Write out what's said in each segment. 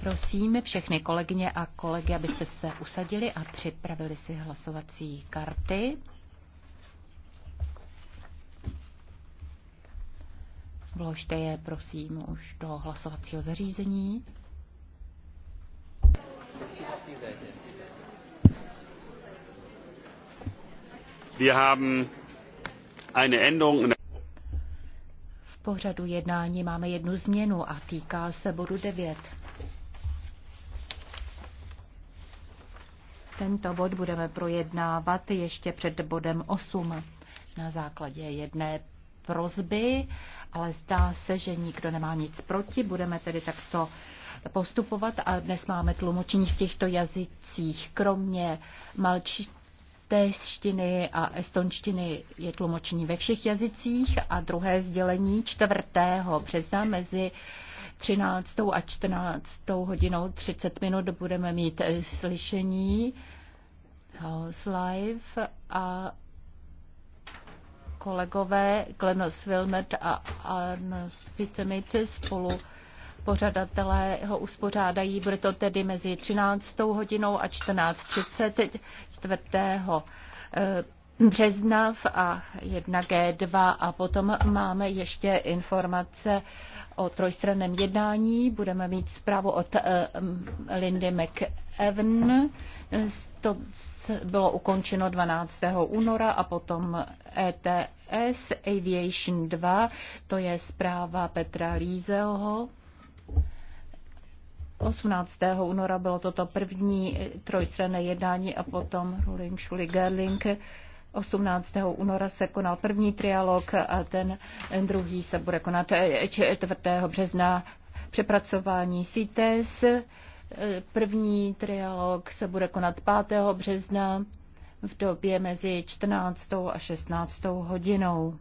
Prosím všechny kolegyně a kolegy, abyste se usadili a připravili si hlasovací karty. Vložte je, prosím, už do hlasovacího zařízení. Wir haben eine Änderung in pořadu jednání máme jednu změnu a týká se bodu 9. Tento bod budeme projednávat ještě před bodem 8 na základě jedné prozby, ale zdá se, že nikdo nemá nic proti. Budeme tedy takto postupovat a dnes máme tlumočení v těchto jazycích, kromě malčití estéštiny a estonštiny je tlumočení ve všech jazycích a druhé sdělení 4. března mezi 13. a 14. hodinou 30 minut budeme mít eh, slyšení House Live a kolegové Glenos Wilmet a Arnos Spitemite spolu pořadatelé ho uspořádají. Bude to tedy mezi 13. hodinou a 14.30 4. Eh, března a 1G2 a potom máme ještě informace o trojstranném jednání. Budeme mít zprávu od eh, Lindy McEwen. To bylo ukončeno 12. února a potom ETS Aviation 2, to je zpráva Petra Lízeho. 18. února bylo toto první trojstranné jednání a potom Ruling Schuli Gerling. 18. února se konal první trialog a ten druhý se bude konat 4. března přepracování CITES. První trialog se bude konat 5. března v době mezi 14. a 16. hodinou.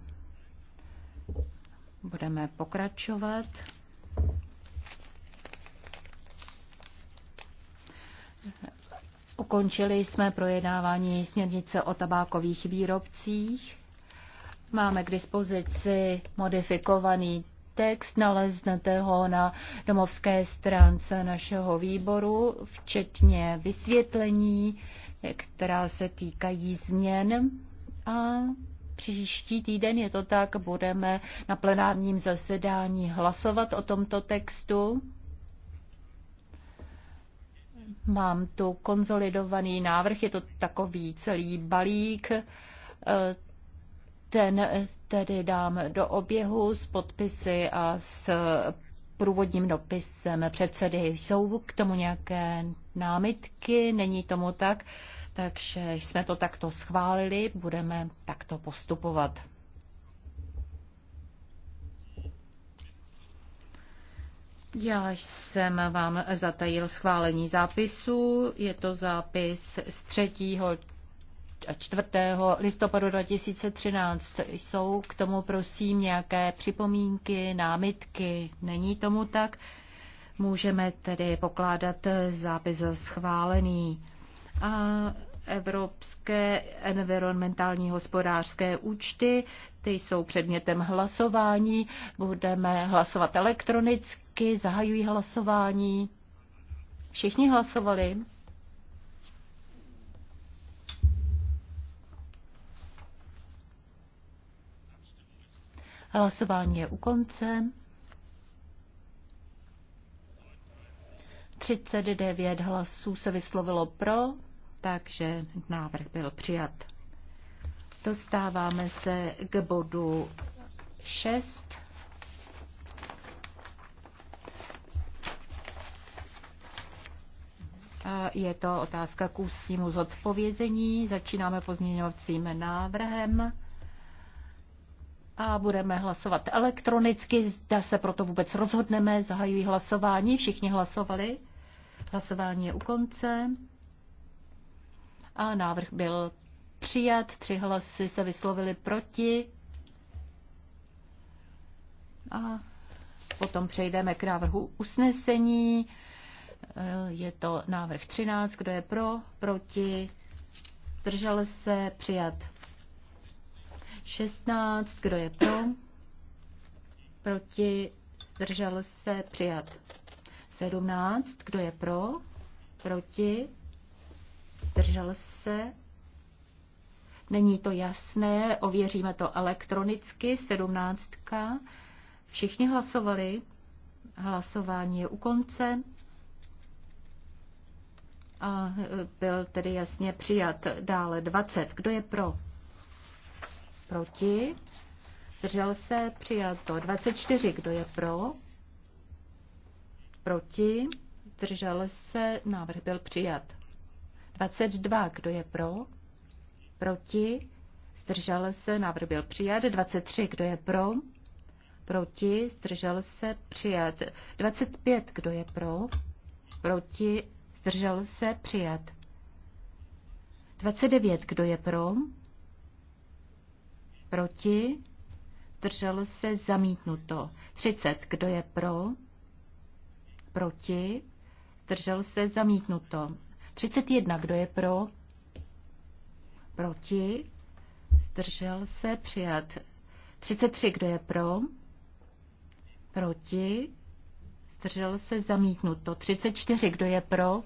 Budeme pokračovat. Ukončili jsme projednávání směrnice o tabákových výrobcích. Máme k dispozici modifikovaný text, naleznete ho na domovské stránce našeho výboru, včetně vysvětlení, která se týkají změn. A příští týden je to tak, budeme na plenárním zasedání hlasovat o tomto textu. Mám tu konzolidovaný návrh, je to takový celý balík. E, ten tedy dám do oběhu s podpisy a s průvodním dopisem předsedy. Jsou k tomu nějaké námitky? Není tomu tak? Takže jsme to takto schválili, budeme takto postupovat. Já jsem vám zatajil schválení zápisu. Je to zápis z 3. a 4. listopadu 2013. Jsou k tomu prosím nějaké připomínky, námitky? Není tomu tak? Můžeme tedy pokládat zápis za schválený. A Evropské environmentální hospodářské účty ty jsou předmětem hlasování. Budeme hlasovat elektronicky. Zahajují hlasování. Všichni hlasovali. Hlasování je u konce. 39 hlasů se vyslovilo pro, takže návrh byl přijat. Dostáváme se k bodu 6. Je to otázka k ústnímu zodpovězení. Začínáme pozměňovacím návrhem a budeme hlasovat elektronicky. Zda se proto vůbec rozhodneme, zahajují hlasování. Všichni hlasovali. Hlasování je u konce a návrh byl přijat, tři hlasy se vyslovili proti. A potom přejdeme k návrhu usnesení. Je to návrh 13. Kdo je pro, proti, držel se, přijat. 16. Kdo je pro, proti, držel se, přijat. 17. Kdo je pro, proti, držel se, Není to jasné, ověříme to elektronicky. Sedmnáctka. Všichni hlasovali. Hlasování je u konce. A e, byl tedy jasně přijat dále 20. Kdo je pro? Proti? Držel se? Přijato. 24. Kdo je pro? Proti? Držel se? Návrh byl přijat. 22. Kdo je pro? Proti? Zdržel se. Návrh byl přijat. 23. Kdo je pro? Proti? Zdržel se. Přijat. 25. Kdo je pro? Proti? Zdržel se. Přijat. 29. Kdo je pro? Proti? Zdržel se. Zamítnuto. 30. Kdo je pro? Proti? Zdržel se. Zamítnuto. 31. Kdo je pro? proti? Zdržel se přijat. 33, kdo je pro? Proti? Zdržel se zamítnuto. 34, kdo je pro?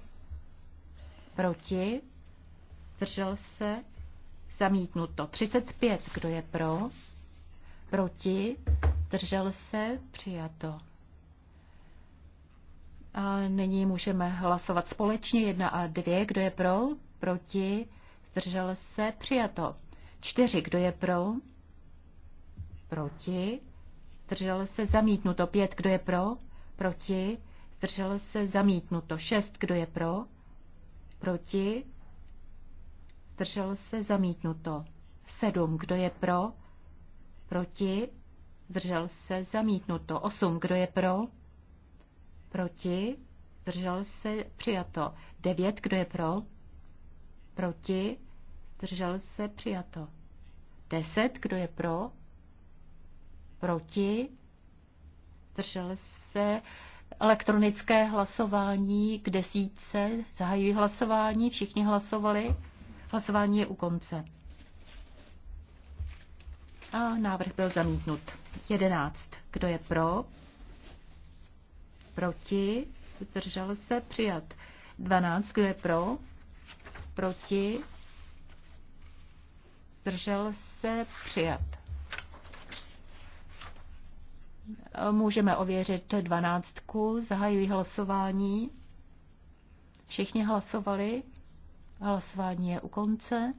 Proti? Zdržel se zamítnuto. 35, kdo je pro? Proti? Zdržel se přijato. A nyní můžeme hlasovat společně 1 a 2. Kdo je pro? Proti? zdržel se, přijato. Čtyři, kdo je pro, proti, zdržel se, zamítnuto. Pět, kdo je pro, proti, zdržel se, zamítnuto. Šest, kdo je pro, proti, zdržel se, zamítnuto. Sedm, kdo je pro, proti, zdržel se, zamítnuto. Osm, kdo je pro, proti, zdržel se, přijato. Devět, kdo je pro, proti, zdržel se, přijato. Deset, kdo je pro, proti, zdržel se, elektronické hlasování k desítce, zahajují hlasování, všichni hlasovali, hlasování je u konce. A návrh byl zamítnut. jedenáct Kdo je pro? Proti? Zdržel se? Přijat. dvanáct Kdo je pro? Proti? zdržel se, přijat. Můžeme ověřit dvanáctku, zahajuji hlasování. Všichni hlasovali, hlasování je u konce.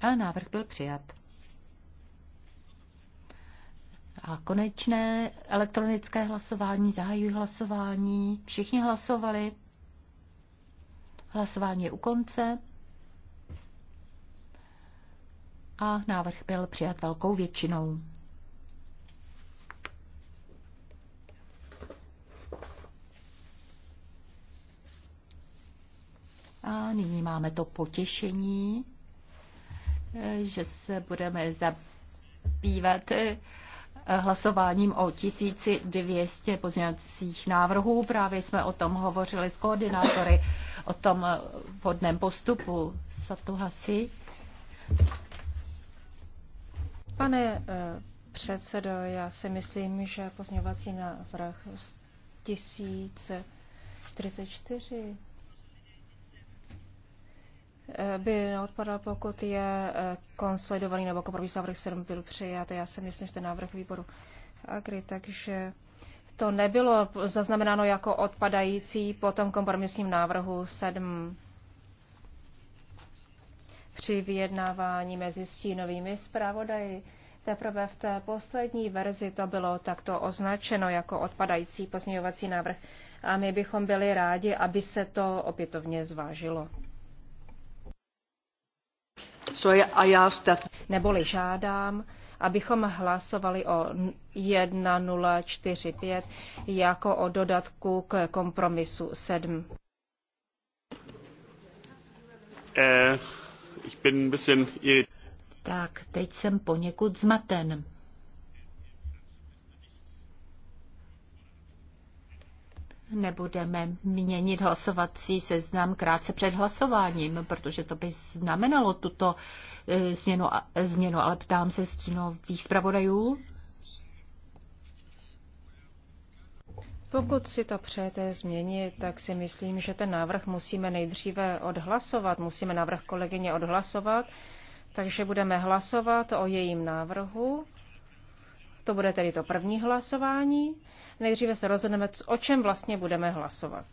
A návrh byl přijat. A konečné elektronické hlasování, zahajuji hlasování. Všichni hlasovali, Hlasování je u konce. A návrh byl přijat velkou většinou. A nyní máme to potěšení, eh, že se budeme zabývat eh, hlasováním o 1200 pozměňovacích návrhů. Právě jsme o tom hovořili s koordinátory, o tom eh, vhodném postupu. Satuhasi. Pane eh, předsedo, já si myslím, že pozměňovací návrh 1044 Eh, by neodpadal, pokud je eh, konsolidovaný nebo kompromisní návrh 7 byl přijat. Já si myslím, že ten návrh výboru Agri, takže to nebylo zaznamenáno jako odpadající po tom kompromisním návrhu 7 při vyjednávání mezi stínovými zpravodaji. Teprve v té poslední verzi to bylo takto označeno jako odpadající pozměňovací návrh a my bychom byli rádi, aby se to opětovně zvážilo. Neboli žádám, abychom hlasovali o 1045 jako o dodatku k kompromisu 7. Eh, ich bin ein bisschen... Tak, teď jsem poněkud zmaten. nebudeme měnit hlasovací seznam krátce před hlasováním, protože to by znamenalo tuto eh, změnu, změnu ale ptám se stínových zpravodajů. Pokud si to přejete změnit, tak si myslím, že ten návrh musíme nejdříve odhlasovat. Musíme návrh kolegyně odhlasovat, takže budeme hlasovat o jejím návrhu. To bude tedy to první hlasování nejdříve se rozhodneme, o čem vlastně budeme hlasovat.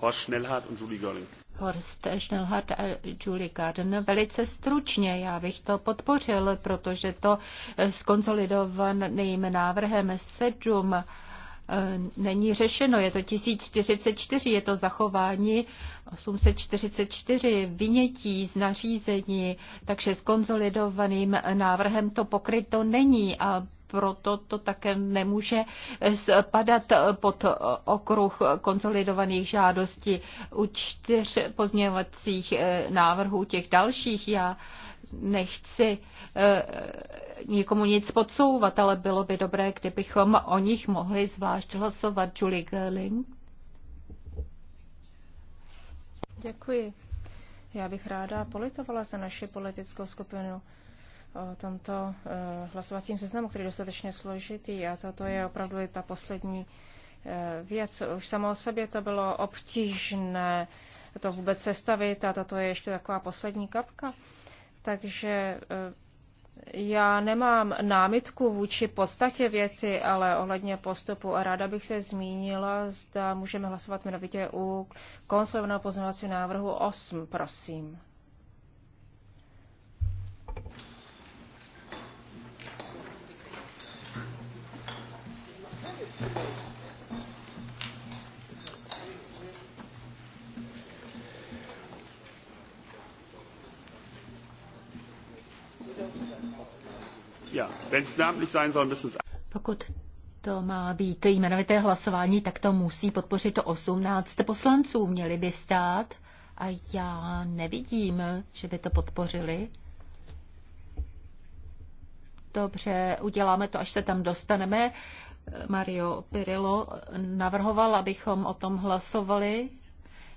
Horst Schnellhardt und Julie Görling. Horst Schnellhardt a Julie Garden. Velice stručně, já bych to podpořil, protože to eh, s konsolidovaným návrhem 7 eh, není řešeno. Je to 1044, je to zachování 844 vynětí z nařízení, takže s konsolidovaným návrhem to pokryto není a proto to také nemůže spadat pod okruh konsolidovaných žádostí u čtyř pozměňovacích eh, návrhů těch dalších. Já nechci eh, nikomu nic podsouvat, ale bylo by dobré, kdybychom o nich mohli zvlášť hlasovat. Julie Gerling. Děkuji. Já bych ráda politovala za naši politickou skupinu o tomto eh, hlasovacím seznamu, který je dostatečně složitý a toto je opravdu ta poslední eh, věc. Už samo o sobě to bylo obtížné to vůbec sestavit a toto je ještě taková poslední kapka. Takže eh, já nemám námitku vůči podstatě věci, ale ohledně postupu a ráda bych se zmínila, zda můžeme hlasovat jmenovitě u konsolovaného pozměňovacího návrhu 8, prosím. Pokud to má být jmenovité hlasování, tak to musí podpořit to 18 poslanců. Měli by stát a já nevidím, že by to podpořili. Dobře, uděláme to, až se tam dostaneme. Mario Pirillo navrhoval, abychom o tom hlasovali.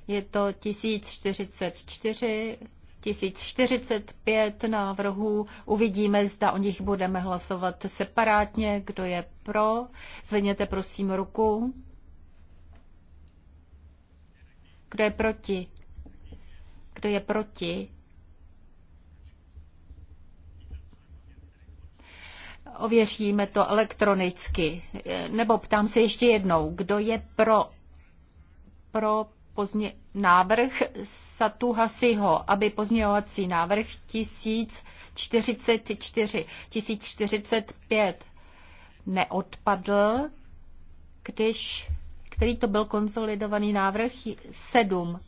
Je to 1044 1045 návrhů. Uvidíme, zda o nich budeme hlasovat separátně. Kdo je pro, zvedněte prosím ruku. Kdo je proti? Kdo je proti? Ověříme to elektronicky. Nebo ptám se ještě jednou, kdo je pro, pro pozdě, návrh Satu Hasiho, aby pozměňovací návrh 1044, 1045 neodpadl, když, který to byl konsolidovaný návrh 7.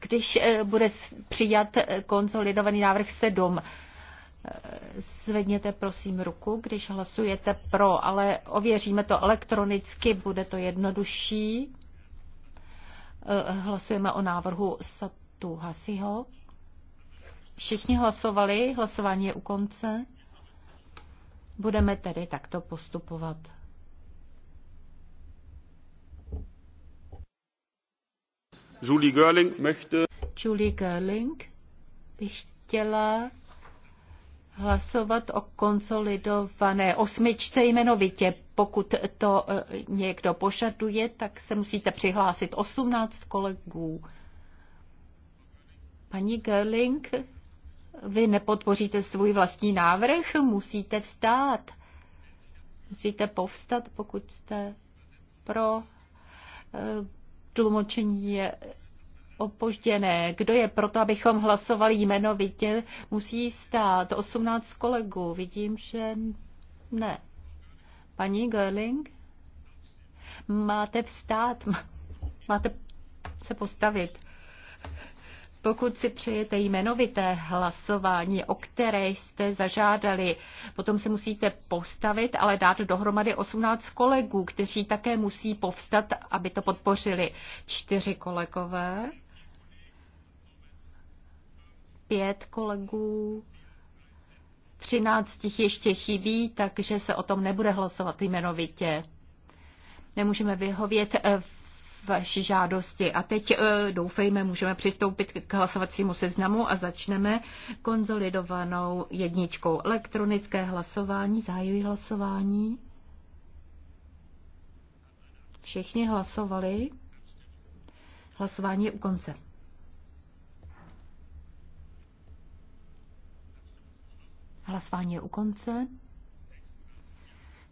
Když eh, bude přijat eh, konsolidovaný návrh 7, eh, zvedněte prosím ruku, když hlasujete pro, ale ověříme to elektronicky, bude to jednodušší. Eh, hlasujeme o návrhu Satu Hasiho. Všichni hlasovali, hlasování je u konce. Budeme tedy takto postupovat. Julie Görling möchte. Julie Görling by chtěla hlasovat o konsolidované osmičce jmenovitě. Pokud to e, někdo požaduje, tak se musíte přihlásit 18 kolegů. Paní Gerling, vy nepodpoříte svůj vlastní návrh, musíte vstát. Musíte povstat, pokud jste pro. E, tlumočení je opožděné. Kdo je proto, abychom hlasovali jmenovitě, musí stát 18 kolegů. Vidím, že ne. Paní Görling, máte vstát, máte se postavit. Pokud si přejete jmenovité hlasování, o které jste zažádali, potom se musíte postavit, ale dát dohromady 18 kolegů, kteří také musí povstat, aby to podpořili. Čtyři kolegové pět kolegů, třináct jich ještě chybí, takže se o tom nebude hlasovat jmenovitě. Nemůžeme vyhovět eh, vaší žádosti. A teď eh, doufejme, můžeme přistoupit k hlasovacímu seznamu a začneme konzolidovanou jedničkou. Elektronické hlasování, zahajují hlasování. Všichni hlasovali. Hlasování je u konce. Hlasování je u konce.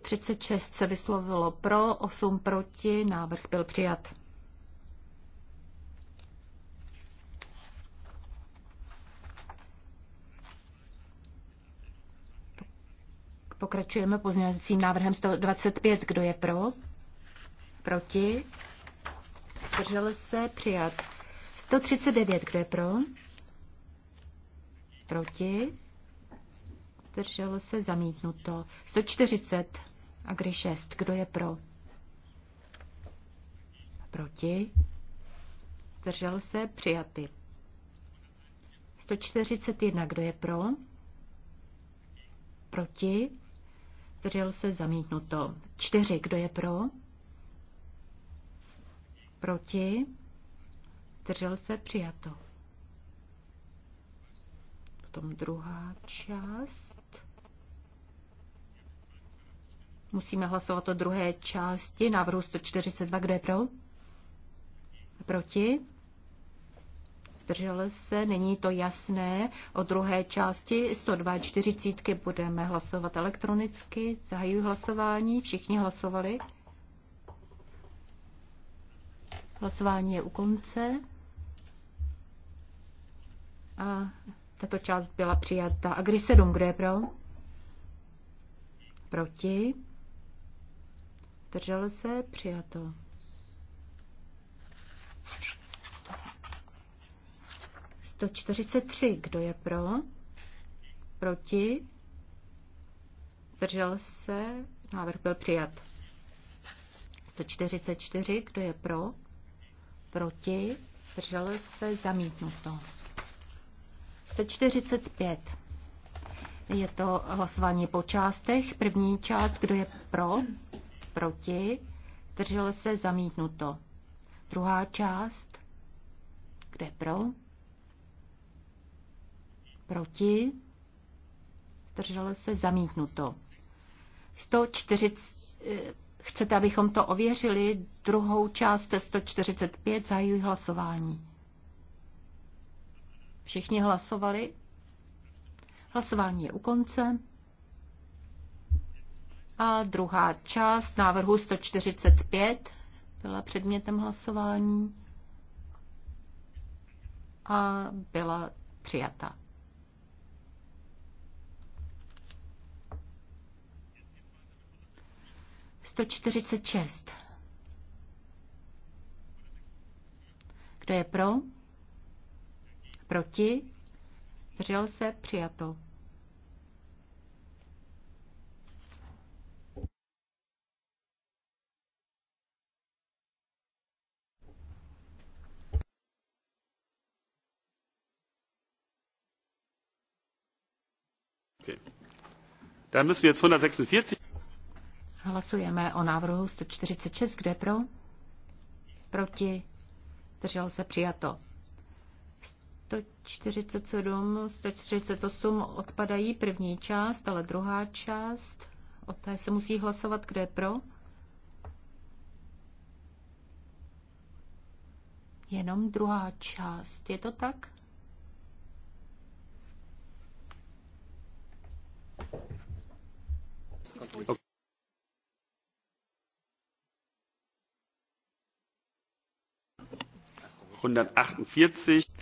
36 se vyslovilo pro, 8 proti, návrh byl přijat. Pokračujeme pozměňovacím návrhem 125. Kdo je pro? Proti? Držel se? Přijat. 139. Kdo je pro? Proti? zdrželo se zamítnuto. 140 a kdy 6, kdo je pro? Proti? Zdrželo se přijaty. 141, kdo je pro? Proti? Zdrželo se zamítnuto. 4, kdo je pro? Proti? Zdrželo se přijato potom druhá část. Musíme hlasovat o druhé části návrhu 142. Kdo je pro? Proti? Zdržel se, není to jasné. O druhé části 142 budeme hlasovat elektronicky. Zahajuji hlasování. Všichni hlasovali. Hlasování je u konce. A tato část byla přijata. A když sedm, kdo je pro? Proti? Držel se? Přijato. Sto čtyřicet tři. Kdo je pro? Proti? Držel se? Návrh byl přijat. 144. Kdo je pro? Proti? Držel se? Zamítnuto. 145. Je to hlasování po částech. První část, kdo je pro, proti, držel se zamítnuto. Druhá část, kde pro, proti, zdržel se zamítnuto. 140, eh, chcete, abychom to ověřili? Druhou část 145 zahajuji hlasování. Všichni hlasovali. Hlasování je u konce. A druhá část návrhu 145 byla předmětem hlasování a byla přijata. Sto čtyřicet Kdo je pro? Proti? Zdržel se? Přijato. Okay. Dann 146. Hlasujeme o návrhu 146. Kdo je pro? Proti? Držel se přijato. 147, 148 odpadají první část, ale druhá část, o té se musí hlasovat, kde je pro. Jenom druhá část, je to tak? Okay. 148.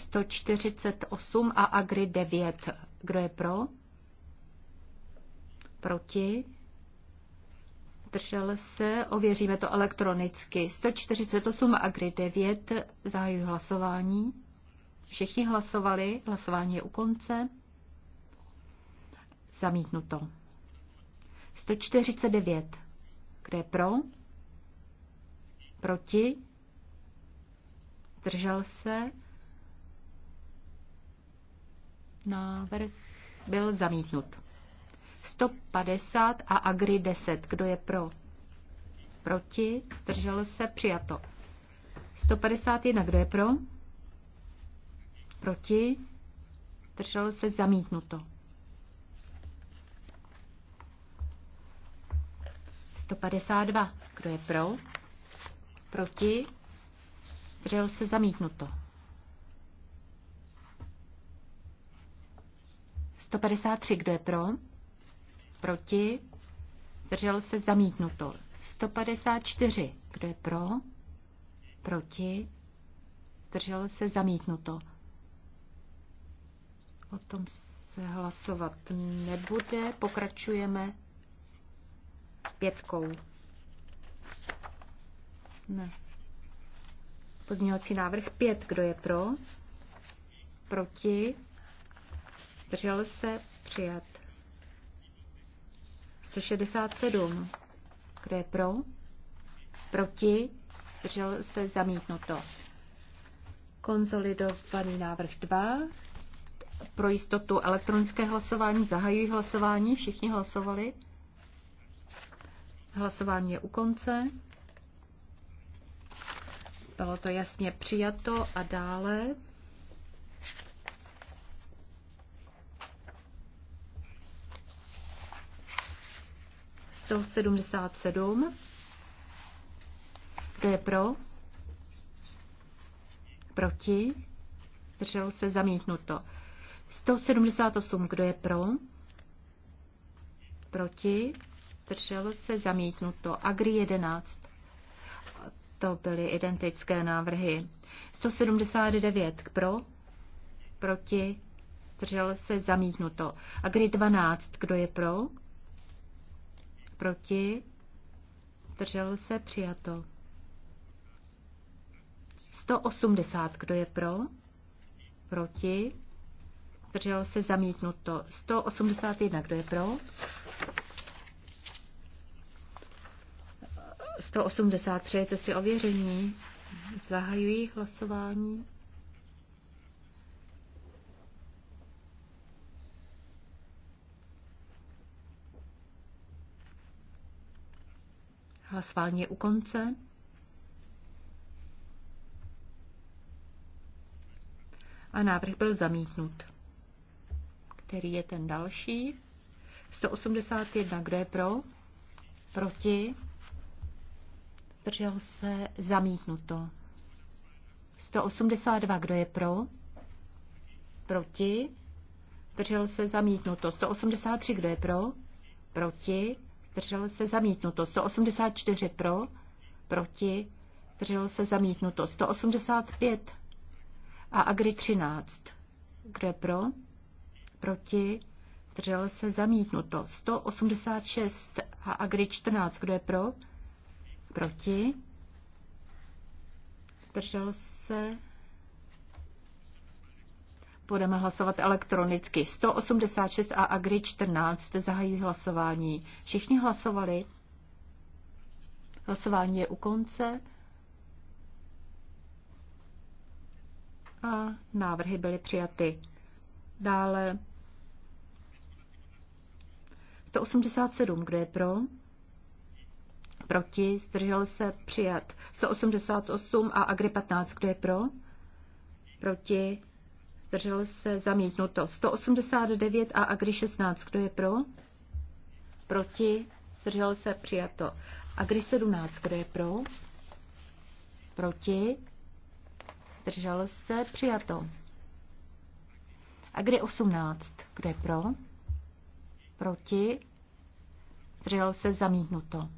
148 a Agri 9. Kdo je pro? Proti? Držel se, ověříme to elektronicky. 148 Agri 9, zahajuji hlasování. Všichni hlasovali, hlasování je u konce. Zamítnuto. 149. Kdo je pro? Proti? Držel se? Návrh byl zamítnut. 150 a Agri 10. Kdo je pro? Proti? Zdržel se? Přijato. 151. Kdo je pro? Proti? Zdržel se? Zamítnuto. 152. Kdo je pro? Proti? Zdržel se? Zamítnuto. 153, kdo je pro? Proti? Držel se zamítnuto. 154, kdo je pro? Proti? Držel se zamítnuto. O tom se hlasovat nebude. Pokračujeme pětkou. Ne. Pozměňovací návrh 5. Kdo je pro? Proti? zdržel se, přijat. 167, kdo je pro, proti, zdržel se, zamítnuto. Konzolidovaný návrh 2, pro jistotu elektronické hlasování, zahajují hlasování, všichni hlasovali. Hlasování je u konce. Bylo to jasně přijato a dále 177. Kdo je pro? Proti? Držel se zamítnuto. 178. Kdo je pro? Proti? Držel se zamítnuto. Agri 11. To byly identické návrhy. 179. Pro? Proti? Držel se zamítnuto. Agri 12. Kdo je pro? Proti? Zdržel se? Přijato. 180. Kdo je pro? Proti? Zdržel se? Zamítnuto. 181. Kdo je pro? 183. To si ověření. Zahajují hlasování. Hlasování je u konce. A návrh byl zamítnut. Který je ten další? 181. Kdo je pro? Proti? Držel se zamítnuto. 182. Kdo je pro? Proti? Držel se zamítnuto. 183. Kdo je pro? Proti? zdržel se zamítnuto. 184 pro, proti, zdržel se zamítnuto. 185 a Agri 13. Kdo je pro? Proti, zdržel se zamítnuto. 186 a Agri 14. Kdo je pro? Proti, zdržel se Budeme hlasovat elektronicky. 186 a Agri 14 zahají hlasování. Všichni hlasovali? Hlasování je u konce. A návrhy byly přijaty. Dále 187, kdo je pro? Proti, zdržel se, přijat. 188 a Agri 15, kdo je pro? Proti, zdržel se, zamítnuto. 189 a Agri 16, kdo je pro? Proti, zdržel se, přijato. Agri 17, kdo je pro? Proti, zdržel se, přijato. Agri 18, kdo je pro? Proti, zdržel se, zamítnuto.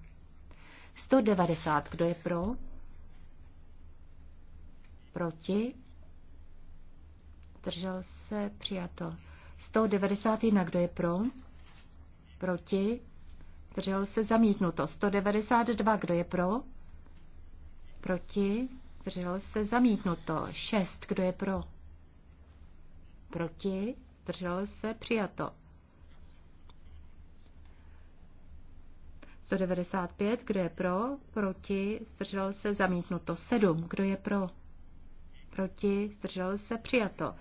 190, kdo je pro? Proti, zdržel se, přijato. 191, kdo je pro, proti, zdržel se, zamítnuto. 192, kdo je pro, proti, zdržel se, zamítnuto. 6, kdo je pro, proti, zdržel se, přijato. 195, kdo je pro, proti, zdržel se, zamítnuto. 7, kdo je pro, proti, zdržel se, přijato.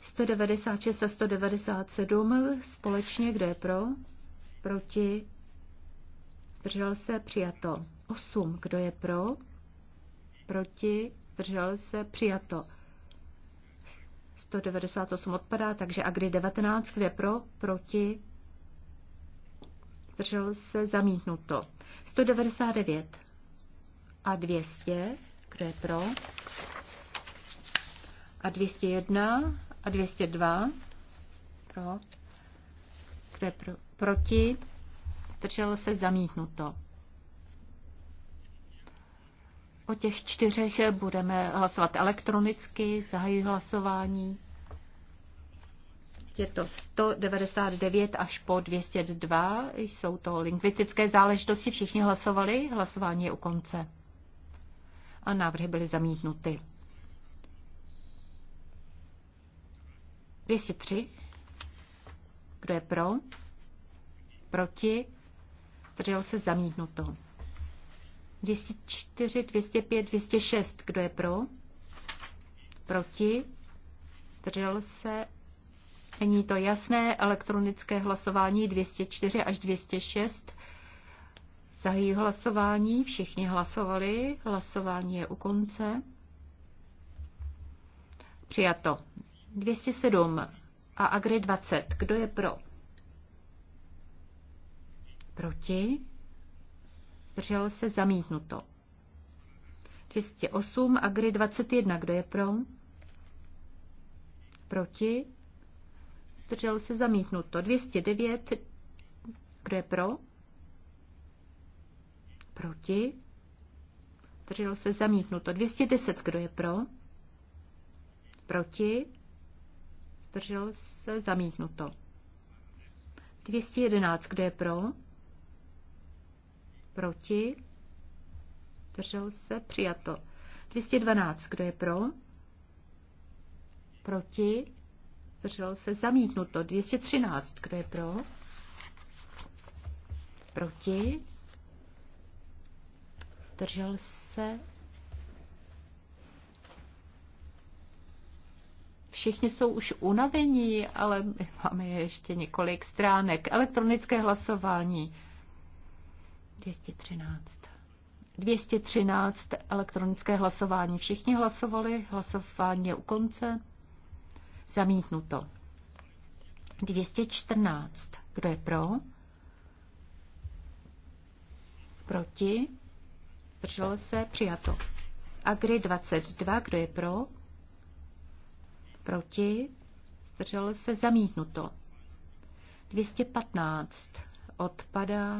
196 a 197 společně, kdo je pro, proti, zdržel se, přijato. 8, kdo je pro, proti, zdržel se, přijato. 198 odpadá, takže a kdy 19, kde pro, proti, zdržel se, zamítnuto. 199 a 200, kde pro, a 201 a 202 pro, kde pro, proti, držel se zamítnuto. O těch čtyřech budeme hlasovat elektronicky, zahají hlasování. Je to 199 až po 202, jsou to lingvistické záležitosti, všichni hlasovali, hlasování je u konce. A návrhy byly zamítnuty. 203. Kdo je pro? Proti? Zdržel se zamítnuto. 204, 205, 206. Kdo je pro? Proti? Zdržel se Není to jasné, elektronické hlasování 204 až 206. Zahý hlasování, všichni hlasovali, hlasování je u konce. Přijato 207 a Agri 20. Kdo je pro? Proti? Zdrželo se zamítnuto. 208 Agri 21. Kdo je pro? Proti? Zdrželo se zamítnuto. 209. Kdo je pro? Proti? Zdrželo se zamítnuto. 210. Kdo je pro? Proti? zdržel se, zamítnuto. 211, kdo je pro? Proti? Zdržel se, přijato. 212, kdo je pro? Proti? Zdržel se, zamítnuto. 213, kdo je pro? Proti? Zdržel se, Všichni jsou už unavení, ale my máme ještě několik stránek. Elektronické hlasování. 213. 213 elektronické hlasování. Všichni hlasovali, hlasování je u konce. Zamítnuto. 214. Kdo je pro? Proti? Zdrželo se? Přijato. Agri 22. Kdo je pro? proti, zdržel se zamítnuto. 215 odpadá,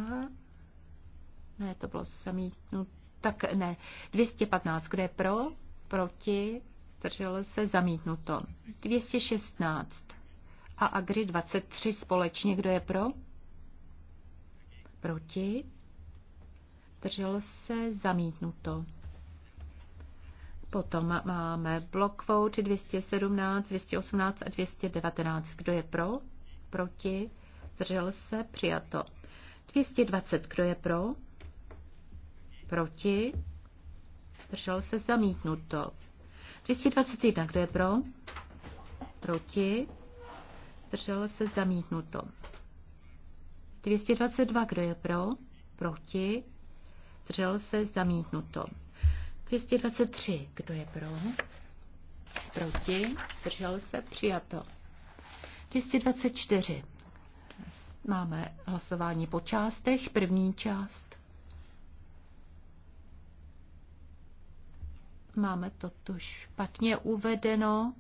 ne, to bylo zamítnuto, tak ne, 215, kde je pro, proti, zdržel se zamítnuto. 216 a Agri 23 společně, kdo je pro, proti, zdržel se zamítnuto. Potom máme blok vote 217, 218 a 219. Kdo je pro? Proti? Zdržel se? Přijato. 220. Kdo je pro? Proti? Zdržel se? Zamítnuto. 221. Kdo je pro? Proti? Zdržel se? Zamítnuto. 222. Kdo je pro? Proti? Zdržel se? Zamítnuto. 223. Kdo je pro? Proti? Zdržel se? Přijato. 224. Máme hlasování po částech. První část. Máme to tu špatně uvedeno.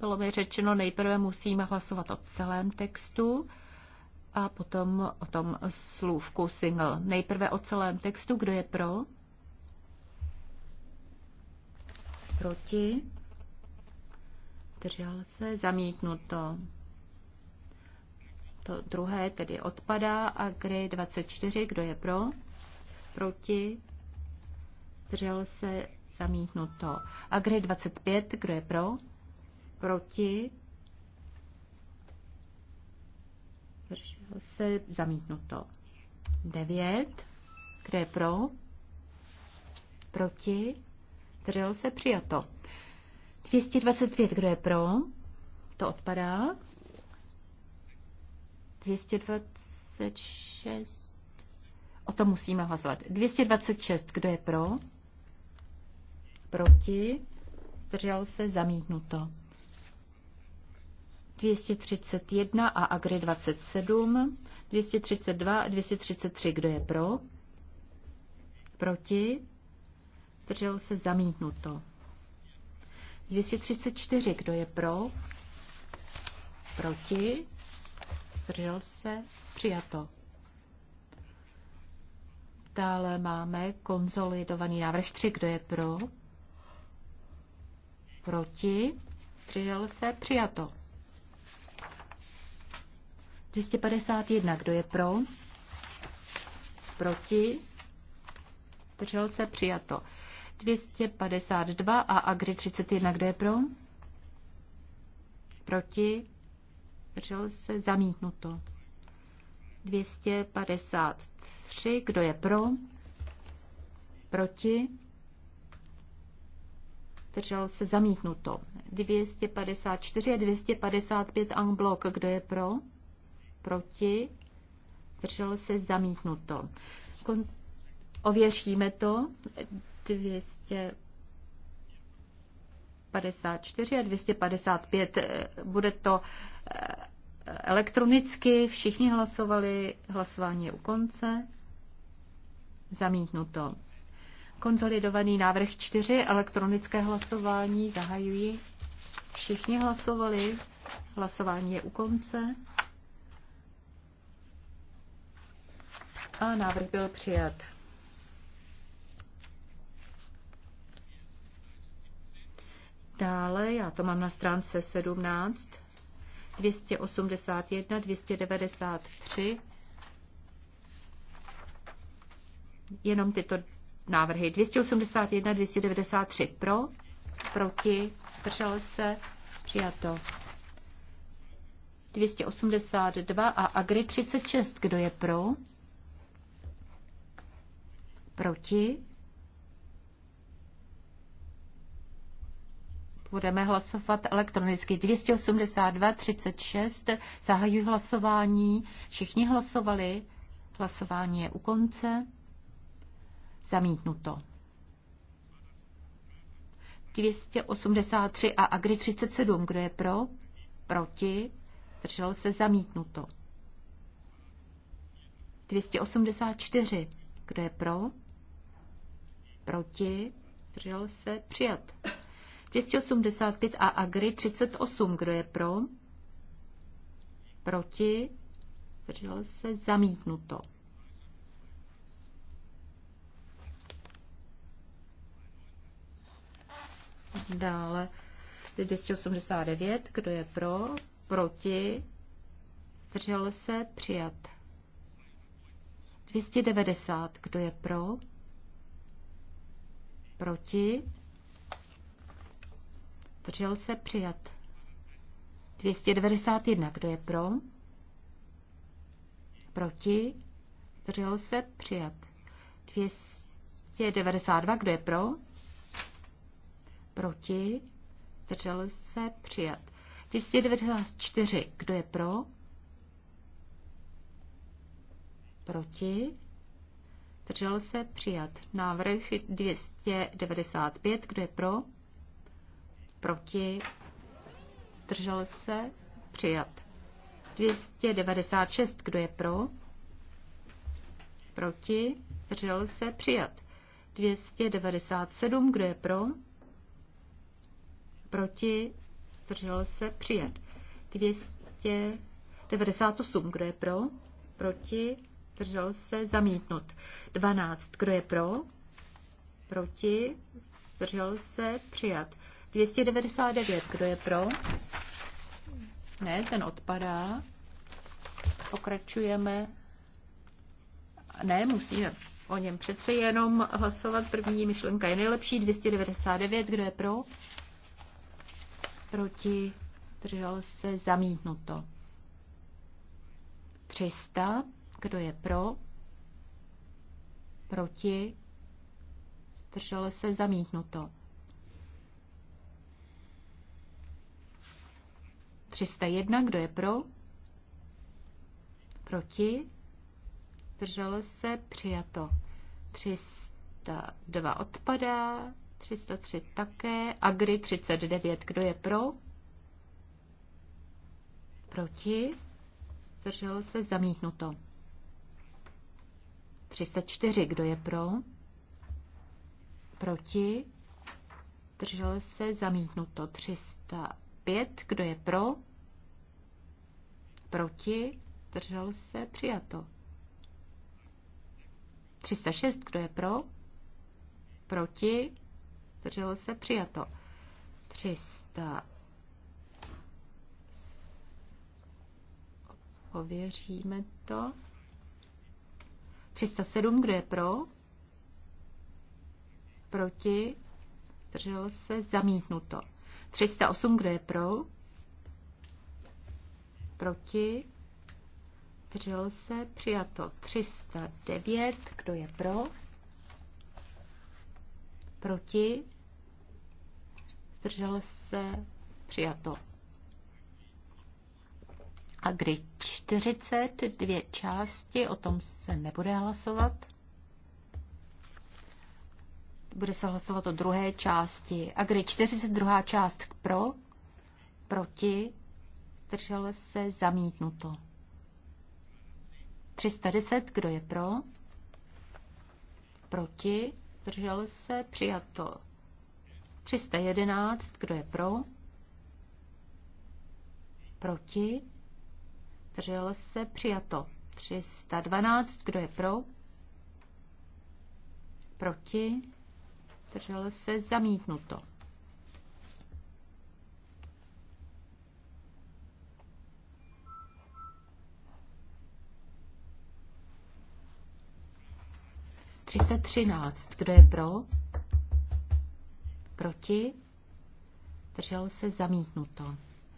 Bylo mi řečeno, nejprve musíme hlasovat o celém textu a potom o tom slůvku single. Nejprve o celém textu, kdo je pro? proti, Držel se, zamítnuto. To druhé tedy odpadá a kdy 24, kdo je pro, proti, Držel se, zamítnuto. A kdy 25, kdo je pro, proti, Držel se, zamítnuto. 9, kdo je pro, proti, zdržel se, přijato. 225, kdo je pro? To odpadá. 226. O tom musíme hlasovat. 226, kdo je pro? Proti? Zdržel se, zamítnuto. 231 a Agri 27, 232 a 233, kdo je pro? Proti? zdržel se zamítnuto. 234, kdo je pro, proti, zdržel se přijato. Dále máme konzolidovaný návrh 3, kdo je pro, proti, zdržel se přijato. 251, kdo je pro, proti, zdržel se přijato. 252 a Agri 31, kde je pro? Proti? Držel se? Zamítnuto. 253, kdo je pro? Proti? Držel se? Zamítnuto. 254 a 255 angblok kdo je pro? Proti? Držel se? Zamítnuto. Kon- ověříme to. 254 a 255. Bude to eh, elektronicky, všichni hlasovali, hlasování je u konce, zamítnuto. Konzolidovaný návrh 4, elektronické hlasování, zahajuji. Všichni hlasovali, hlasování je u konce. A návrh byl přijat. Dále, já to mám na stránce 17, 281, 293, jenom tyto návrhy. 281, 293 pro, proti, držel se, přijato. 282 a Agri 36, kdo je pro? Proti, budeme hlasovat elektronicky. 282, 36, zahajuji hlasování. Všichni hlasovali. Hlasování je u konce. Zamítnuto. 283 a Agri 37. Kdo je pro? Proti? Držel se zamítnuto. 284. Kdo je pro? Proti? Držel se přijat. 285 a Agri 38. Kdo je pro? Proti? Zdržel se? Zamítnuto. Dále 289. Kdo je pro? Proti? Zdržel se? Přijat. 290. Kdo je pro? Proti? Zdržel se přijat. 291. Kdo je pro? Proti? Zdržel se přijat. 292. Kdo je pro? Proti? Zdržel se přijat. 294. Kdo je pro? Proti? Zdržel se přijat. Návrh 295. Kdo je pro? proti, zdržel se, přijat. 296, kdo je pro, proti, zdržel se, přijat. 297, kdo je pro, proti, zdržel se, přijat. 298, kdo je pro, proti, zdržel se, zamítnut. 12, kdo je pro, proti, zdržel se, přijat. 299, kdo je pro? Ne, ten odpadá. Pokračujeme. Ne, musíme o něm přece jenom hlasovat. První myšlenka je nejlepší. 299, kdo je pro? Proti, držel se, zamítnuto. 300, kdo je pro? Proti, držel se, zamítnuto. 301, kdo je pro? Proti? Zdrželo se, přijato. 302 odpadá, 303 také, Agri 39, kdo je pro? Proti? Zdrželo se, zamítnuto. 304, kdo je pro? Proti? Zdrželo se, zamítnuto. 300 5. Kdo je pro? Proti? Zdržel se? Přijato. 306. Kdo je pro? Proti? Zdržel se? Přijato. 300. Ověříme to. 307. Kdo je pro? Proti? Zdržel se? Zamítnuto. 308, kdo je pro? Proti? Držel se. Přijato 309, kdo je pro? Proti? Zdržel se. Přijato. A kdy 42 části, o tom se nebude hlasovat. Bude se hlasovat o druhé části. A kdy 42. část pro, proti, zdržel se, zamítnuto. 310, kdo je pro? Proti, zdržel se, přijato. 311, kdo je pro? Proti, zdržel se, přijato. 312, kdo je pro? Proti, zdržel se, zamítnuto. třináct, kdo je pro? Proti? Držel se zamítnuto.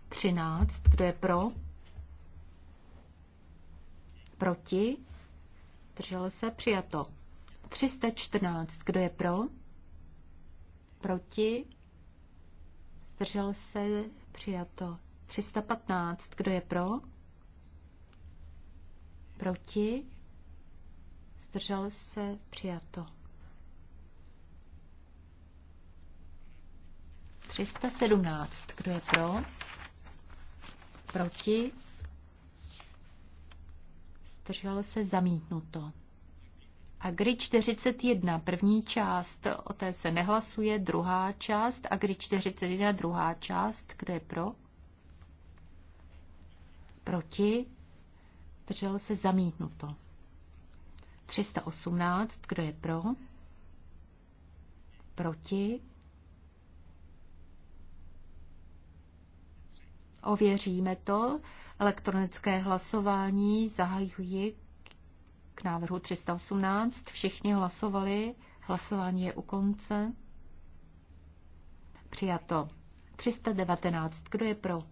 Třináct. Kdo je pro? Proti? Držel se přijato. 314. Kdo je pro? Proti? Zdržel se? Přijato. 315. Kdo je pro? Proti? Zdržel se? Přijato. 317. Kdo je pro? Proti? Zdržel se? Zamítnuto. Agri 41, první část, o té se nehlasuje, druhá část, Agri 41, druhá část, kde je pro? Proti? Držel se zamítnuto. 318, kdo je pro? Proti? Ověříme to. Elektronické hlasování zahajuji k návrhu 318. Všichni hlasovali. Hlasování je u konce. Přijato. 319. Kdo je pro?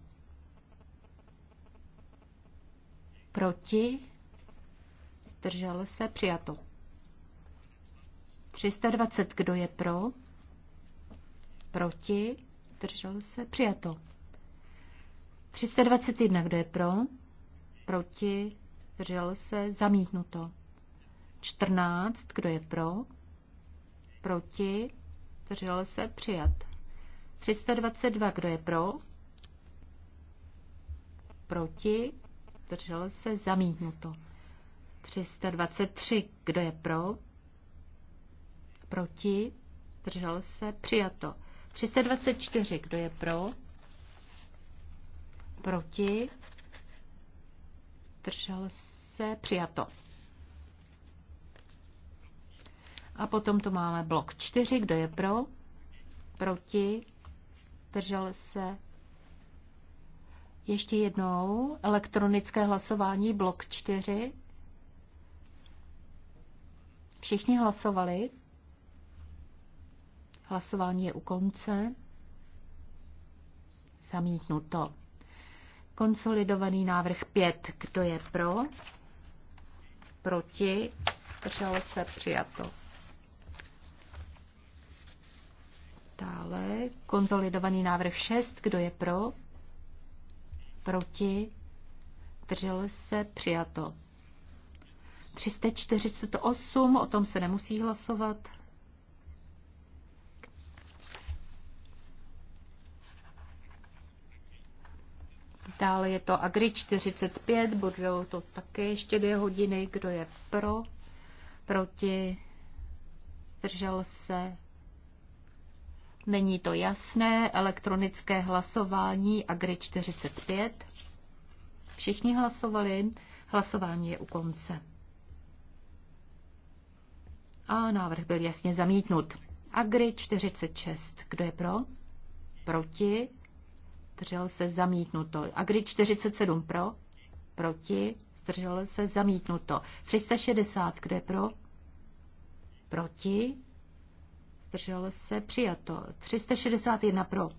Proti? Zdržel se? Přijato. 320. Kdo je pro? Proti? Zdržel se? Přijato. 321. Kdo je pro? Proti? zdržel se, zamítnuto. 14, kdo je pro, proti, zdržel se, přijat. 322, kdo je pro, proti, zdržel se, zamítnuto. 323, kdo je pro, proti, zdržel se, přijato. 324, kdo je pro, proti, zdržel se, přijato. A potom tu máme blok 4, kdo je pro, proti, zdržel se. Ještě jednou elektronické hlasování blok 4. Všichni hlasovali. Hlasování je u konce. Zamítnuto. Konsolidovaný návrh 5. Kdo je pro? Proti? Držel se přijato. Dále konsolidovaný návrh 6. Kdo je pro? Proti? Držel se přijato. 348, o tom se nemusí hlasovat. Dále je to Agri 45, budou to také ještě dvě hodiny. Kdo je pro? Proti? Zdržel se? Není to jasné. Elektronické hlasování Agri 45. Všichni hlasovali. Hlasování je u konce. A návrh byl jasně zamítnut. Agri 46. Kdo je pro? Proti? zdržel se zamítnuto. Agri 47 pro, proti, zdržel se zamítnuto. 360, kde pro, proti, zdržel se přijato. 361 pro,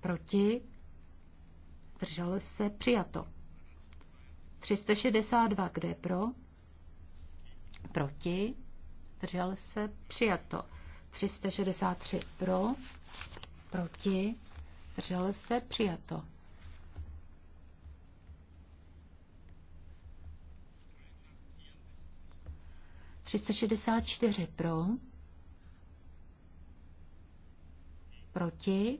proti, zdržel se přijato. 362, kde pro, proti, zdržel se přijato. 363 pro, proti, zdržel se, přijato. Třista čtyři pro, proti,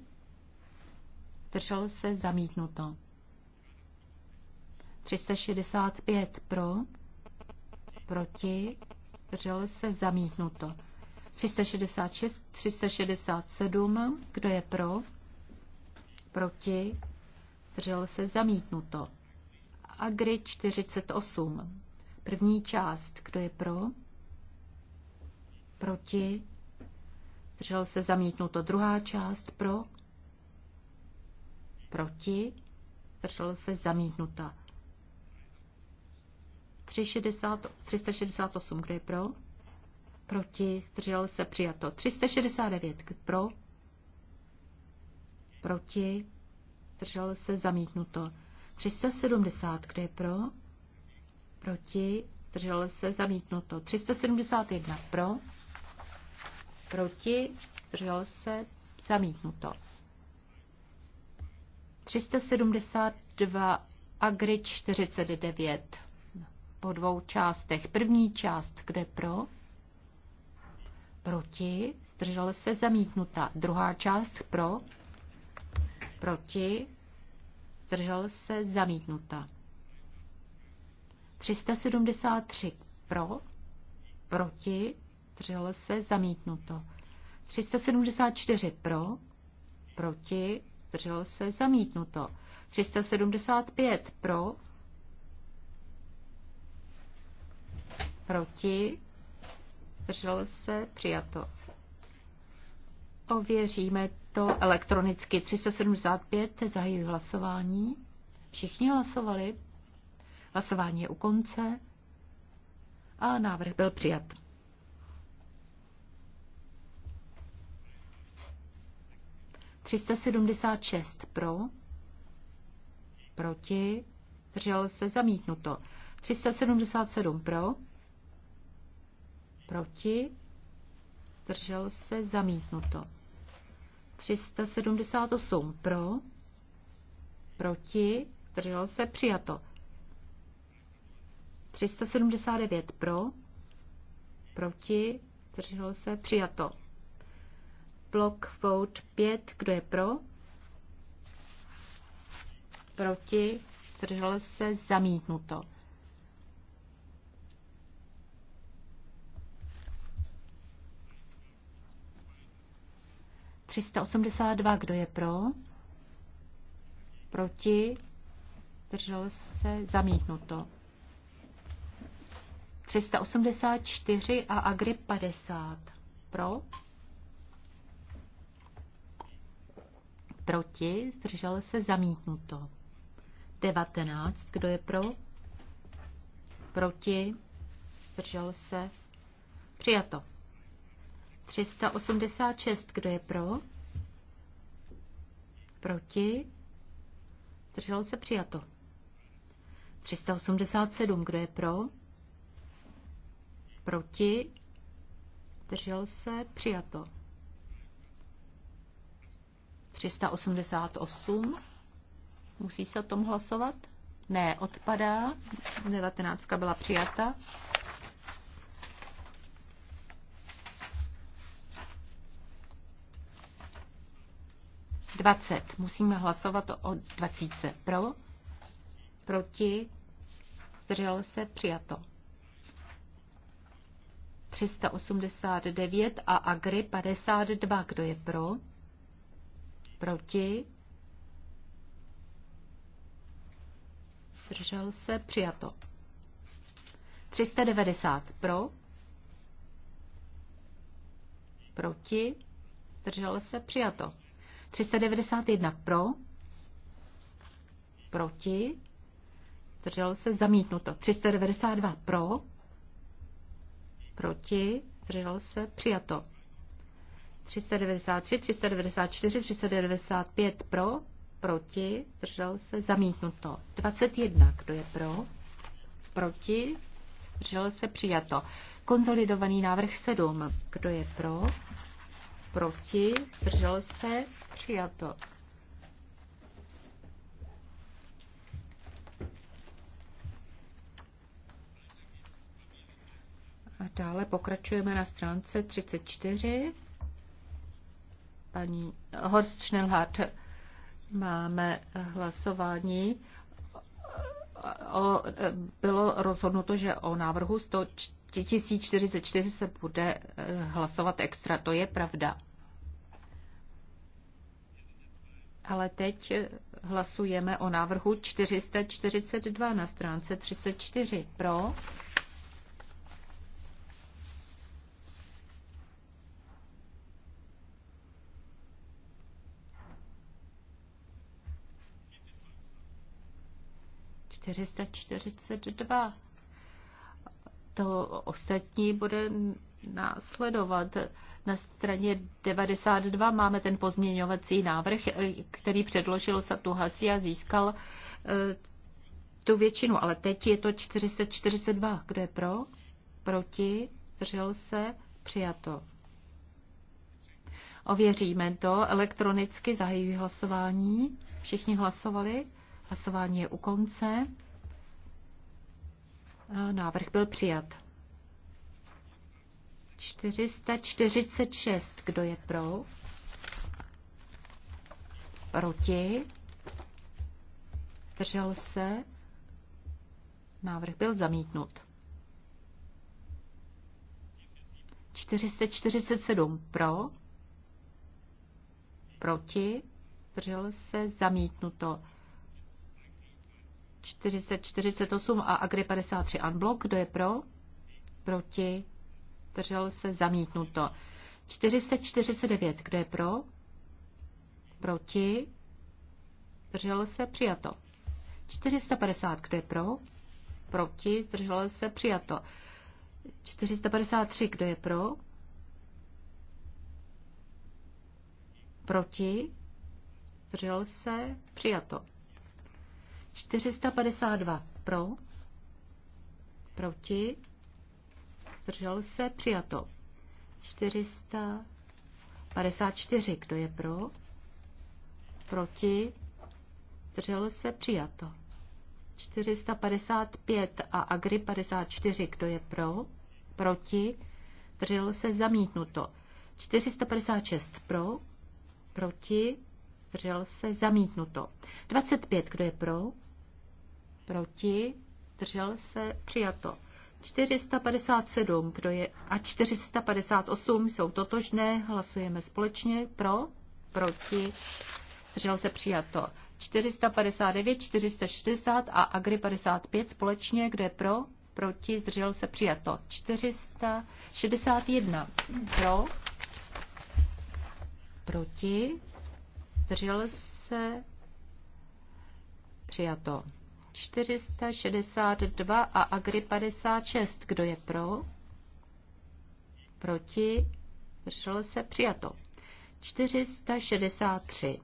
zdržel se, zamítnuto. 365 pro, proti, zdržel se, zamítnuto. 366, 367, kdo je pro, proti, držel se zamítnuto. Agri 48. První část, kdo je pro, proti, Držel se zamítnuto. Druhá část pro, proti, Držel se zamítnuta. 360, 368, kdo je pro? Proti, Držel se přijato. 369, pro? proti, zdržel se zamítnuto. 370, kde je pro, proti, zdržel se zamítnuto. 371 pro, proti, zdržel se zamítnuto. 372 Agri 49 po dvou částech. První část, kde pro, proti, zdržel se zamítnuta. Druhá část pro, proti, zdržel se, zamítnuta. 373 pro, proti, zdržel se, zamítnuto. 374 pro, proti, zdržel se, zamítnuto. 375 pro, proti, zdržel se, přijato. Ověříme to elektronicky. 375, zahajuji hlasování. Všichni hlasovali. Hlasování je u konce. A návrh byl přijat. Třista sedmdesát šest pro, proti, držel se zamítnuto. 377 pro, proti, držel se zamítnuto. 378 pro, proti, zdrželo se, přijato. 379 pro, proti, zdrželo se, přijato. Blok vote 5, kdo je pro? Proti, zdrželo se, zamítnuto. 382, kdo je pro? Proti? Držel se? Zamítnuto. 384 a Agri 50. Pro? Proti? Zdržel se? Zamítnuto. 19. Kdo je pro? Proti? Zdržel se? Přijato. 386. Kdo je pro? Proti? Drželo se přijato. 387. Kdo je pro? Proti? Držel se přijato. 388. Musí se o tom hlasovat? Ne, odpadá. 19 byla přijata. 20. Musíme hlasovat o 20. Pro? Proti? Zdržel se? Přijato. 389 a Agri 52. Kdo je pro? Proti? Zdržel se? Přijato. 390 pro? Proti? Zdržel se? Přijato. 391 pro, proti, zdržel se, zamítnuto. 392 pro, proti, zdržel se, přijato. 393, 394, 395 pro, proti, zdržel se, zamítnuto. 21, kdo je pro, proti, zdržel se, přijato. Konzolidovaný návrh 7, kdo je pro, proti, zdržel se, přijato. A dále pokračujeme na stránce 34. Paní Horst Schnellhardt, máme hlasování. O, bylo rozhodnuto, že o návrhu 104 1044 se bude eh, hlasovat extra, to je pravda. Ale teď eh, hlasujeme o návrhu 442 na stránce 34. Pro? Čtyřista čtyřicet dva to ostatní bude následovat. Na straně 92 máme ten pozměňovací návrh, který předložil Satuhasi a získal eh, tu většinu, ale teď je to 442. Kdo je pro? Proti? Držel se? Přijato. Ověříme to. Elektronicky zahajují hlasování. Všichni hlasovali. Hlasování je u konce. Eh, návrh byl přijat. 446. Kdo je pro? Proti? Zdržel se? Návrh byl zamítnut. 447 pro, proti, zdržel se, zamítnuto. 40-48 a Agri 53 Unblock. Kdo je pro? Proti? Držel se zamítnuto. 449. Kdo je pro? Proti? Zdržel se přijato. 450. Kdo je pro? Proti? Zdržel se přijato. 453. Kdo je pro? Proti? Zdržel se přijato. 452 pro, proti, zdržel se, přijato. 454, kdo je pro, proti, zdržel se, přijato. 455 a Agri 54, kdo je pro, proti, zdržel se, zamítnuto. 456 pro, proti, zdržel se, zamítnuto. 25, kdo je pro, proti, zdržel se, přijato. 457, kdo je, a 458 jsou totožné, hlasujeme společně, pro, proti, zdržel se, přijato. 459, 460 a Agri 55 společně, kde pro, proti, zdržel se, přijato. 461 pro, proti, zdržel se, přijato. 462 a Agri 56. Kdo je pro? Proti? Zdržel se, přijato. 463.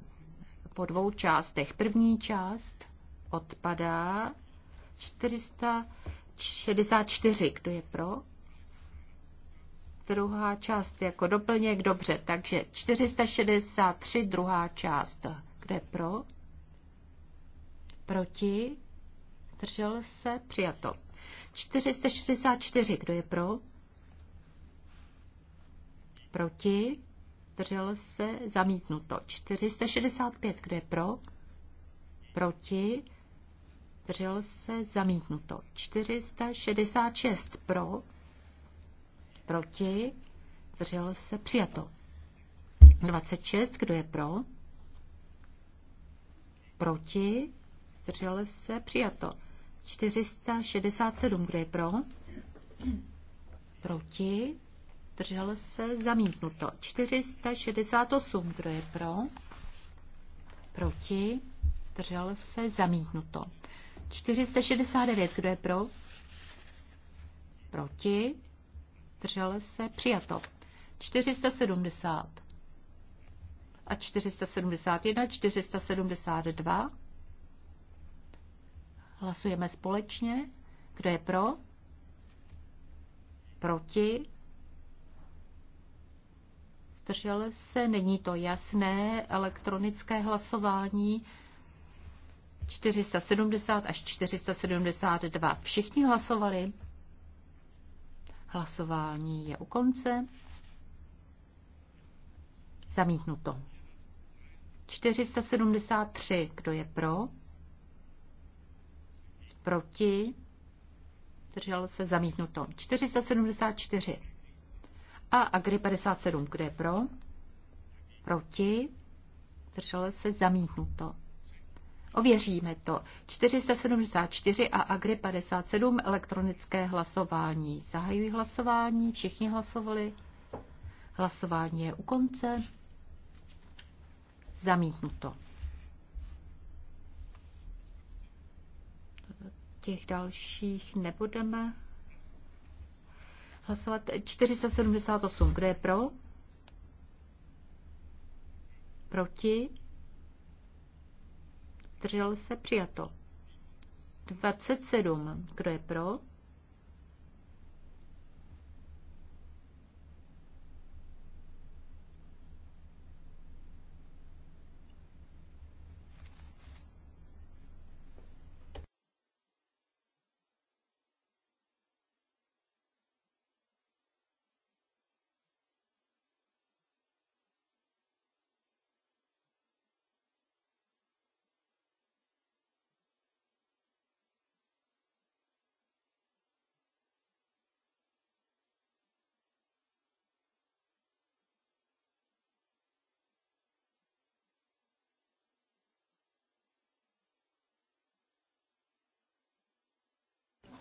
Po dvou částech. První část odpadá. 464. Kdo je pro? druhá část jako doplněk, dobře, takže 463, druhá část. Kde pro? Proti? Držel se? Přijato. 464, kdo je pro? Proti? Držel se? Zamítnuto. 465, kdo je pro? Proti? Držel se? Zamítnuto. 466 pro? Proti? Zdržel se? Přijato. 26. Kdo je pro? Proti? Zdržel se? Přijato. 467. Kdo je pro? Proti? Zdržel se? Zamítnuto. 468. Kdo je pro? Proti? Zdržel se? Zamítnuto. 469. Kdo je pro? Proti? zdržel se, přijato. 470 a 471, 472. Hlasujeme společně. Kdo je pro? Proti? Zdržel se? Není to jasné. Elektronické hlasování 470 až 472. Všichni hlasovali. Hlasování je u konce. Zamítnuto. 473. Kdo je pro? Proti? Držel se zamítnuto. 474. A Agri 57. Kdo je pro? Proti? Držel se zamítnuto. Ověříme to. 474 a Agri 57 elektronické hlasování. Zahajuji hlasování, všichni hlasovali. Hlasování je u konce. Zamítnuto. Těch dalších nebudeme hlasovat. 478, kdo je pro? Proti? zdržel se přijato. 27. Kdo je pro?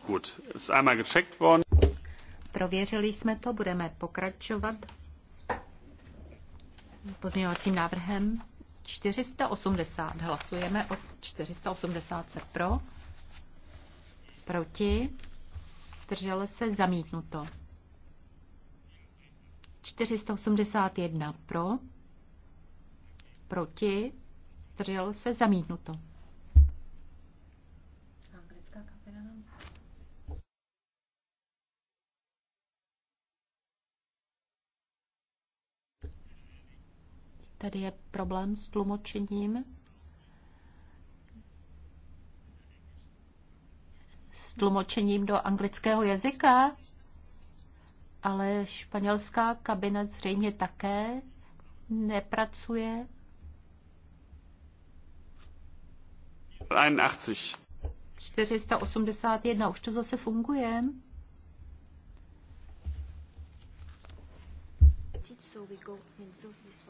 Gut, ist einmal gecheckt worden. Prověřili jsme to, budeme pokračovat pozměňovacím návrhem 480. Hlasujeme o 480 se pro, proti, drželo se zamítnuto. 481 pro, proti, drželo se zamítnuto. Tady je problém s tlumočením. S tlumočením do anglického jazyka, ale španělská kabina zřejmě také nepracuje. 81. 481, už to zase funguje. So we go in those this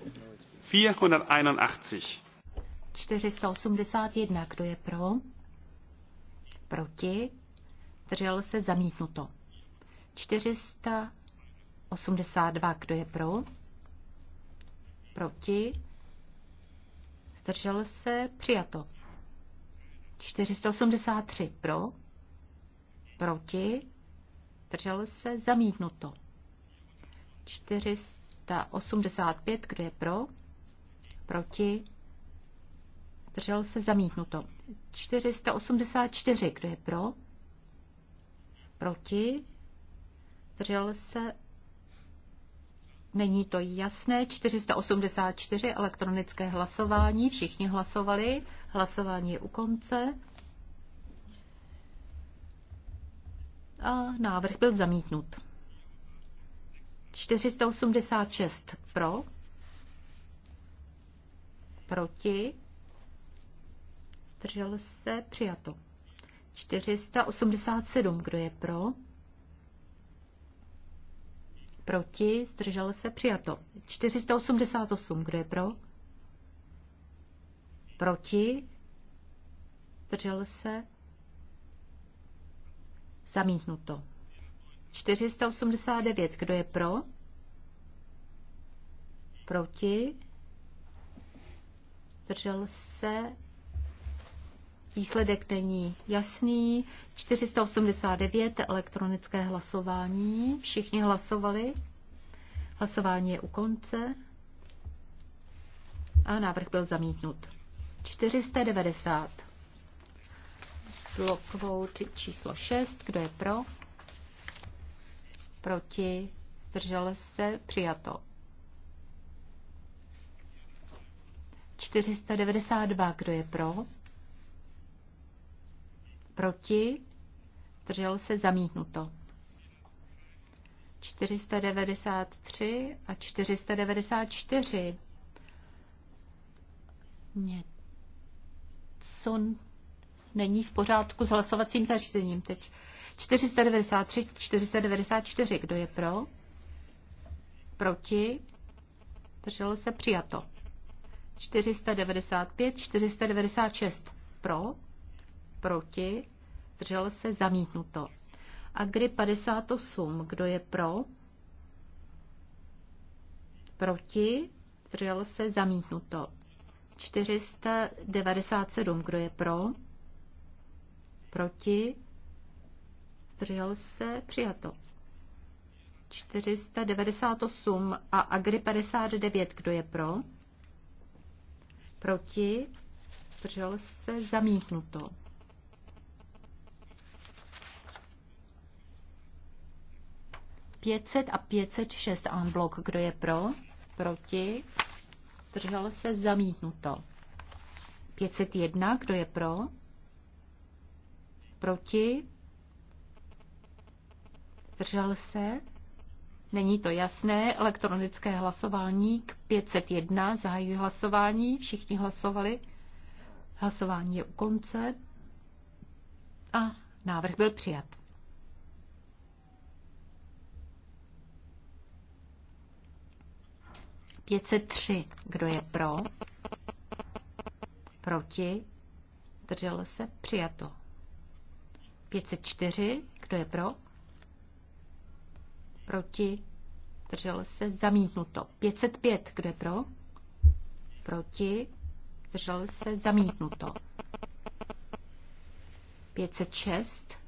481. 481. Kdo je pro? Proti? Držel se zamítnuto. 482. Kdo je pro? Proti? Zdržel se přijato. 483 pro, proti, držel se zamítnuto. 400 385, kdo je pro, proti, držel se zamítnuto. 484, kdo je pro, proti, držel se, není to jasné, 484 elektronické hlasování, všichni hlasovali, hlasování je u konce. A návrh byl zamítnut. 486 pro, proti, zdrželo se, přijato. 487, kdo je pro, proti, zdrželo se, přijato. 488, kdo je pro, proti, zdrželo se, zamítnuto. 489. Kdo je pro? Proti? Držel se? Výsledek není jasný. 489 elektronické hlasování. Všichni hlasovali. Hlasování je u konce. A návrh byl zamítnut. 490. Block číslo 6. Kdo je pro? proti, zdržel se, přijato. 492, kdo je pro, proti, zdržel se, zamítnuto. 493 a 494. Něco není v pořádku s hlasovacím zařízením teď. 493, 494. Kdo je pro? Proti? Drželo se přijato. 495, 496. Pro? Proti? Drželo se zamítnuto. A kdy 58? Kdo je pro? Proti? Drželo se zamítnuto. 497. Kdo je pro? Proti? zdržel se, přijato. 498 a Agri 59, kdo je pro? Proti, zdržel se, zamítnuto. Pětset a 506 en blok, kdo je pro? Proti, zdržel se, zamítnuto. 501, kdo je pro? Proti? zdržel se, není to jasné, elektronické hlasování k 501, zahajuji hlasování, všichni hlasovali, hlasování je u konce a návrh byl přijat. tři. Kdo je pro? Proti? Držel se? Přijato. 504. Kdo je pro? proti, zdržel se, zamítnuto. 505, kdo je pro, proti, zdržel se, zamítnuto. 506,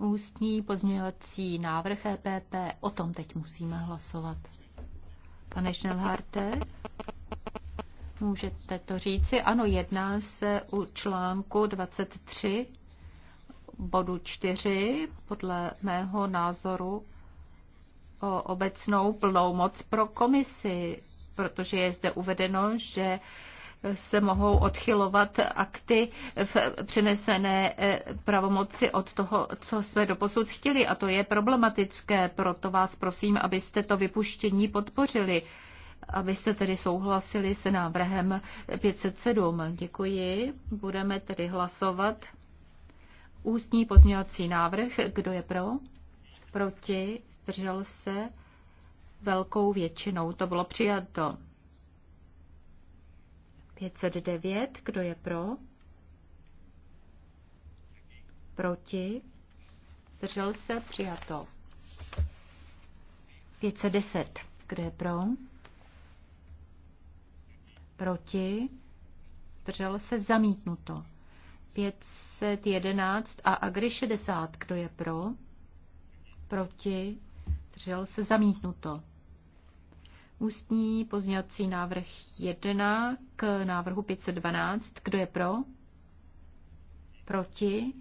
Ústní pozměňovací návrh EPP, o tom teď musíme hlasovat. Pane Schnellharte, můžete to říci? Ano, jedná se u článku 23 bodu 4 podle mého názoru o obecnou plnou moc pro komisi, protože je zde uvedeno, že se mohou odchylovat akty v přenesené eh, pravomoci od toho, co jsme doposud chtěli. A to je problematické, proto vás prosím, abyste to vypuštění podpořili, abyste tedy souhlasili se návrhem 507. Děkuji. Budeme tedy hlasovat. Ústní pozměňovací návrh. Kdo je pro? Proti? Zdržel se? Velkou většinou. To bylo přijato. 509, kdo je pro? Proti? Zdržel se? Přijato. 510, kdo je pro? Proti? Zdržel se? Zamítnuto. 511 a Agri 60, kdo je pro? Proti? Zdržel se? Zamítnuto. Ústní pozněvací návrh 1 k návrhu 512. Kdo je pro? Proti?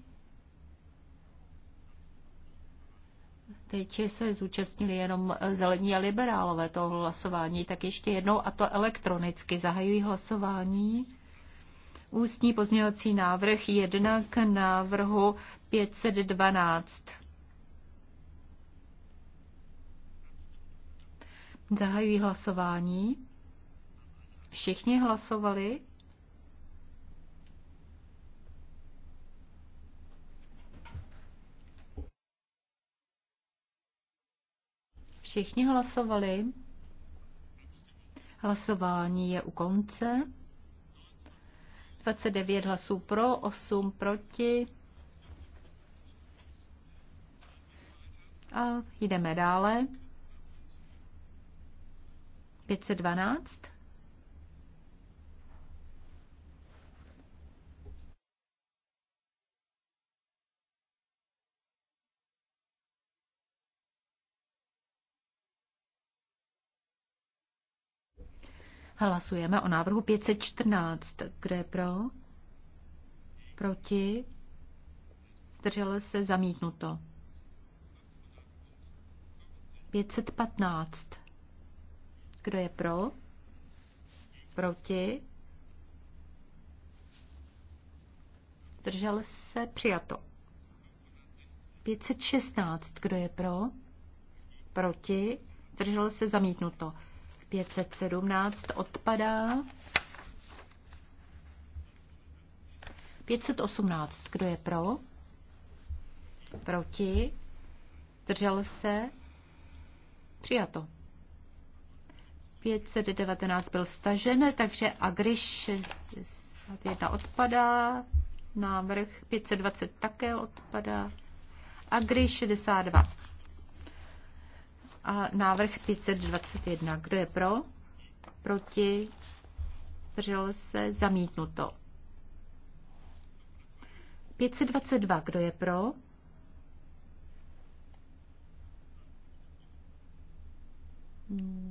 Teď se zúčastnili jenom zelení a liberálové toho hlasování, tak ještě jednou a to elektronicky. Zahajují hlasování. Ústní pozměňovací návrh 1 k návrhu 512. Zahajuji hlasování. Všichni hlasovali? Všichni hlasovali. Hlasování je u konce. 29 hlasů pro, 8 proti. A jdeme dále. 512. Hlasujeme o návrhu 514. Kdo je pro? Proti? Zdržel se zamítnuto. 515. Kdo je pro? Proti? Držel se? Přijato. 516. Kdo je pro? Proti? Držel se? Zamítnuto. 517 odpadá. 518. Kdo je pro? Proti? Držel se? Přijato. 519 byl stažen, takže a když odpadá, návrh 520 také odpadá, a když 62. A návrh 521. Kdo je pro? Proti? Zdržel se? Zamítnuto. 522. Kdo je pro? Hmm.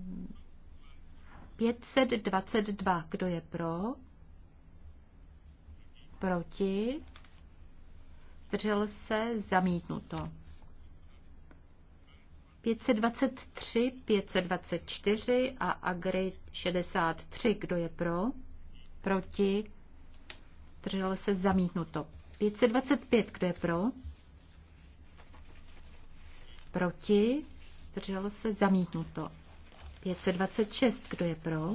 522. Kdo je pro? Proti? Zdržel se? Zamítnuto. 523, 524 a Agri 63. Kdo je pro? Proti? Zdržel se? Zamítnuto. 525. Kdo je pro? Proti? Zdržel se? Zamítnuto. 526. Kdo je pro?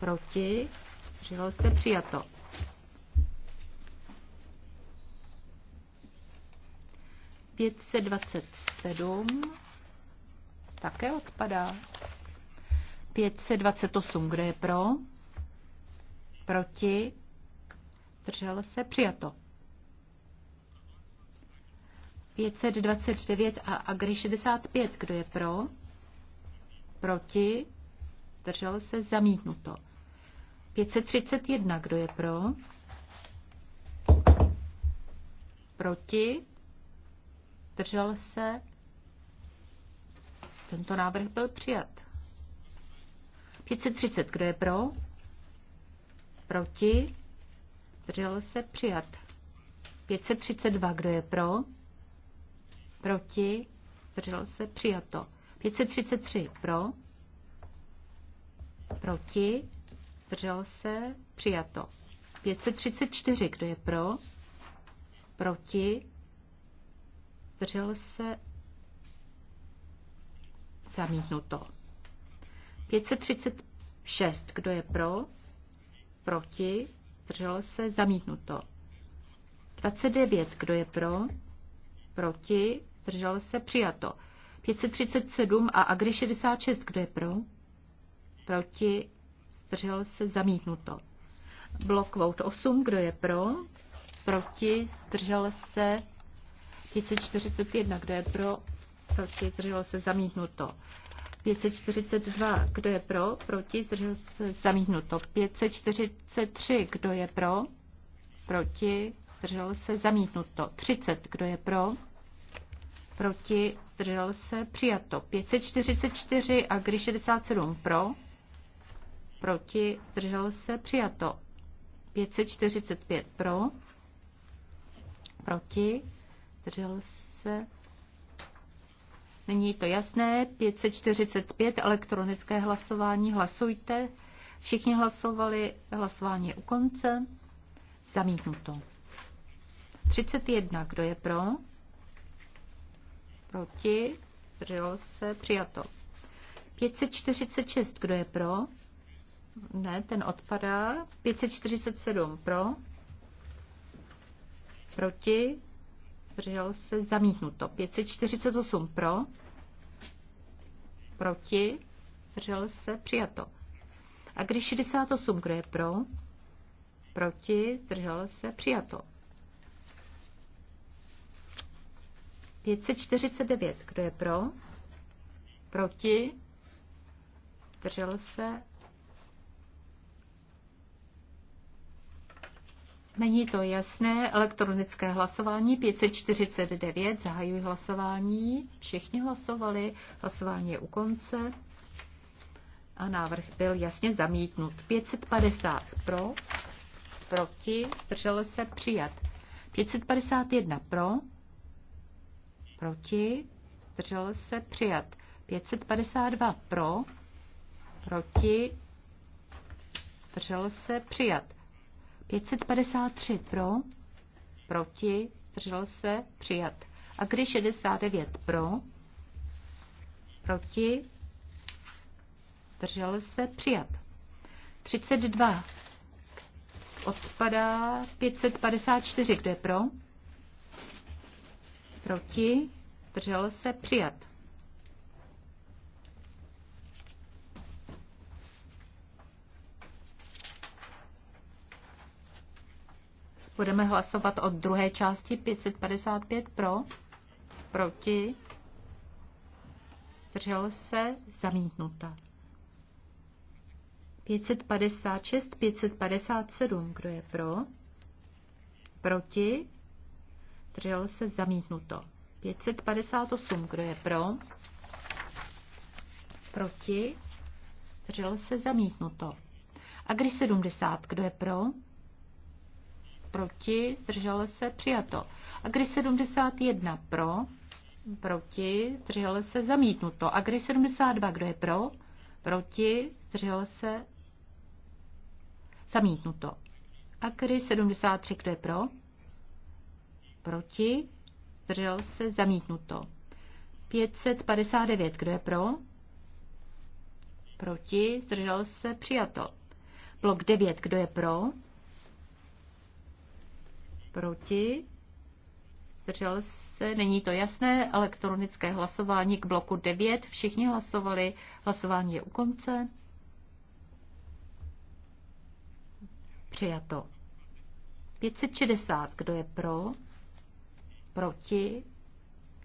Proti? Žilo se přijato. Pětset dvacet sedm také odpadá. 528, Kdo je pro? Proti? Držel se? Přijato. 529 a Agri 65, kdo je pro? Proti? Zdrželo se? Zamítnuto. 531. Kdo je pro? Proti? Zdržel se? Tento návrh byl přijat. 530. Kdo je pro? Proti? Zdržel se? Přijat. 532. Kdo je pro? Proti? Zdržel se? Přijato. 533 pro, proti, zdržel se, přijato. 534, kdo je pro, proti, zdržel se, zamítnuto. 536, kdo je pro, proti, zdržel se, zamítnuto. 29, kdo je pro, proti, zdržel se, přijato. 537 a Agri 66, kdo je pro? Proti? Zdržel se zamítnuto. Blok Vote 8, kdo je pro? Proti? Zdržel se 541, kdo je pro? Proti? Zdržel se zamítnuto. 542, kdo je pro? Proti? Zdržel se zamítnuto. 543, kdo je pro? Proti? Zdržel se zamítnuto. 30, kdo je pro? proti, zdržel se, přijato 544 a když 67 pro, proti, zdržel se, přijato 545 pro, proti, zdržel se, není to jasné, 545 elektronické hlasování, hlasujte, všichni hlasovali, hlasování je u konce, zamítnuto. 31, kdo je pro? proti, zdržel se, přijato. 546, kdo je pro? Ne, ten odpadá. 547 pro, proti, zdržel se, zamítnuto. 548 pro, proti, zdržel se, přijato. A když 68, kdo je pro, proti, zdržel se, přijato. 549. Kdo je pro? Proti? Držel se? Není to jasné. Elektronické hlasování 549. Zahajuji hlasování. Všichni hlasovali. Hlasování je u konce. A návrh byl jasně zamítnut. 550 pro, proti, zdrželo se přijat. 551 pro, proti, zdržel se přijat. 552 pro, proti, zdržel se přijat. 553 pro, proti, zdržel se přijat. A když 69 pro, proti, zdržel se přijat. 32 odpadá 554, kdo je pro? Proti? Zdržel se? Přijat. Budeme hlasovat od druhé části 555 pro, proti, zdržel se, zamítnuta. 556, 557, kdo je pro, proti, zdržel se, zamítnuto. 558, kdo je pro, proti, zdržel se, zamítnuto. když 70, kdo je pro, proti, zdržel se, přijato. a když 71, pro, proti, zdržel se, zamítnuto. když 72, kdo je pro, proti, zdržel se, zamítnuto. když 73, kdo je pro, Proti? Zdržel se? Zamítnuto. 559. Kdo je pro? Proti? Zdržel se? Přijato. Blok 9. Kdo je pro? Proti? Zdržel se? Není to jasné. Elektronické hlasování k bloku 9. Všichni hlasovali. Hlasování je u konce. Přijato. 560. Kdo je pro? proti,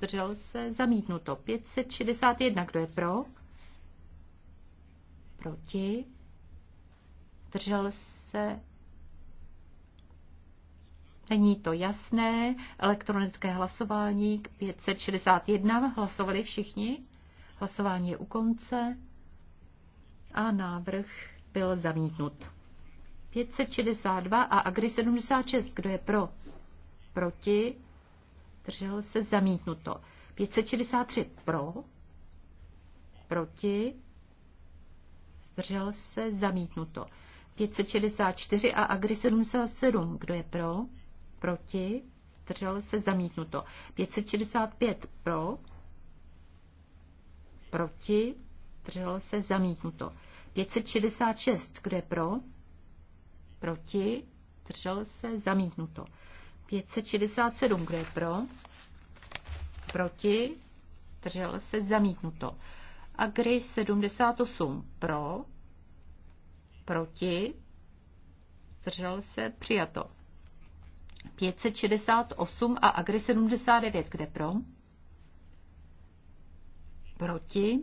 držel se, zamítnuto. 561, kdo je pro, proti, držel se, Není to jasné. Elektronické hlasování k 561. Hlasovali všichni. Hlasování je u konce. A návrh byl zamítnut. 562 a Agri 76. Kdo je pro? Proti? zdržel se zamítnuto. 563 pro, proti, zdržel se zamítnuto. 564 a Agri 77, kdo je pro, proti, zdržel se zamítnuto. 565 pro, proti, zdržel se zamítnuto. 566, kdo je pro, proti, zdržel se zamítnuto. 567, kdo je pro? Proti? Držel se zamítnuto. Agri 78 pro, proti, držel se přijato. 568 a Agri 79, kde pro? Proti,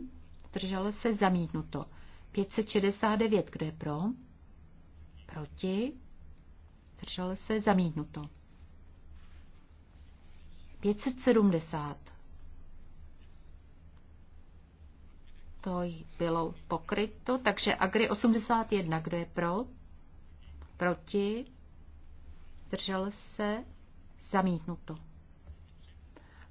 držel se zamítnuto. 569, kde pro? Proti, držel se zamítnuto. 570. To bylo pokryto, takže Agri 81, kdo je pro? Proti? Držel se? Zamítnuto.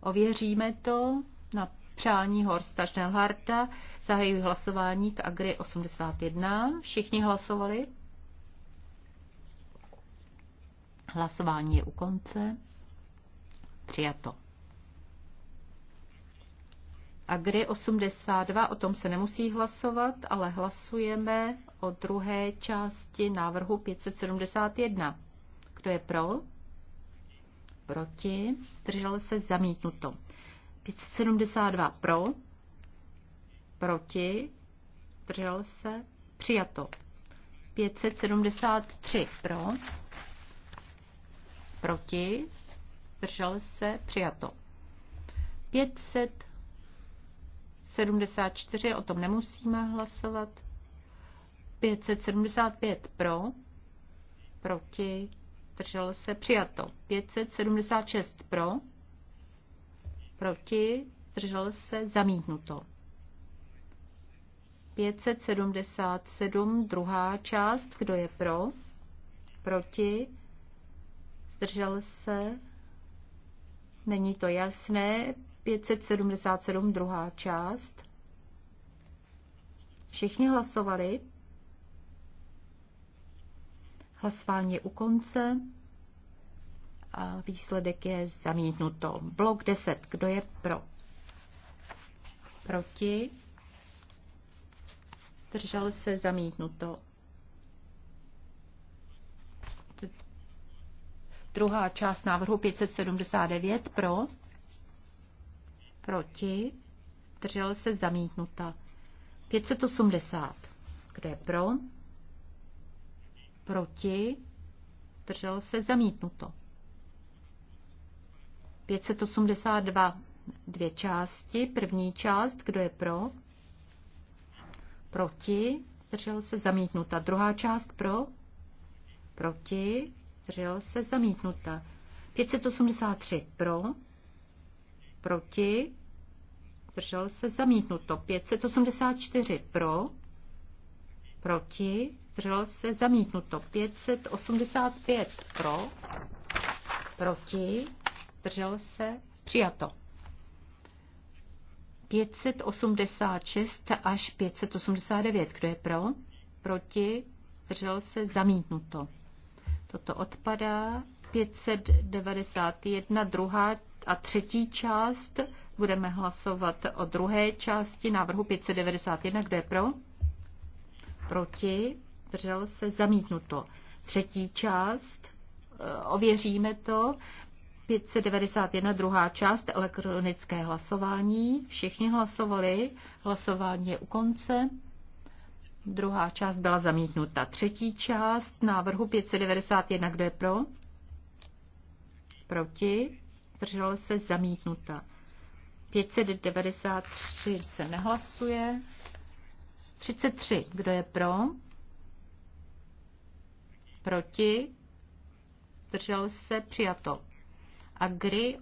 Ověříme to na přání Horsta Schnellharta. Zahajuji hlasování k Agri 81. Všichni hlasovali? Hlasování je u konce. Přijato. A kdy 82, o tom se nemusí hlasovat, ale hlasujeme o druhé části návrhu 571. Kdo je pro? Proti? Zdrželo se zamítnuto. 572 pro? Proti? Zdrželo se? Přijato. 573 pro? Proti? zdržel se, přijato. 574, o tom nemusíme hlasovat. 575 pro, proti, zdržel se, přijato. 576 pro, proti, zdržel se, zamítnuto. 577, druhá část, kdo je pro, proti, zdržel se, Není to jasné. 577, druhá část. Všichni hlasovali. Hlasování je u konce. A výsledek je zamítnuto. Blok 10. Kdo je pro? Proti? Zdržel se zamítnuto. Druhá část návrhu 579 pro, proti, Držel se zamítnuta. 580. Kdo je pro? Proti, Držel se zamítnuto. 582. Dvě části. První část, kdo je pro? Proti, Držel se zamítnuta. Druhá část pro? Proti, zdržel se zamítnuta. 583 pro, proti, zdržel se zamítnuto. 584 pro, proti, zdržel se zamítnuto. 585 pro, proti, zdržel se přijato. 586 až 589. Kdo je pro? Proti? Zdržel se? Zamítnuto. Toto odpadá. 591, druhá a třetí část. Budeme hlasovat o druhé části návrhu 591. Kdo je pro? Proti? Držel se zamítnuto. Třetí část. E, ověříme to. 591, druhá část, elektronické hlasování. Všichni hlasovali. Hlasování je u konce. Druhá část byla zamítnuta. Třetí část návrhu 591, kdo je pro? Proti? Zdržel se zamítnuta. 593 se nehlasuje. 33, kdo je pro? Proti? Držel se přijato. A Agri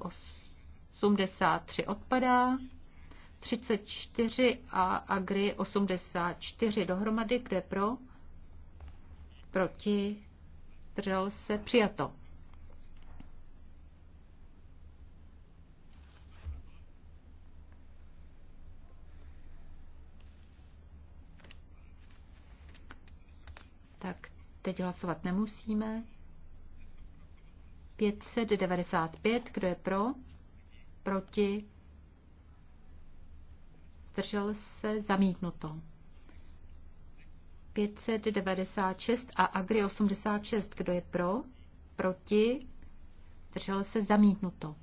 83 odpadá. 34 a Agri 84 dohromady, kde pro, proti, držel se, přijato. Tak teď hlasovat nemusíme. 595, kdo je pro, proti, zdržel se, zamítnuto. 596 a Agri 86, kdo je pro, proti, zdržel se, zamítnuto.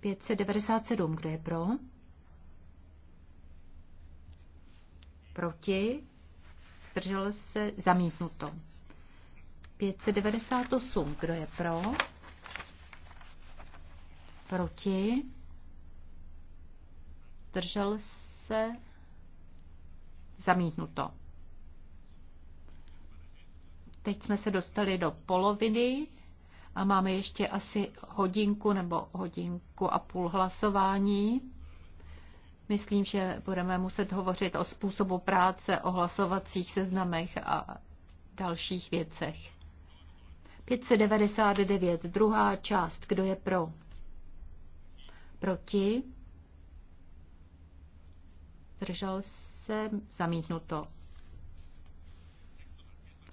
597, kdo je pro, proti, zdržel se, zamítnuto. 598, kdo je pro, proti, zdržel se, zamítnuto. Teď jsme se dostali do poloviny a máme ještě asi hodinku nebo hodinku a půl hlasování. Myslím, že budeme muset hovořit o způsobu práce, o hlasovacích seznamech a dalších věcech. 599, druhá část, kdo je pro? Proti? zdržel se, zamítnuto.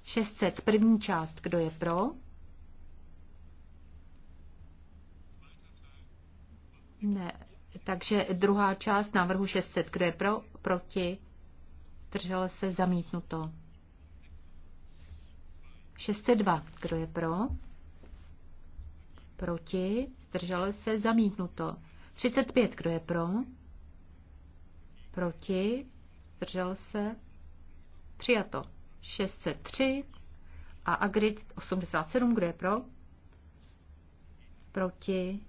600, první část, kdo je pro? Ne, takže druhá část návrhu 600, kdo je pro, proti, zdržel se, zamítnuto. 602, kdo je pro? Proti, zdržel se, zamítnuto. 35, kdo je pro? proti, zdržel se, přijato 603 a Agrid 87, kdo je pro, proti,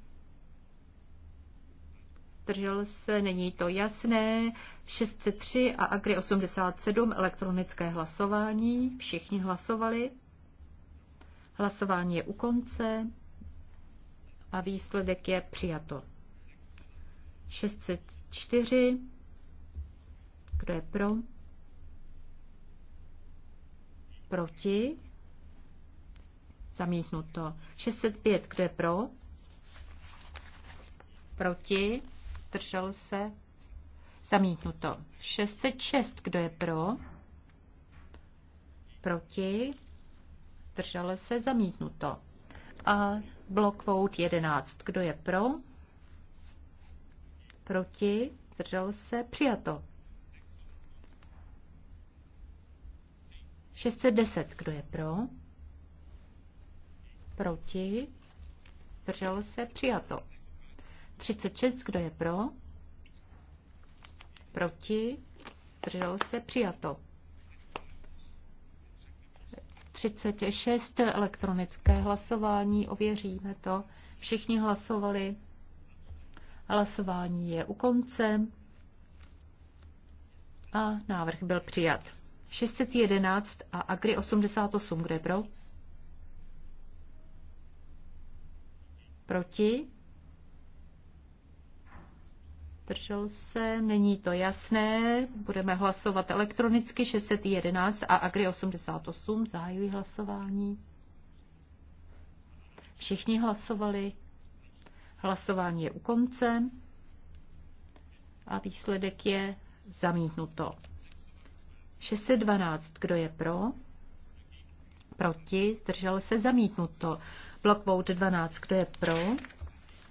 zdržel se, není to jasné, 603 a Agri 87, elektronické hlasování, všichni hlasovali, hlasování je u konce a výsledek je přijato. 604 kdo je pro? Proti? Zamítnuto. 605. Kdo je pro? Proti? Držel se? Zamítnuto. 606. Kdo je pro? Proti? Držel se? Zamítnuto. A blok vote 11. Kdo je pro? Proti? Držel se? Přijato. 610, kdo je pro? Proti? Zdržel se? Přijato. 36, kdo je pro? Proti? Zdržel se? Přijato. 36 elektronické hlasování, ověříme to. Všichni hlasovali. Hlasování je u konce a návrh byl přijat. 611 a Agri 88, kde pro? Proti? Držel se, není to jasné. Budeme hlasovat elektronicky 611 a Agri 88. Zahajuji hlasování. Všichni hlasovali. Hlasování je u konce a výsledek je zamítnuto. 612. Kdo je pro? Proti? Zdržel se? Zamítnuto. Block vote 12. Kdo je pro?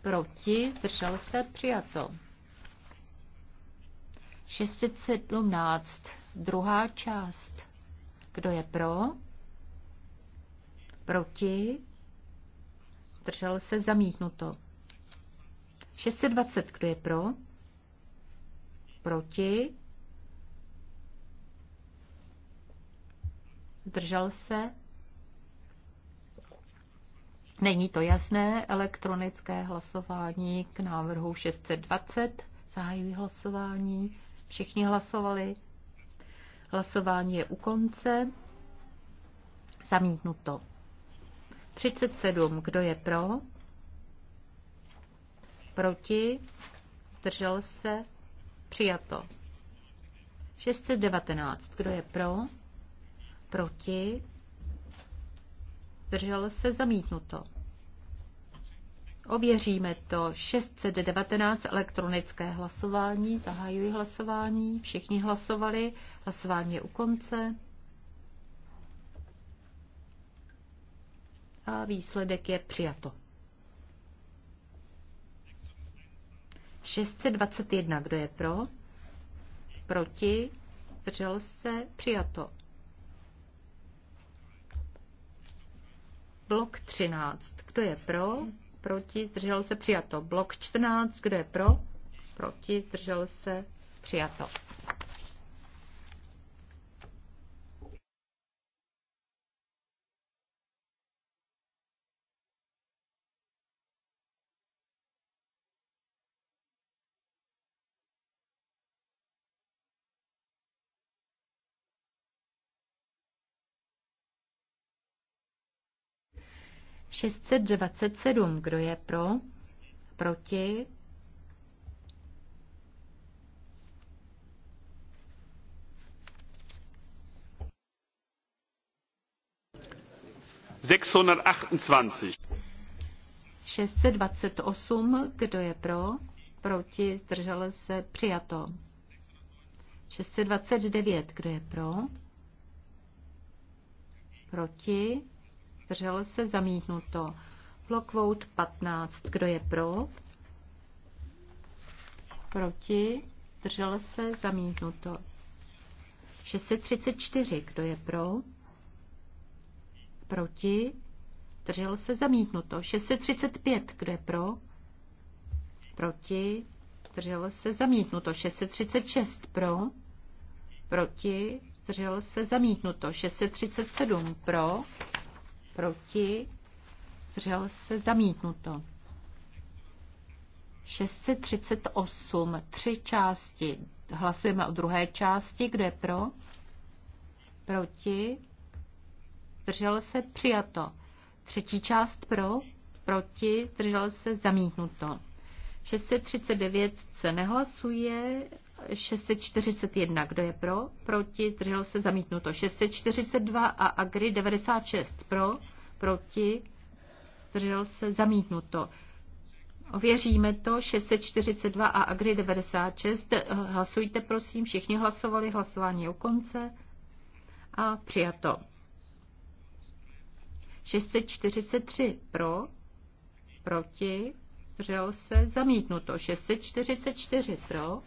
Proti? Zdržel se? Přijato. 617. Druhá část. Kdo je pro? Proti? Zdržel se? Zamítnuto. 620. Kdo je pro? Proti? zdržel se. Není to jasné, elektronické hlasování k návrhu 620, zahajují hlasování, všichni hlasovali, hlasování je u konce, zamítnuto. 37, kdo je pro? Proti? Držel se? Přijato. 619, kdo je pro? Proti? Zdržel se zamítnuto. Ověříme to. 619 elektronické hlasování. Zahajuji hlasování. Všichni hlasovali. Hlasování je u konce. A výsledek je přijato. 621. Kdo je pro? Proti? Zdržel se? Přijato. Blok 13. Kdo je pro? Proti? Zdržel se? Přijato. Blok 14. Kdo je pro? Proti? Zdržel se? Přijato. 627. Kdo je pro? Proti? šestset dvacet osm kdo je pro proti zdržel se přijato šestset dvacet devět kdo je pro proti zdržel se, zamítnuto. Block vote 15, kdo je pro? Proti, zdržel se, zamítnuto. 634, kdo je pro? Proti, zdržel se, zamítnuto. 635, kdo je pro? Proti, zdržel se, zamítnuto. 636, pro? Proti, zdržel se, zamítnuto. 637, pro? proti, zdržel se zamítnuto. 638, tři části. Hlasujeme o druhé části, kde pro, proti, zdržel se přijato. Třetí část pro, proti, zdržel se zamítnuto. 639 se nehlasuje, 641. Kdo je pro? Proti? Zdržel se zamítnuto. 642 a Agri 96. Pro? Proti? Zdržel se zamítnuto. Ověříme to. 642 a Agri 96. Hlasujte, prosím. Všichni hlasovali. Hlasování u konce. A přijato. 643 pro, proti, zdržel se, zamítnuto. 644 pro,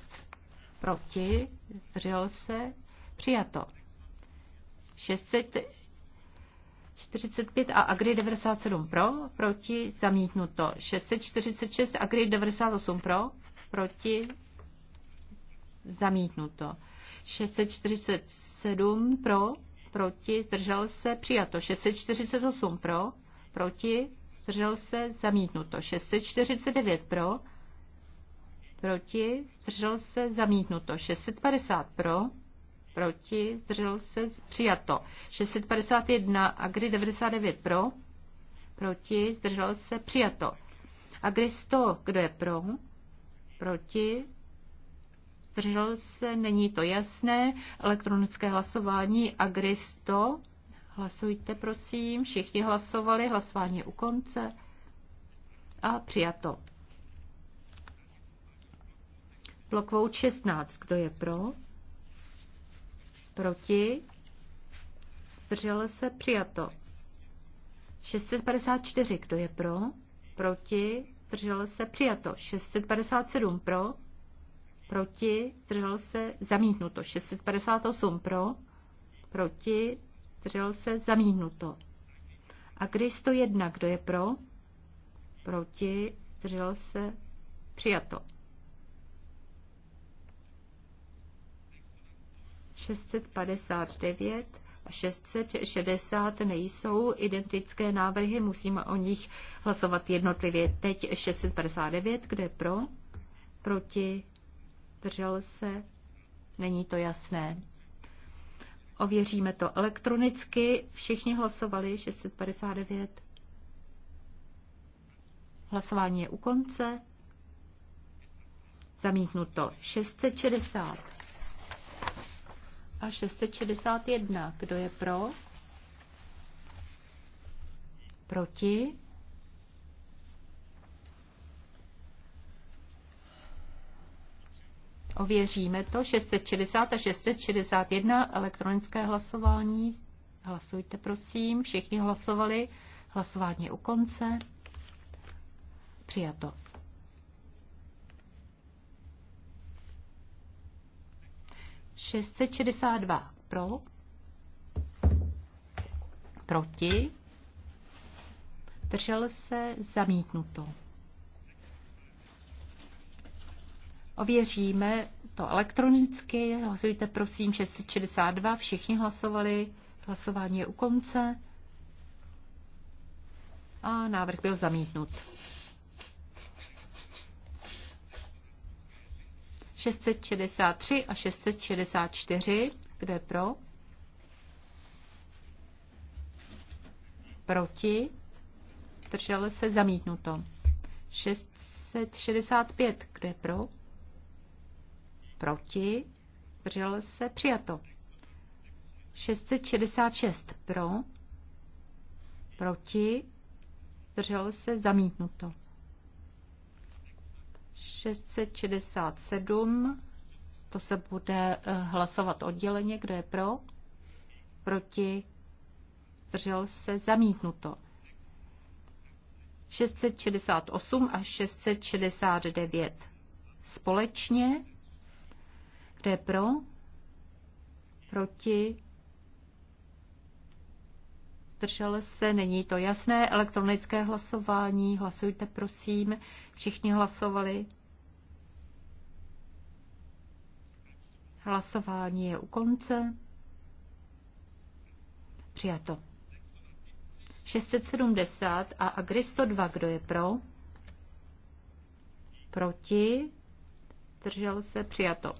proti, zdržel se, přijato. 645 a Agri 97 pro, proti, zamítnuto. 646 Agri 98 pro, proti, zamítnuto. 647 pro, proti, zdržel se, přijato. 648 pro, proti, zdržel se, zamítnuto. 649 pro, proti, zdržel se, zamítnuto. 650 pro, proti, zdržel se, přijato. 651 a 99 pro, proti, zdržel se, přijato. A 100, kdo je pro, proti, zdržel se, není to jasné, elektronické hlasování a 100, hlasujte prosím, všichni hlasovali, hlasování u konce a přijato. Blokovou 16. Kdo je pro? Proti? Zdržel se? Přijato. 654. Kdo je pro? Proti? Zdržel se? Přijato. 657. Pro? Proti? Zdržel se? Zamítnuto. 658. Pro? Proti? Zdržel se? Zamítnuto. A když 101. Kdo je pro? Proti? Zdržel se? Přijato. 659 a 660 nejsou identické návrhy, musíme o nich hlasovat jednotlivě. Teď 659, kde pro, proti, držel se, není to jasné. Ověříme to elektronicky. Všichni hlasovali 659. Hlasování je u konce. Zamítnuto 660 a 661. Kdo je pro? Proti? Ověříme to. 660 a 661 elektronické hlasování. Hlasujte, prosím. Všichni hlasovali. Hlasování u konce. Přijato. 662 pro, proti, držel se zamítnuto. Ověříme to elektronicky, hlasujte prosím 662, všichni hlasovali, hlasování je u konce a návrh byl zamítnut. 663 a 664. Kdo je pro? Proti? Držel se zamítnuto. 665. Kdo je pro? Proti? Držel se přijato. 666. Pro? Proti? Držel se zamítnuto. 667, to se bude eh, hlasovat odděleně, kdo je pro, proti, držel se, zamítnuto. 668 a 669 společně, kdo je pro, proti, držel se, není to jasné, elektronické hlasování, hlasujte prosím, všichni hlasovali. Hlasování je u konce. Přijato. 670 a Agristo 2, kdo je pro? Proti? Držel se? Přijato.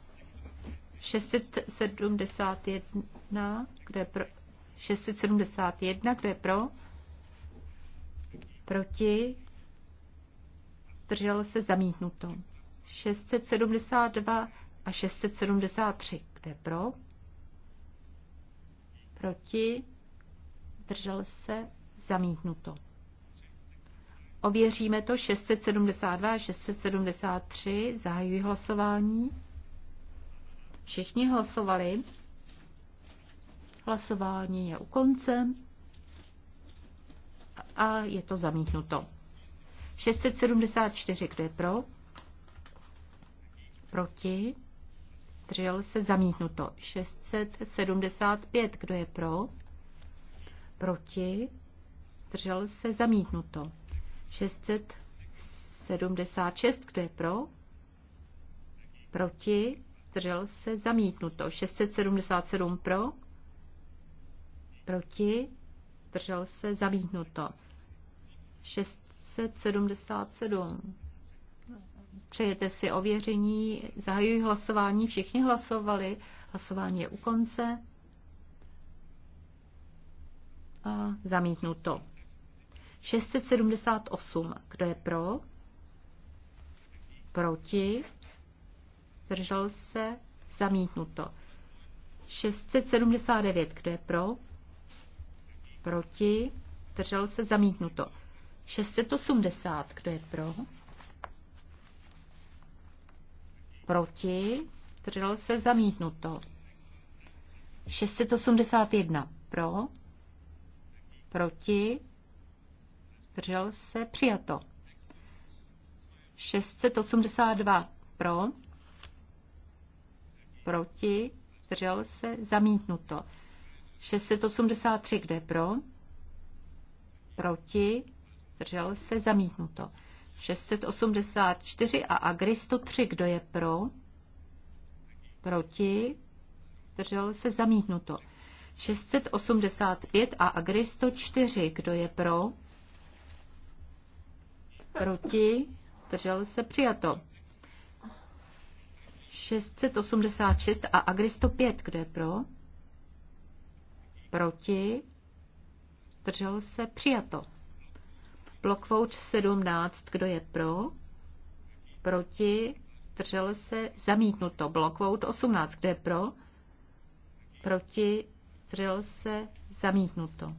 671, je pro? 671, kdo je pro? Proti? Držel se zamítnuto. 672 a 673. Kde pro? Proti? Držel se? Zamítnuto. Ověříme to 672 a 673. Zahajuji hlasování. Všichni hlasovali. Hlasování je u konce a je to zamítnuto. 674, kdo je pro? Proti? zdržel se zamítnuto. 675, kdo je pro, proti, zdržel se zamítnuto. 676, kdo je pro, proti, zdržel se zamítnuto. 677 pro, proti, zdržel se zamítnuto. 677 Přejete si ověření? Zahajuji hlasování. Všichni hlasovali. Hlasování je u konce. A zamítnuto. 678. Kdo je pro? Proti? Zdržel se? Zamítnuto. 679. Kdo je pro? Proti? Zdržel se? Zamítnuto. 680. Kdo je pro? proti, zdržel se zamítnuto. 681 pro, proti, zdržel se přijato. 682 pro, proti, zdržel se zamítnuto. 683 kde pro, proti, zdržel se zamítnuto. 684 a Agri 3, Kdo je pro? Proti? Zdržel se zamítnuto. 685 a Agri 4, Kdo je pro? Proti? Zdržel se přijato. 686 a Agri 5, Kdo je pro? Proti? Zdržel se přijato. Blockvote 17, kdo je pro? Proti? Držel se? Zamítnuto. Blockvote 18, kdo je pro? Proti? Držel se? Zamítnuto.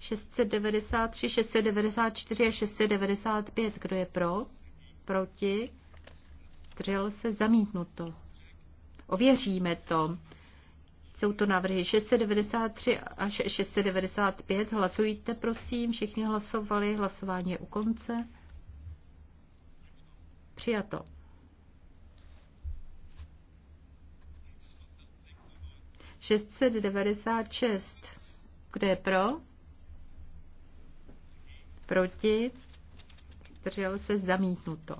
693, 694 a 695, kdo je pro? Proti? Držel se? Zamítnuto. Ověříme to. Jsou to návrhy 693 až 695. Hlasujte, prosím. Všichni hlasovali. Hlasování je u konce. Přijato. Šestset devadesát šest. Kdo je pro? Proti? Držel se zamítnuto.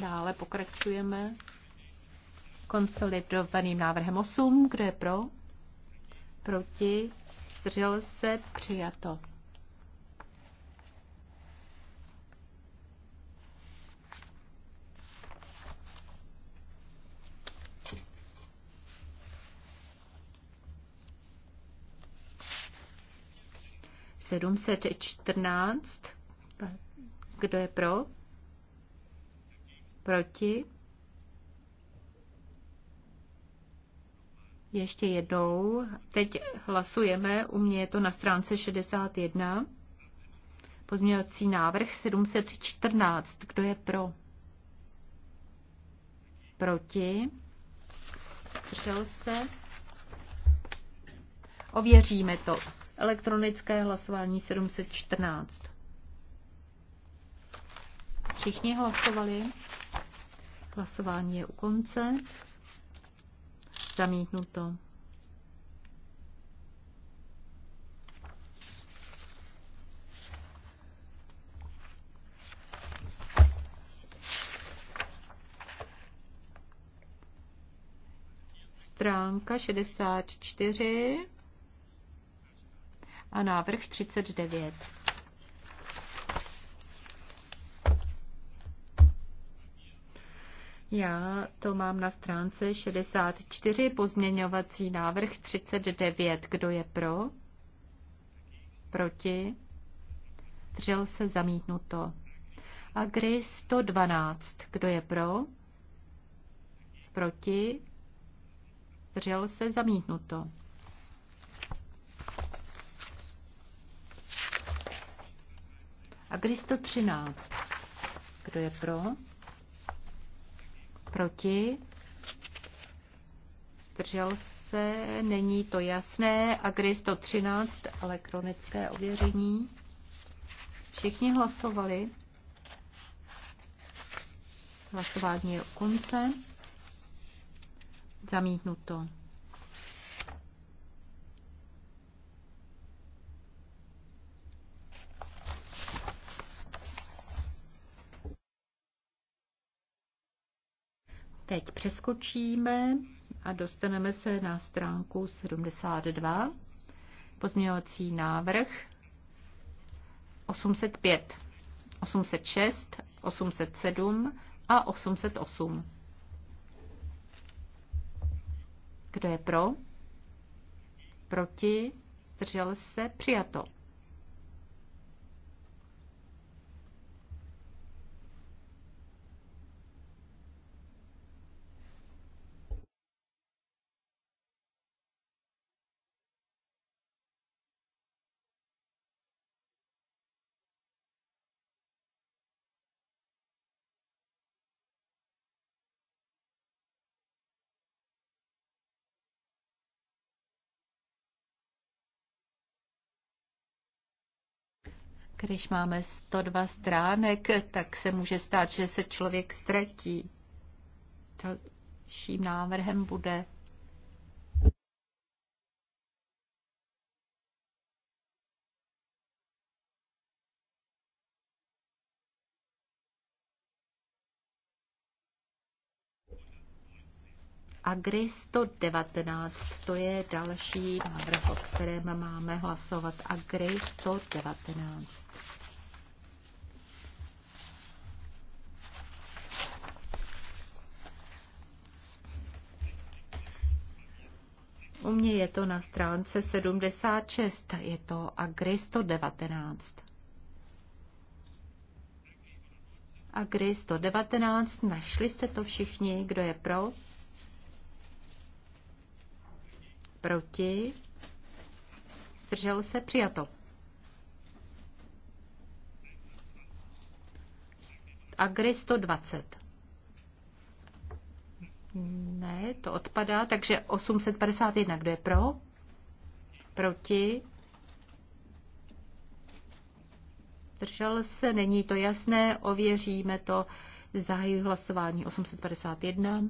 Dále pokračujeme konsolidovaným návrhem 8. Kdo je pro? Proti? Zdržel se? Přijato. Sedmset čtrnáct. Kdo je pro? Proti? Ještě jednou. Teď hlasujeme, u mě je to na stránce 61. Pozměňovací návrh 714. Kdo je pro? Proti? Zdržel se? Ověříme to. Elektronické hlasování 714. Všichni hlasovali. Hlasování je u konce. Zamítnuto. Stránka 64 a návrh 39. Já to mám na stránce 64, pozměňovací návrh 39. Kdo je pro? Proti? Držel se zamítnuto. Agri 112. Kdo je pro? Proti? Držel se zamítnuto. Agri 113. Kdo je pro? Proti? Držel se? Není to jasné. Agri 113, elektronické ověření. Všichni hlasovali. Hlasování je u konce. Zamítnuto. Teď přeskočíme a dostaneme se na stránku 72. Pozměňovací návrh 805, 806, 807 a 808. Kdo je pro? Proti? Zdržel se? Přijato. Když máme 102 stránek, tak se může stát, že se člověk ztratí. Dalším návrhem bude Agri 119, to je další návrh, o kterém máme hlasovat. Agri 119. U mě je to na stránce 76, je to Agri 119. Agri 119, našli jste to všichni, kdo je pro? Proti? Zdržel se? Přijato. Agri 120. Ne, to odpadá, takže 851, kdo je pro? Proti? Držel se, není to jasné, ověříme to. Zahajuji hlasování 851.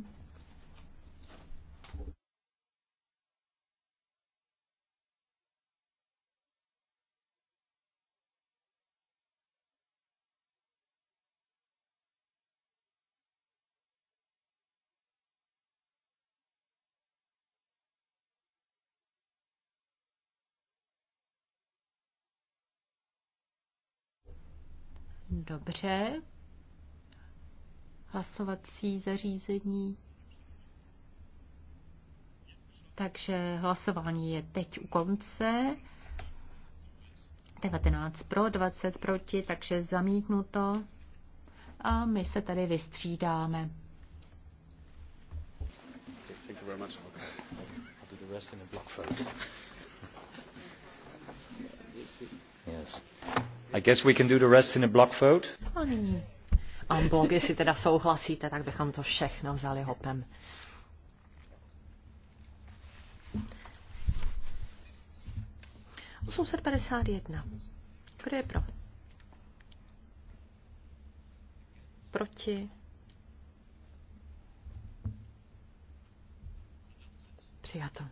Dobře. Hlasovací zařízení. Takže hlasování je teď u konce. 19 pro, 20 proti, takže zamítnuto. A my se tady vystřídáme. Yes. I guess we can do the rest in a block vote. A nyní. Amblok, jestli teda souhlasíte, tak bychom to všechno vzali hopem. Osmset padesát jedna. Kdo je pro? Proti? Přijato.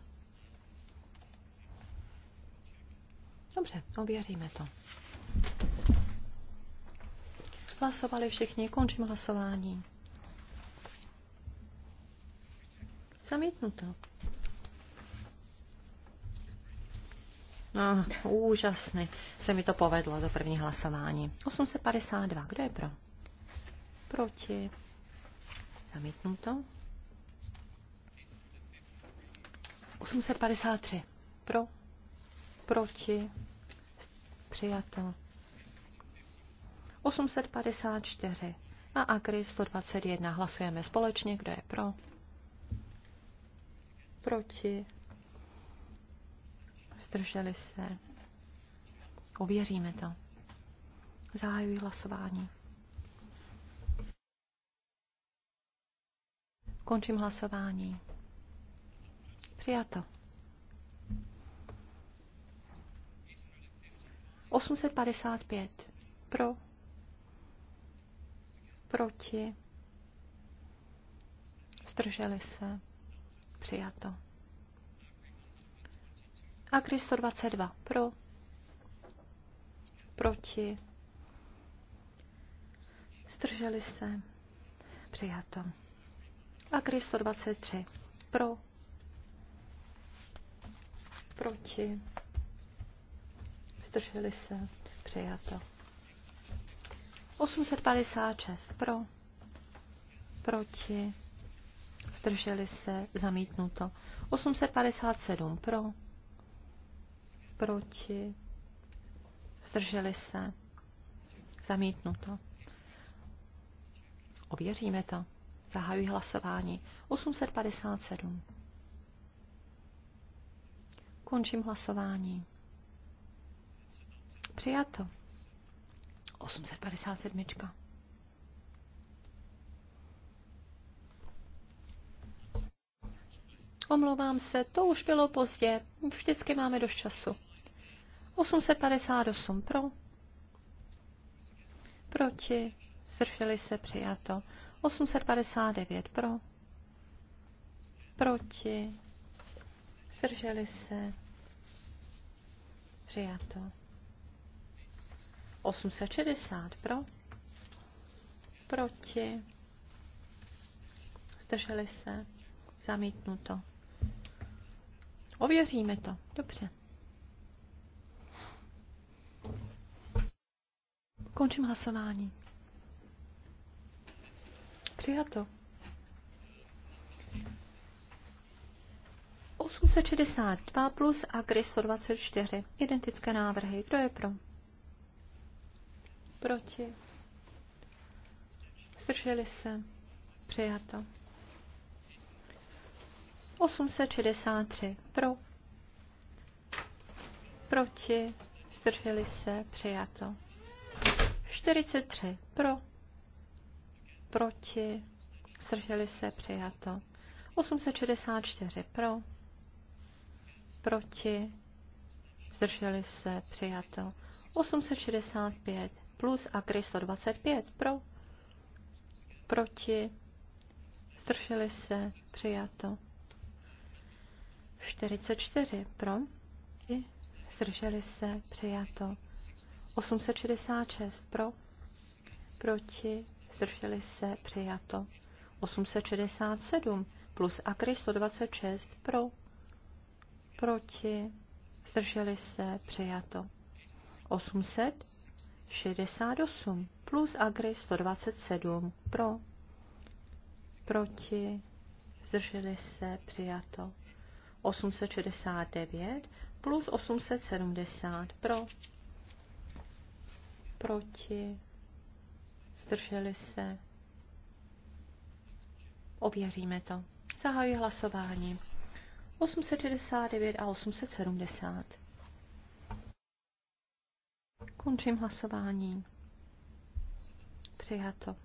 Dobře, ověříme to. Hlasovali všichni, končím hlasování. Zamítnuto. No, úžasný. Se mi to povedlo za první hlasování. 852. Kdo je pro? Proti. Zamítnuto. 853. Pro. Proti. Přijato. 854 a akry 121. Hlasujeme společně, kdo je pro. Proti. Zdrželi se. Ověříme to. Zahajuji hlasování. Končím hlasování. Přijato. 855 pro Proti? Zdrželi se? Přijato. A když 122 pro, proti, zdrželi se, přijato. A když 123 pro, proti, zdrželi se, přijato. 856 pro, proti, zdrželi se, zamítnuto. 857 pro, proti, zdrželi se, zamítnuto. Ověříme to. Zahajuji hlasování. 857. Končím hlasování. Přijato. 857. Omlouvám se, to už bylo pozdě. Vždycky máme dost času. 858 pro. Proti. Zdrželi se přijato. 859 pro. Proti. Zdrželi se. Přijato. 860 pro, proti, zdrželi se, zamítnuto. Ověříme to, dobře. Končím hlasování. Přijato. 862 plus a 124. Identické návrhy. Kdo je pro? Proti? Zdrželi se? Přijato. 863 pro. Proti? Zdrželi se? Přijato. 43 pro. Proti? Zdrželi se? Přijato. 864 pro. Proti? Zdrželi se? Přijato. 865 plus a 25 pro, proti, zdrželi se, přijato. 44 pro, i zdrželi se, přijato. 866 pro, proti, zdrželi se, přijato. 867 plus Akry 26 pro, proti, zdrželi se, přijato. 800 68 plus agry 127 pro, proti, zdrželi se, přijato. 869 plus 870 pro, proti, zdrželi se. Ověříme to. Zahajuji hlasování. 869 a 870. Končím hlasování. Přijato.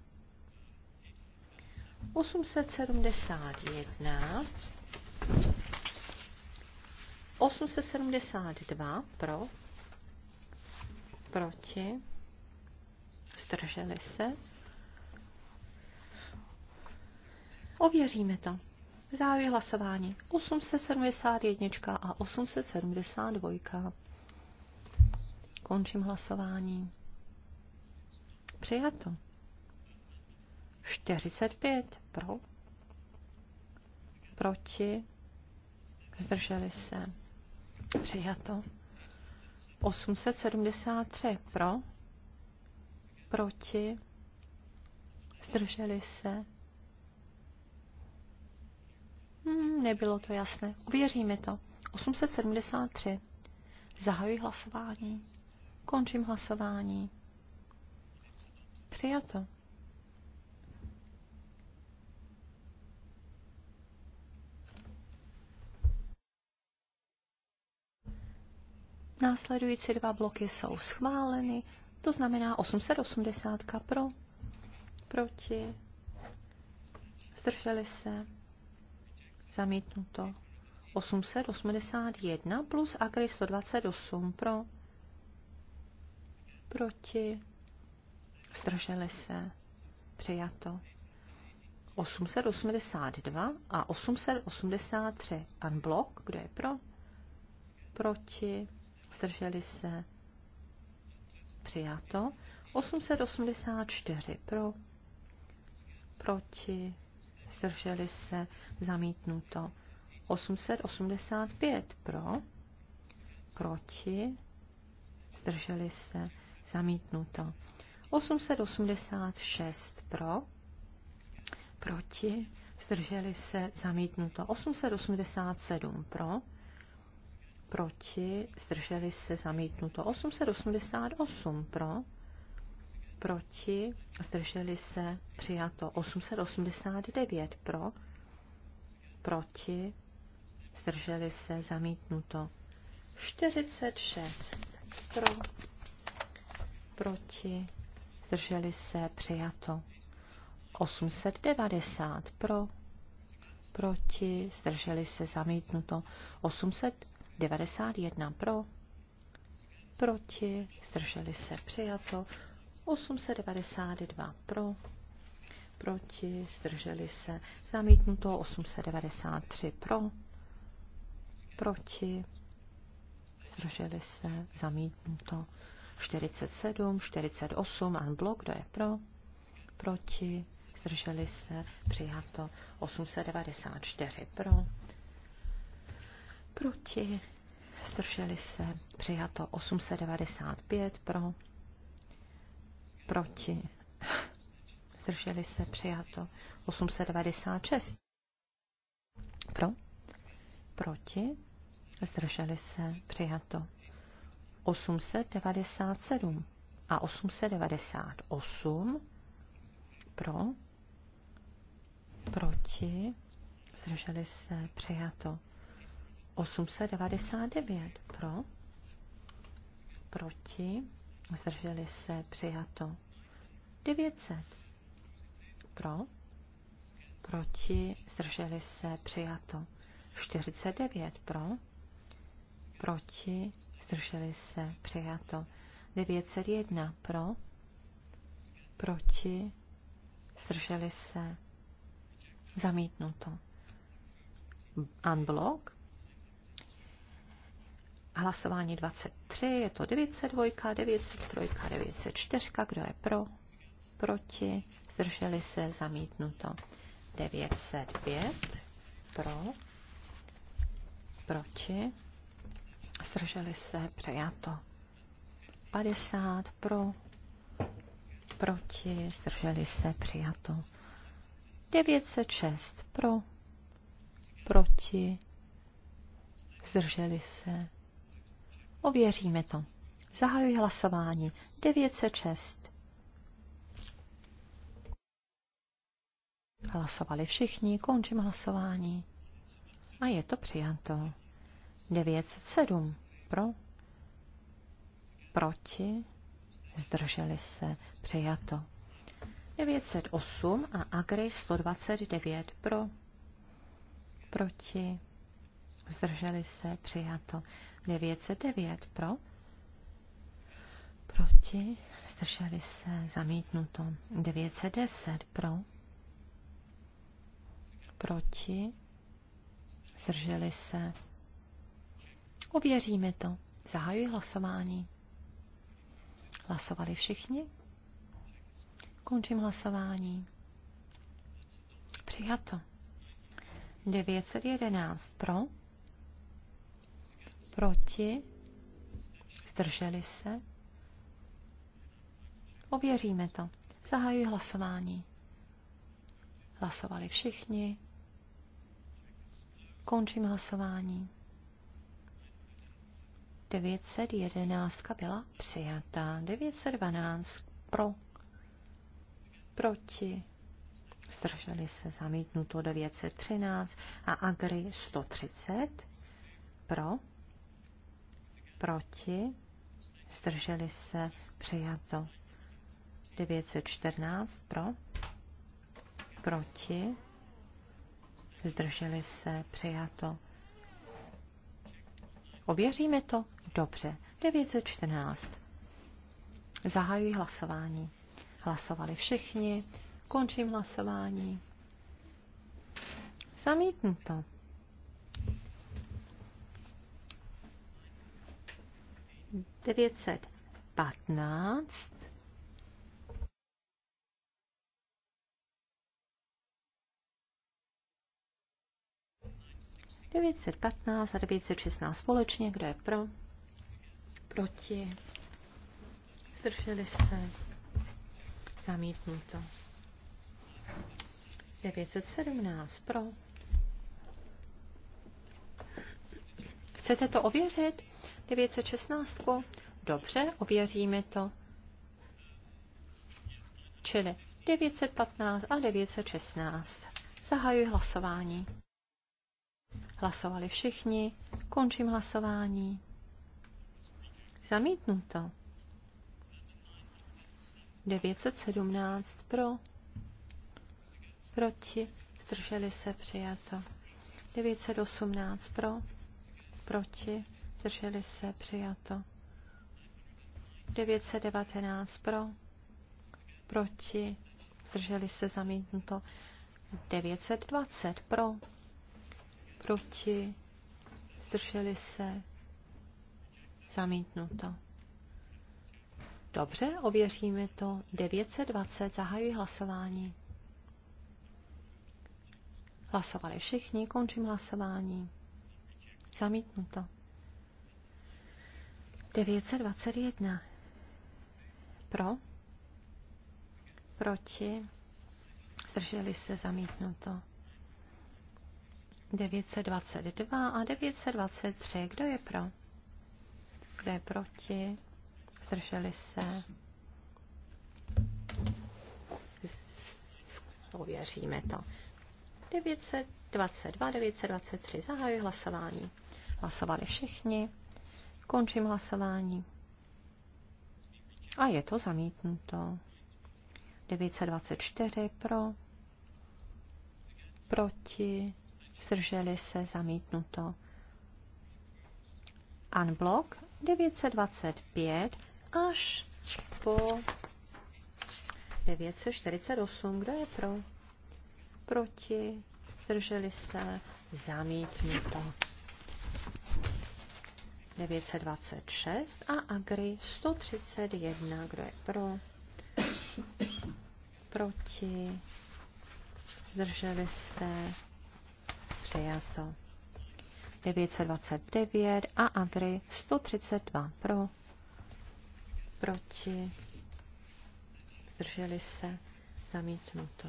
871. 872 pro, proti, zdrželi se. Ověříme to. Závěr hlasování 871 a 872. Končím hlasování. Přijato. 45 pro. Proti. Zdrželi se. Přijato. 873 pro. Proti. Zdrželi se. Hmm, nebylo to jasné. Uvěříme to. 873. Zahajuji hlasování. Končím hlasování. Přijato. Následující dva bloky jsou schváleny, to znamená 880 pro, proti, zdrželi se, zamítnuto. 881 plus Agri 128 pro, proti, zdrželi se, přijato. 882 a 883. Pan Blok, kdo je pro? Proti, zdrželi se, přijato. 884 pro, proti, zdrželi se, zamítnuto. 885 pro, proti, zdrželi se, zamítnuto. 886 pro, proti, zdrželi se, zamítnuto. 887 pro, proti, zdrželi se, zamítnuto. 888 pro, proti, zdrželi se, přijato. 889 pro, proti, zdrželi se, zamítnuto. 46 pro, proti, zdrželi se, přijato. 890 pro, proti, zdrželi se, zamítnuto. 891 pro, proti, zdrželi se, přijato. 892 pro, proti, zdrželi se, zamítnuto. 893 pro, proti, zdrželi se, zamítnuto. 47, 48, blok, kdo je pro, proti, zdrželi se, přijato 894 pro, proti, zdrželi se, přijato 895 pro, proti, zdrželi se, přijato 896 pro, proti, zdrželi se, přijato 897 a 898 pro, proti, zdrželi se, přijato. 899 pro, proti, zdrželi se, přijato. 900 pro, proti, zdrželi se, přijato. 49 pro, proti, zdrželi se, přijato. 901 pro, proti, zdrželi se, zamítnuto. Unblock. Hlasování 23, je to 902, 903, 904, kdo je pro, proti, zdrželi se, zamítnuto. 905 pro, proti, Zdrželi se. přejato. 50 pro. Proti. Zdrželi se. Přijato. 906 pro. Proti. Zdrželi se. Ověříme to. Zahajuji hlasování. 906. Hlasovali všichni, končím hlasování. A je to přijato. 907 pro, proti, zdrželi se, přijato. 908 a Agri 129 pro, proti, zdrželi se, přijato. 909 pro, proti, zdrželi se, zamítnuto. 910 pro, proti, zdrželi se, Ověříme to. Zahajuji hlasování. Hlasovali všichni? Končím hlasování. Přijato. 911 pro, proti, zdrželi se. Ověříme to. Zahajuji hlasování. Hlasovali všichni. Končím hlasování. 911 byla přijatá. 912 pro, proti, zdrželi se zamítnuto 913 a Agri 130 pro, proti, zdrželi se přijato 914 pro, proti, zdrželi se přijato. Ověříme to. Dobře, 914. Zahajuji hlasování. Hlasovali všichni. Končím hlasování. Zamítnuto. Devětset patnáct. Devětset patnáct a devětset šestnáct společně. Kdo je pro? Proti. Zdrželi se. Zamítnuto. 917 pro. Chcete to ověřit? 916? Dobře, ověříme to. Čili 915 a 916. Zahajuji hlasování. Hlasovali všichni. Končím hlasování. Zamítnuto. 917 pro. Proti. Zdrželi se přijato. 918 pro. Proti. Zdrželi se přijato. 919 pro. Proti. Zdrželi se zamítnuto. 920 pro. Proti. Zdrželi se Zamítnuto. Dobře, ověříme to. 920, zahajuji hlasování. Hlasovali všichni, končím hlasování. Zamítnuto. 921. Pro? Proti? Zdrželi se zamítnuto. 922 a 923. Kdo je pro? kdo je proti, zdrželi se. Ověříme to. 922, 923, zahajuji hlasování. Hlasovali všichni. Končím hlasování. A je to zamítnuto. 924 pro, proti, zdrželi se, zamítnuto. Unblock 925 až po 948. Kdo je pro? Proti? Zdrželi se? Zamítnuto. 926 a Agri 131. Kdo je pro? Proti? Zdrželi se? Přijato. 929 a Agri 132 pro, proti, zdrželi se, zamítnuto.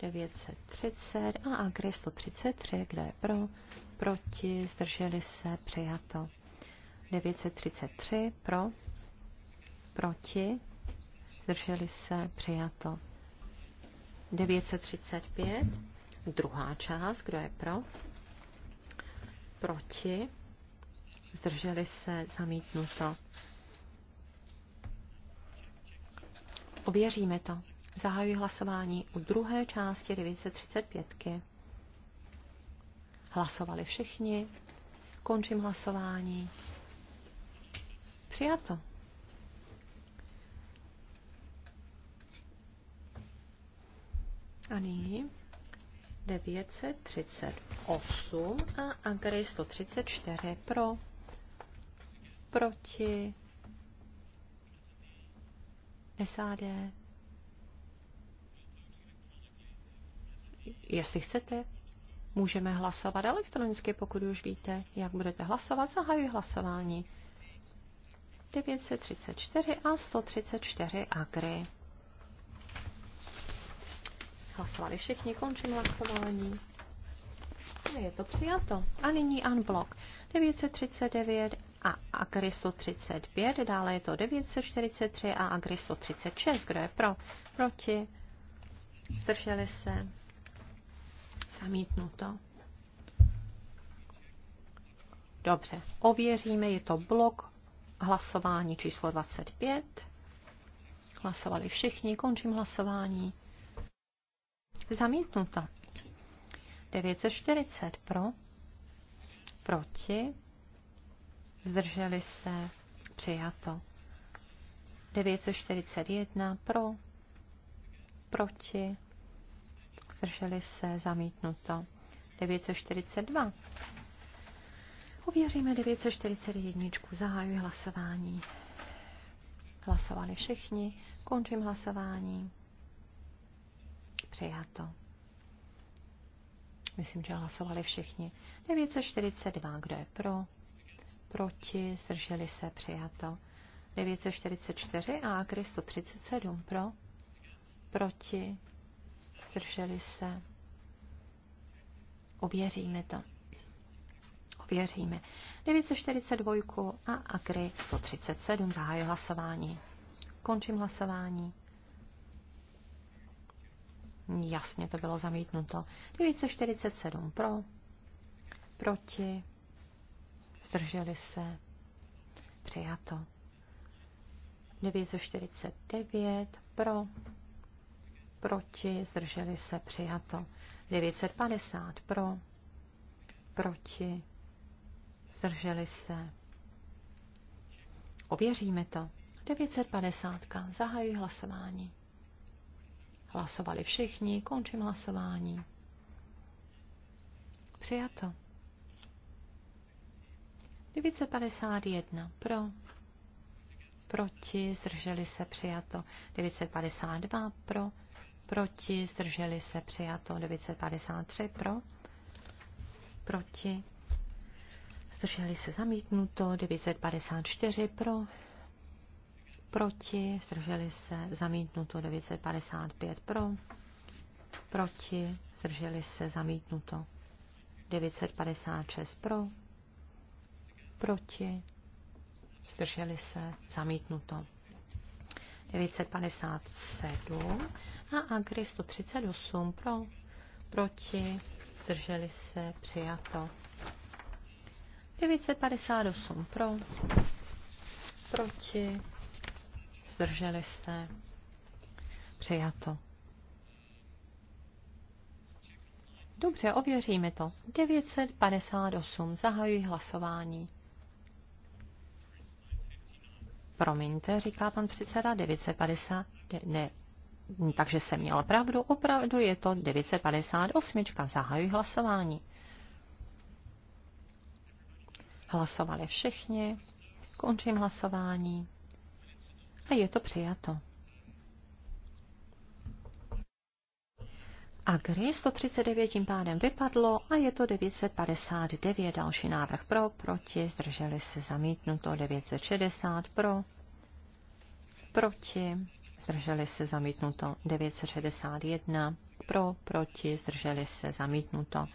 930 a Agri 133, kde je pro, proti, zdrželi se, přijato. 933 pro, proti, zdrželi se, přijato. 935, druhá část, kdo je pro, proti, zdrželi se, zamítnuto. Ověříme to. Zahajuji hlasování u druhé části 935. -ky. Hlasovali všichni. Končím hlasování. Přijato. A nyní 938 a Agri 134 pro, proti SAD. Jestli chcete, můžeme hlasovat elektronicky, pokud už víte, jak budete hlasovat. Zahajuji hlasování. 934 a 134 agry. Hlasovali všichni, končím hlasování. Je to přijato. A nyní unblock. 939 a agristo 35, dále je to 943 a agristo 36. Kdo je pro? Proti? Zdrželi se? Zamítnuto. Dobře, ověříme, je to blok hlasování číslo 25. Hlasovali všichni, končím hlasování. Zamítnuto. 940 pro, proti, zdrželi se, přijato. 941 pro, proti, zdrželi se, zamítnuto. 942. Uvěříme 941. Zahajuji hlasování. Hlasovali všichni. Končím hlasování. Přijato. Myslím, že hlasovali všichni. 942, kdo je pro? Proti, zdrželi se, přijato. 944 a Agri 137 pro? Proti, zdrželi se. Uvěříme to. Uvěříme. 942 a Agri 137 zahájí hlasování. Končím hlasování. Jasně to bylo zamítnuto. 947 pro, proti, zdrželi se, přijato. 949 pro, proti, zdrželi se, přijato. 950 pro, proti, zdrželi se. Ověříme to. 950. Zahajuji hlasování. Hlasovali všichni, končím hlasování. Přijato. 951 pro, proti, zdrželi se přijato. 952 pro, proti, zdrželi se přijato. 953 pro, proti, zdrželi se zamítnuto. 954 pro, proti, zdrželi se, zamítnuto 955 pro, proti, zdrželi se, zamítnuto 956 pro, proti, zdrželi se, zamítnuto 957 a Agri 138 pro, proti, zdrželi se, přijato 958 pro, proti, zdrželi se, přijato. Dobře, ověříme to. 958. Zahajuji hlasování. Promiňte, říká pan předseda, 950, ne, takže jsem měl pravdu, opravdu je to 958. Zahajuji hlasování. Hlasovali všichni. Končím hlasování. A je to přijato. A Agri 139 tím pádem vypadlo a je to 959. Další návrh pro, proti, zdrželi se zamítnuto 960 pro, proti, zdrželi se zamítnuto 961 pro, proti, zdrželi se zamítnuto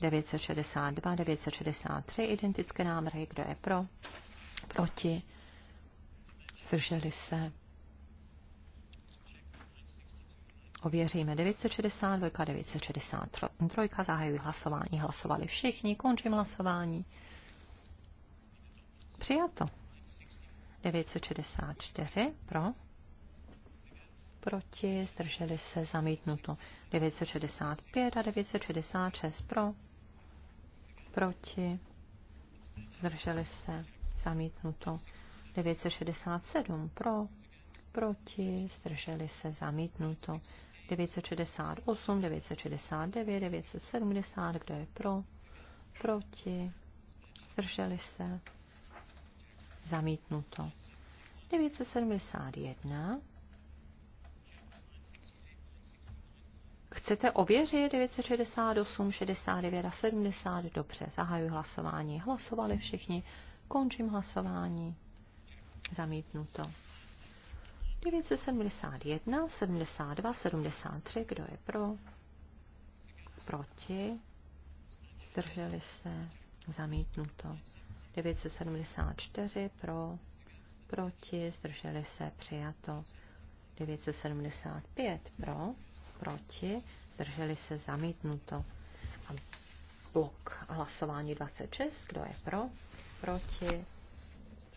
962, 963 identické návrhy, kdo je pro, proti, zdrželi se. Ověříme 962, 963, zahajují hlasování, hlasovali všichni, končím hlasování. Přijato. 964 pro, proti, zdrželi se, zamítnuto. 965 a 966 pro, proti, zdrželi se, zamítnuto. 967 pro, proti, zdrželi se zamítnuto. 968, 969, 970, kdo je pro, proti, zdrželi se zamítnuto. 971. Chcete ověřit 968, 69 a 70? Dobře, zahajuji hlasování. Hlasovali všichni. Končím hlasování. Zamítnuto. 971, 72, 73, kdo je pro? Proti? Zdrželi se? Zamítnuto. 974 pro, proti, zdrželi se, přijato. 975 pro, proti, zdrželi se, zamítnuto. A blok hlasování 26, kdo je pro, proti,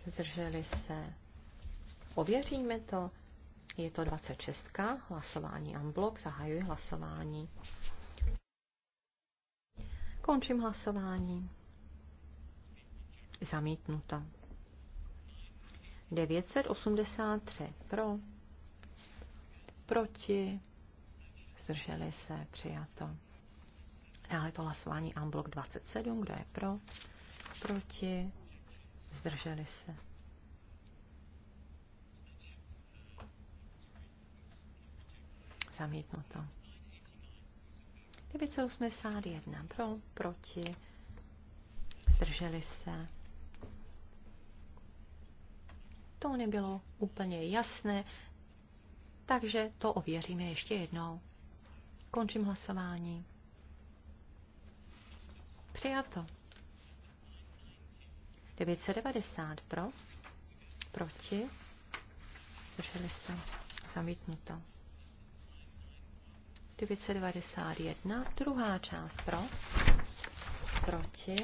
zdrželi se. Ověříme to. Je to 26. Hlasování unblock. Zahajuji hlasování. Končím hlasování. Zamítnuto. 983 pro, proti, zdrželi se, přijato. Dále to hlasování Amblok 27, kdo je pro, proti, zdrželi se. Zamítnuto. 981 pro, proti, zdrželi se. To nebylo úplně jasné, takže to ověříme ještě jednou. Končím hlasování. Přijato. 990 pro, proti, zdrželi se, zamítnuto. 991, druhá část pro, proti,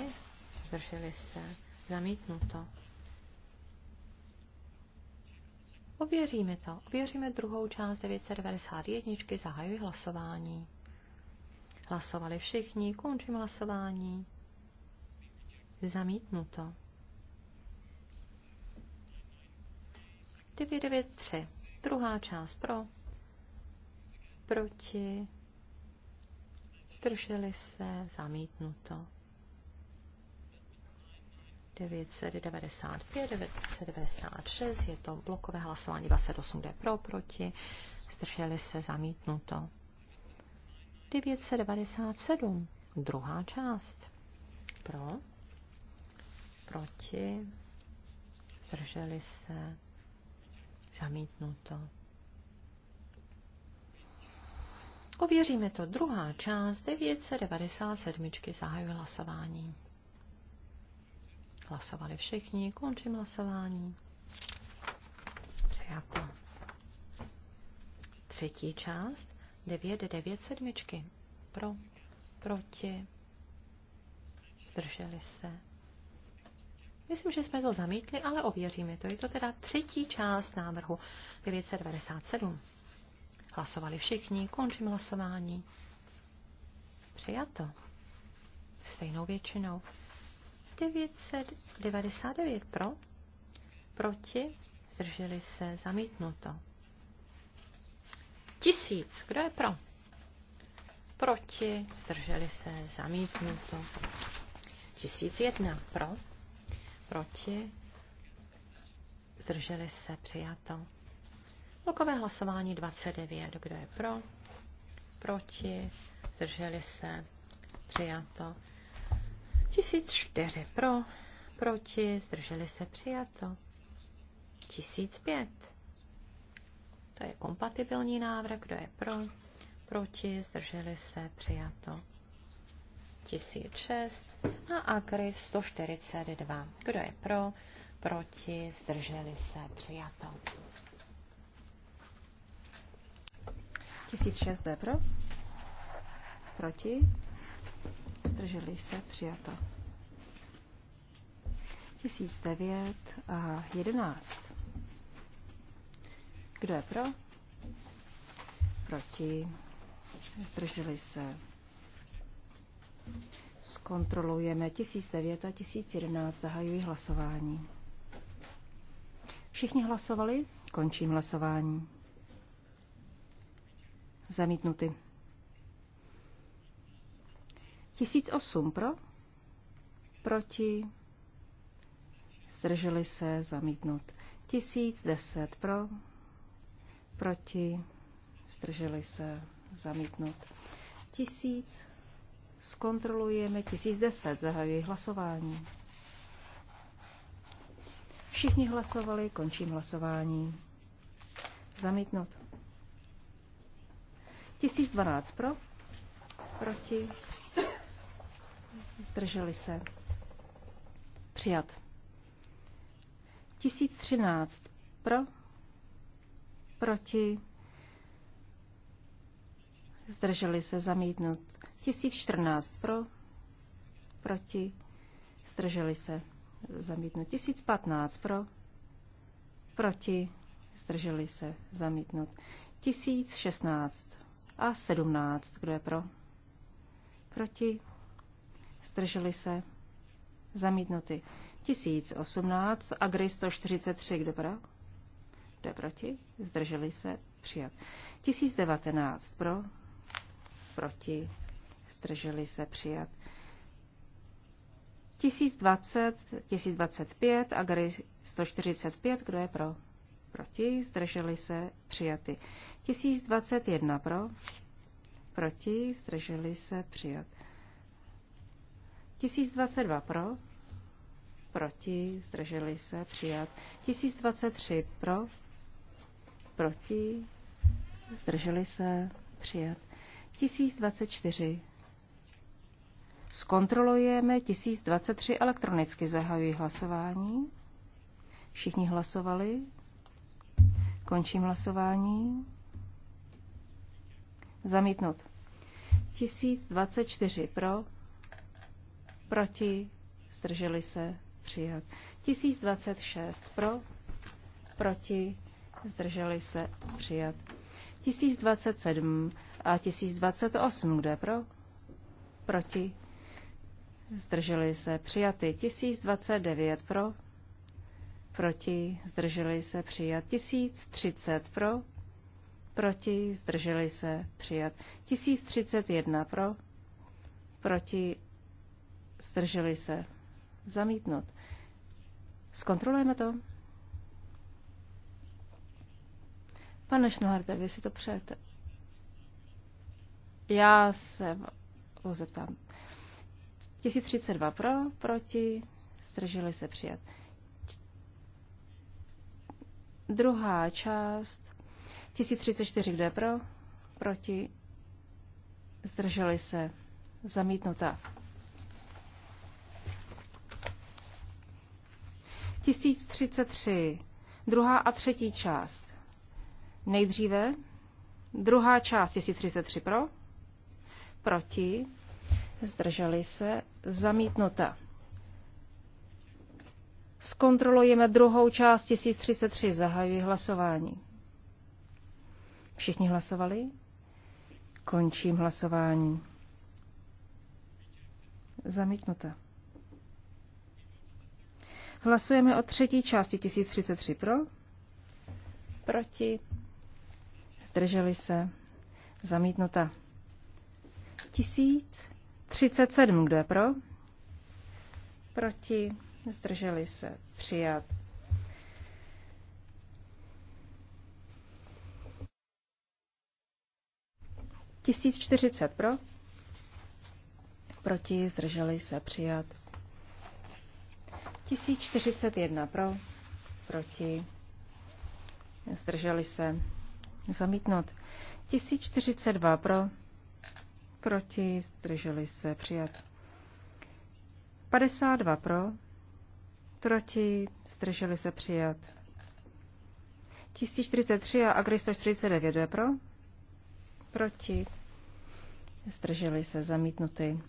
zdrželi se, zamítnuto. Ověříme to. Ověříme druhou část 991. Zahajuji hlasování. Hlasovali všichni. Končím hlasování. Zamítnuto. 993. Druhá část pro. Proti. Drželi se. Zamítnuto. 995, 996, je to blokové hlasování 28, kde pro, proti, zdrželi se, zamítnuto. 997, druhá část, pro, proti, zdrželi se, Zamítnuto. Ověříme to. Druhá část 997. Zahajuji hlasování. Hlasovali všichni. Končím hlasování. Přijato. Třetí část 997. Pro, proti, zdrželi se Myslím, že jsme to zamítli, ale ověříme to. Je to teda třetí část návrhu 997. Hlasovali všichni, končím hlasování. Přijato. Stejnou většinou. 999 pro, proti, zdrželi se, zamítnuto. Tisíc, kdo je pro? Proti, zdrželi se, zamítnuto. Tisíc jedna pro, proti, zdrželi se, přijato. Blokové hlasování 29, kdo je pro, proti, zdrželi se, přijato. 1004 pro, proti, zdrželi se, přijato. 1005. To je kompatibilní návrh, kdo je pro, proti, zdrželi se, přijato. 1006 a Akry 142. Kdo je pro? Proti? Zdrželi se? Přijato. 1006 je pro? Proti? Zdrželi se? Přijato. 1009 a 11. Kdo je pro? Proti? Zdrželi se? Zkontrolujeme 1009 a 1011. Zahajuji hlasování. Všichni hlasovali? Končím hlasování. Zamítnuty. 1008 pro? Proti? Zdrželi se zamítnut. 1010 pro? Proti? Zdrželi se zamítnut. 1000 Zkontrolujeme 1010. Zahajuji hlasování. Všichni hlasovali, končím hlasování. Zamítnout. 1012 pro, proti, zdrželi se. Přijat. 1013 pro, proti, zdrželi se zamítnut. 1014 pro, proti, zdrželi se, zamítnut. 1015 pro, proti, zdrželi se, zamítnut. 1016 a 17, kdo je pro, proti, zdrželi se, zamítnuty. 1018 a GRI 143, kdo pro, kdo je proti, zdrželi se, přijat. 1019 pro, proti, zdrželi se přijat. 1020, 1025 a 145, kdo je pro? Proti, zdrželi se přijaty. 1021 pro, proti, zdrželi se přijat. 1022 pro, proti, zdrželi se přijat. 1023 pro, proti, zdrželi se přijat. 1024 Zkontrolujeme 1023 elektronicky. Zahajuji hlasování. Všichni hlasovali. Končím hlasování. Zamítnut. 1024 pro, proti, zdrželi se, přijat. 1026 pro, proti, zdrželi se, přijat. 1027 a 1028, kde pro, proti, zdrželi se přijaty 1029 pro, proti, zdrželi se přijat 1030 pro, proti, zdrželi se přijat 1031 pro, proti, zdrželi se zamítnout. Zkontrolujeme to. Pane Šnoharte, vy si to přejete. Já se to zeptám. 1032 pro, proti, zdrželi se přijat. Druhá část, 1034 kde pro, proti, zdrželi se, zamítnuta. 1033, druhá a třetí část. Nejdříve druhá část 1033 pro, proti, zdrželi se, zamítnuta. Zkontrolujeme druhou část 1033, zahajuji hlasování. Všichni hlasovali? Končím hlasování. Zamítnuta. Hlasujeme o třetí části 1033 pro, proti, zdrželi se, zamítnuta. 1000 37, kdo je pro? Proti? Zdrželi se. Přijat. Tisíc čtyřicet pro. Proti zdrželi se přijat. Tisíc čtyřicet jedna pro. Proti zdrželi se zamítnout. Tisíc čtyřicet dva pro proti, zdrželi se přijat. 52 pro, proti, zdrželi se přijat. 1043 a Agri 149 je pro, proti, zdrželi se zamítnuty.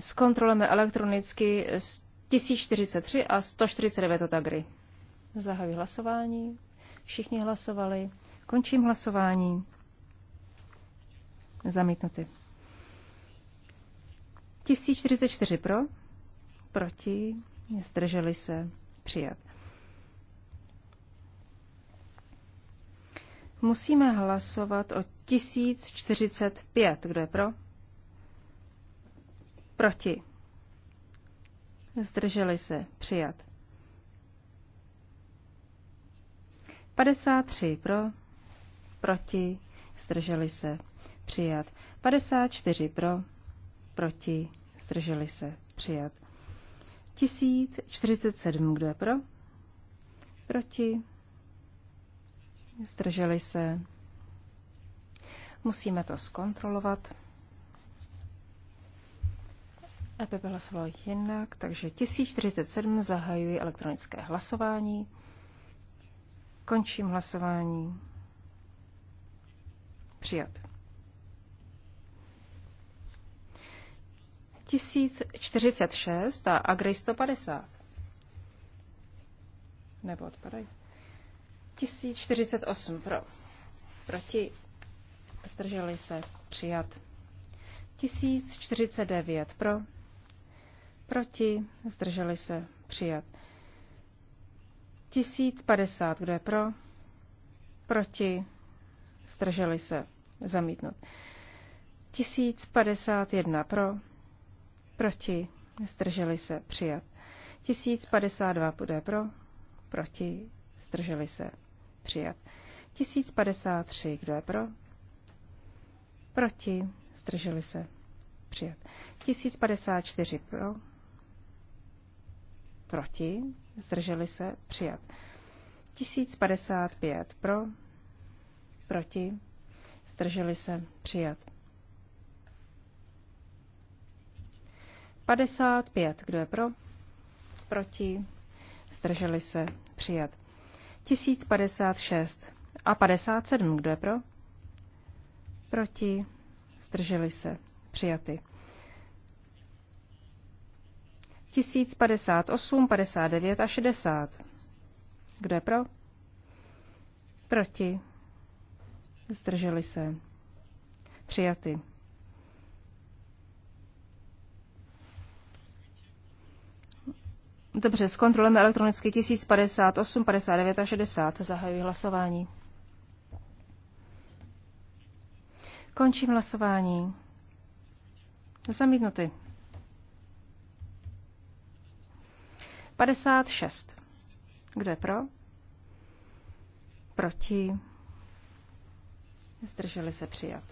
Zkontrolujeme elektronicky 1043 a 149 od Agri. Zahajuji hlasování. Všichni hlasovali. Končím hlasování. Zamítnuty. 1044 pro, proti, zdrželi se, přijat. Musíme hlasovat o 1045. Kdo je pro? Proti. Zdrželi se. Přijat. 53 pro. Proti. Zdrželi se přijat. 54 pro, proti, zdrželi se, přijat. 1047, kdo je pro, proti, zdrželi se. Musíme to zkontrolovat. Aby by hlasovalo jinak, takže 1047 zahajuji elektronické hlasování. Končím hlasování. Přijat. 1046 a Agri 150. Nebo odpadají. 1048 pro. Proti. Zdrželi se. Přijat. 1049 pro. Proti. Zdrželi se. Přijat. 1050. Kdo je pro? Proti. Zdrželi se. Zamítnut. 1051 pro Proti. Zdrželi se. Přijat. 1052 bude pro. Proti. Zdrželi se. Přijat. 1053. Kdo je pro? Proti. Zdrželi se. Přijat. 1054 pro. Proti. Zdrželi se. Přijat. 1055 pro. Proti. Zdrželi se. Přijat. 55. Kdo je pro? Proti? Zdrželi se? Přijat. 1056. A 57. Kdo je pro? Proti? Zdrželi se? Přijaty. 1058, 59 a 60. Kdo je pro? Proti? Zdrželi se? Přijaty. Dobře, zkontrolujeme elektronicky 1058, 59 a 60. Zahajuji hlasování. Končím hlasování. Zamítnuty. 56. Kdo je pro? Proti. Zdrželi se přijat.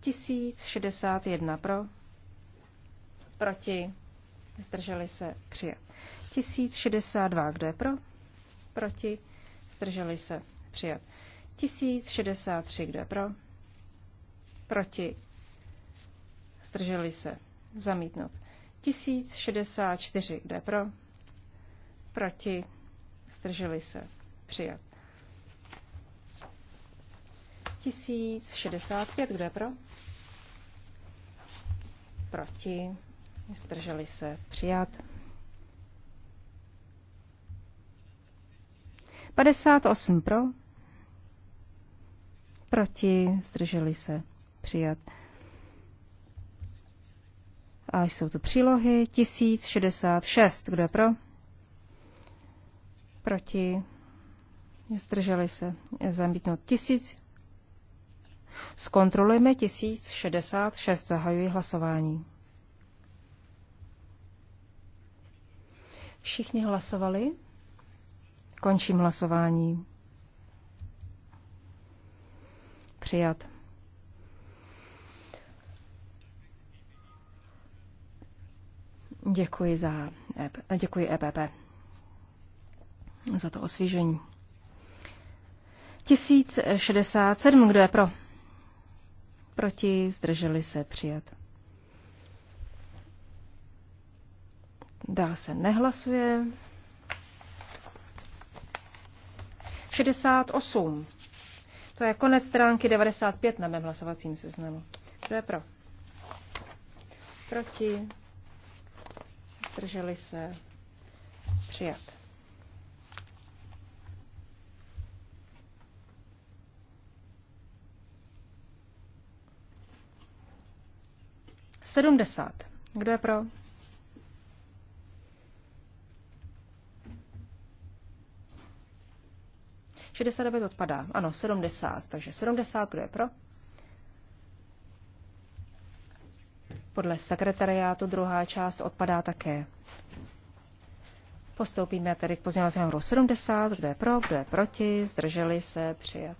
1061 pro. Proti zdrželi se přijat. 1062, kdo je pro, proti, zdrželi se přijat. 1063, kdo je pro, proti, zdrželi se zamítnout. 1064, kdo je pro, proti, zdrželi se přijat. 1065, kdo je pro? Proti. Zdrželi se přijat. 58 pro. Proti. Zdrželi se přijat. A jsou tu přílohy 1066. Kdo je pro? Proti. Zdrželi se. Zamítnout 1000. Zkontrolujeme 1066. Zahajuji hlasování. Všichni hlasovali? Končím hlasování. Přijat. Děkuji za e děkuji EPP za to osvěžení. 1067, kdo je pro? Proti, zdrželi se přijat. Dál se nehlasuje. 68. To je konec stránky 95 na mém hlasovacím seznamu. Kdo je pro? Proti? Zdrželi se? Přijat. Sedmdesát. Kdo je pro? 69 odpadá. Ano, 70. Takže 70, kdo je pro? Podle sekretariátu druhá část odpadá také. Postoupíme tedy k pozměňovacímu návrhu 70. Kdo je pro, kdo je proti, zdrželi se, přijat.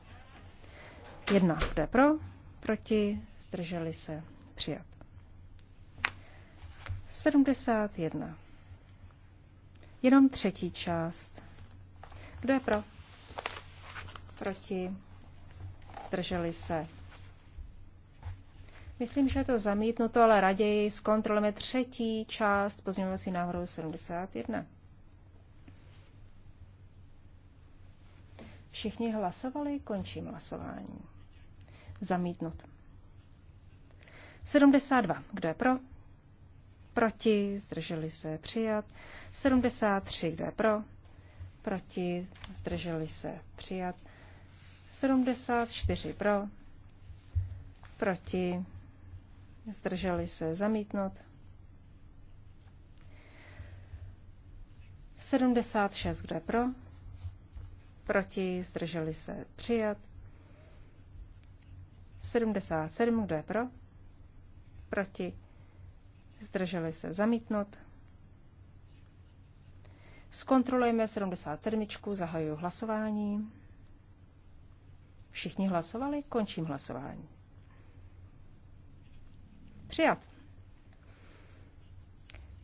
1. Kdo je pro, proti, zdrželi se, přijat. 71. Jenom třetí část. Kdo je pro? proti, zdrželi se. Myslím, že je to zamítnuto, ale raději zkontrolujeme třetí část pozměňovací návrhu 71. Všichni hlasovali, končím hlasování. Zamítnut. 72. Kdo je pro? Proti, zdrželi se, přijat. 73. Kdo je pro? Proti, zdrželi se, přijat. 74 pro, proti, zdrželi se zamítnout. 76, kdo je pro, proti, zdrželi se přijat. 77, kdo je pro, proti, zdrželi se zamítnout. Zkontrolujeme 77, zahajuji hlasování. Všichni hlasovali? Končím hlasování. Přijat.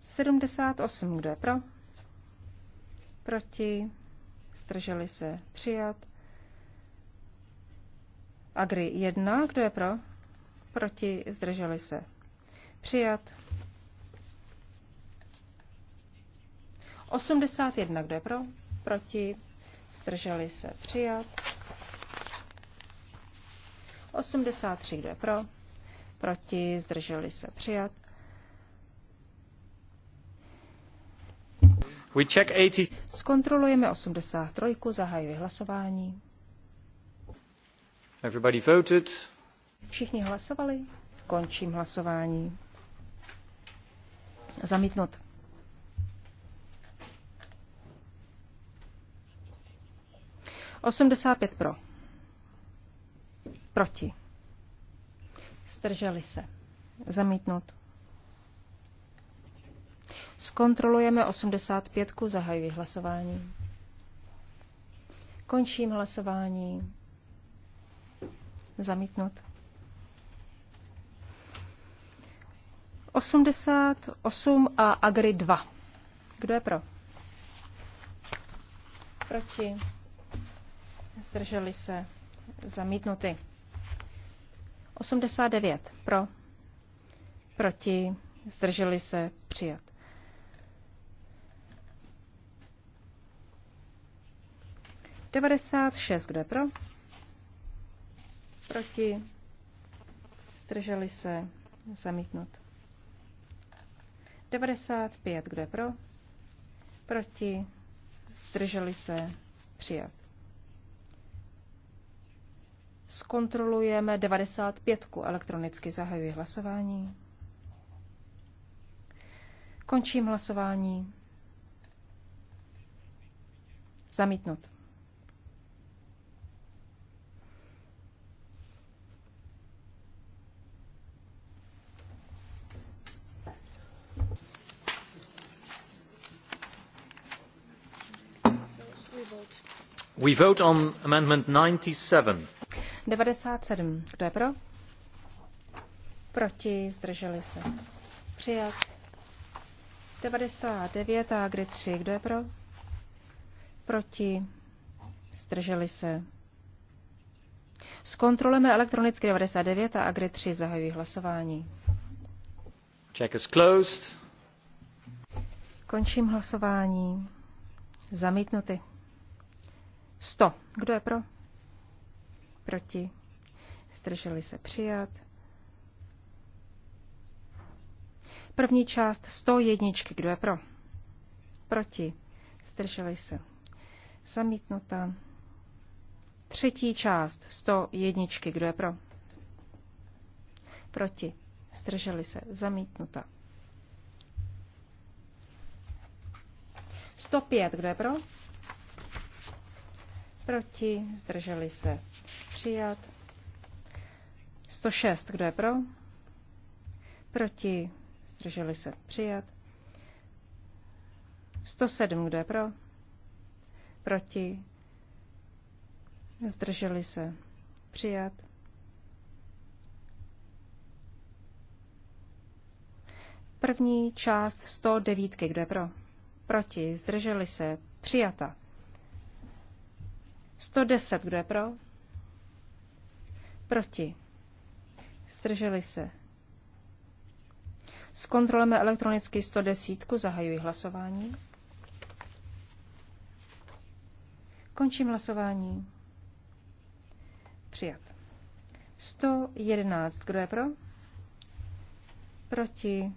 78. Kdo je pro? Proti? Strželi se? Přijat. Agri 1. Kdo je pro? Proti? Zdrželi se? Přijat. 81. Kdo je pro? Proti? Zdrželi se? Přijat. 83, kdo je pro? Proti, zdrželi se přijat. We check 80. Zkontrolujeme 83, zahajuji hlasování. Everybody voted. Všichni hlasovali, končím hlasování. Zamítnut. Osmdesát pět pro. Proti. Zdrželi se. Zamítnout. Zkontrolujeme 85. Zahajuji hlasování. Končím hlasování. Zamítnout. 88 a Agri 2. Kdo je pro? Proti. Zdrželi se. Zamítnuty. 89 pro, proti, zdrželi se, přijat. Devadesát šest, kdo je pro? Proti, zdrželi se, zamítnut. 95, kdo je pro? Proti, zdrželi se, přijat. Zkontrolujeme 95. Elektronicky zahajuji hlasování. Končím hlasování. Zamítnut. We vote on amendment 97. 97. Kdo je pro? Proti, zdrželi se. Přijat. 99 a kde 3. Kdo je pro? Proti, zdrželi se. Zkontrolujeme elektronicky 99 a Agri 3 zahajují hlasování. Check is closed. Končím hlasování. Zamítnuty. 100. Kdo je pro? proti, zdrželi se přijat. První část 101. Kdo je pro? Proti. Zdrželi se. Zamítnuta. Třetí část 101. Kdo je pro? Proti. Zdrželi se. Zamítnuta. 105. Kdo je pro? Proti. Zdrželi se. Přijat. 106. Kdo je pro? Proti. Zdrželi se. Přijat. 107. Kdo je pro? Proti. Zdrželi se. Přijat. První část 109. Kdo je pro? Proti. Zdrželi se. Přijata. 110. Kdo je pro? Proti. Zdrželi se. Zkontrolujeme elektronicky 110. Zahajuji hlasování. Končím hlasování. Přijat. 111. Kdo je pro? Proti.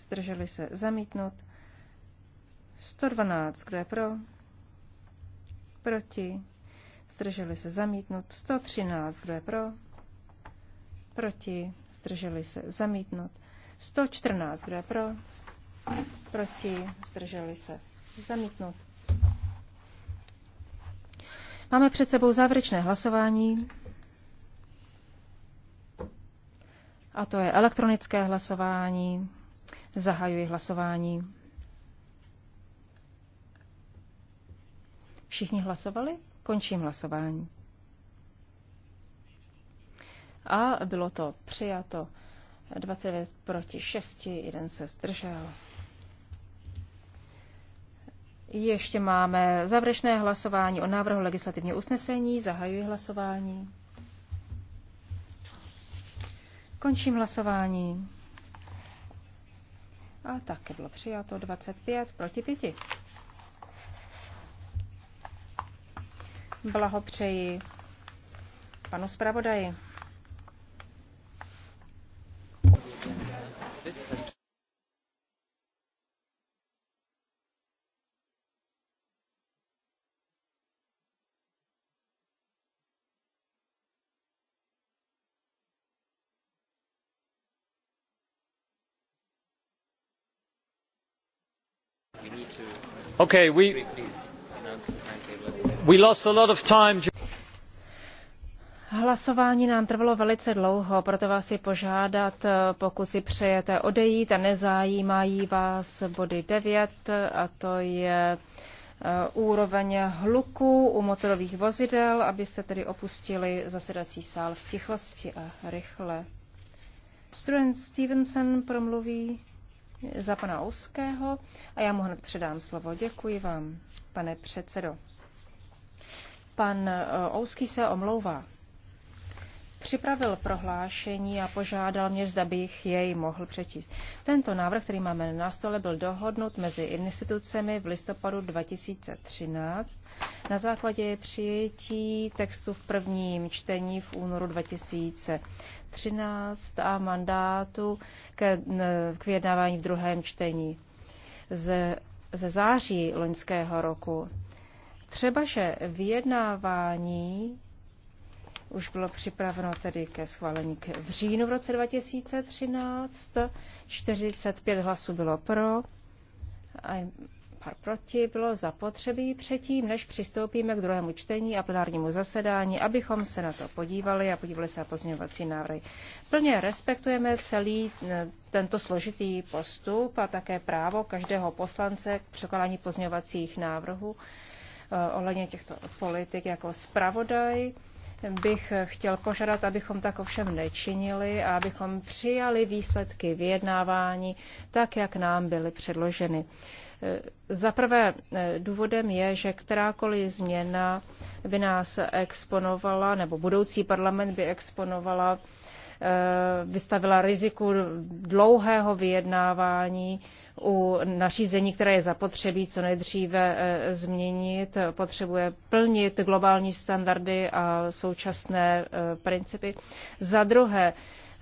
Zdrželi se. Zamítnut. 112. Kdo je pro? Proti zdrželi se zamítnut. 113, kdo je pro, proti, zdrželi se zamítnut. 114, kdo je pro, proti, zdrželi se zamítnut. Máme před sebou závěrečné hlasování. A to je elektronické hlasování. Zahajuji hlasování. Všichni hlasovali? Končím hlasování. A bylo to přijato 29 proti 6, jeden se zdržel. Ještě máme závěrečné hlasování o návrhu legislativního usnesení. Zahajuji hlasování. Končím hlasování. A také bylo přijato 25 proti 5. Blahopřeji panu zpravodaji. Okay, we Hlasování nám trvalo velice dlouho, proto vás si požádat, eh, pokud si přejete odejít a nezajímají vás body 9, a to je eh, úroveň hluku u motorových vozidel, aby se tedy opustili zasedací sál v tichosti a rychle. Student Stevenson promluví za pana Ouského a já mu hned předám slovo. Děkuji vám, pane předsedo. Pan eh, Ouský se omlouvá. Připravil prohlášení a požádal mě, zda bych jej mohl přečíst. Tento návrh, který máme na stole, byl dohodnut mezi institucemi v listopadu 2013 na základě přijetí textu v prvním čtení v únoru 2013 a mandátu k, k vyjednávání v druhém čtení. Z, ze září loňského roku Třeba, že vyjednávání už bylo připraveno tedy ke schválení k v říjnu v roce 2013. 45 hlasů bylo pro a pár proti bylo zapotřebí předtím, než přistoupíme k druhému čtení a plenárnímu zasedání, abychom se na to podívali a podívali se na pozměňovací návrhy. Plně respektujeme celý eh, tento složitý postup a také právo každého poslance k překládání pozměňovacích návrhů Eh, ohledně těchto politik jako zpravodaj bych chtěl požádat, abychom tak ovšem nečinili a abychom přijali výsledky vyjednávání tak, jak nám byly předloženy. Eh, za prvé eh, důvodem je, že kterákoliv změna by nás exponovala, nebo budoucí parlament by exponovala, vystavila riziku dlouhého vyjednávání u nařízení, které je zapotřebí co nejdříve eh, změnit, potřebuje plnit globální standardy a současné eh, principy. Za druhé,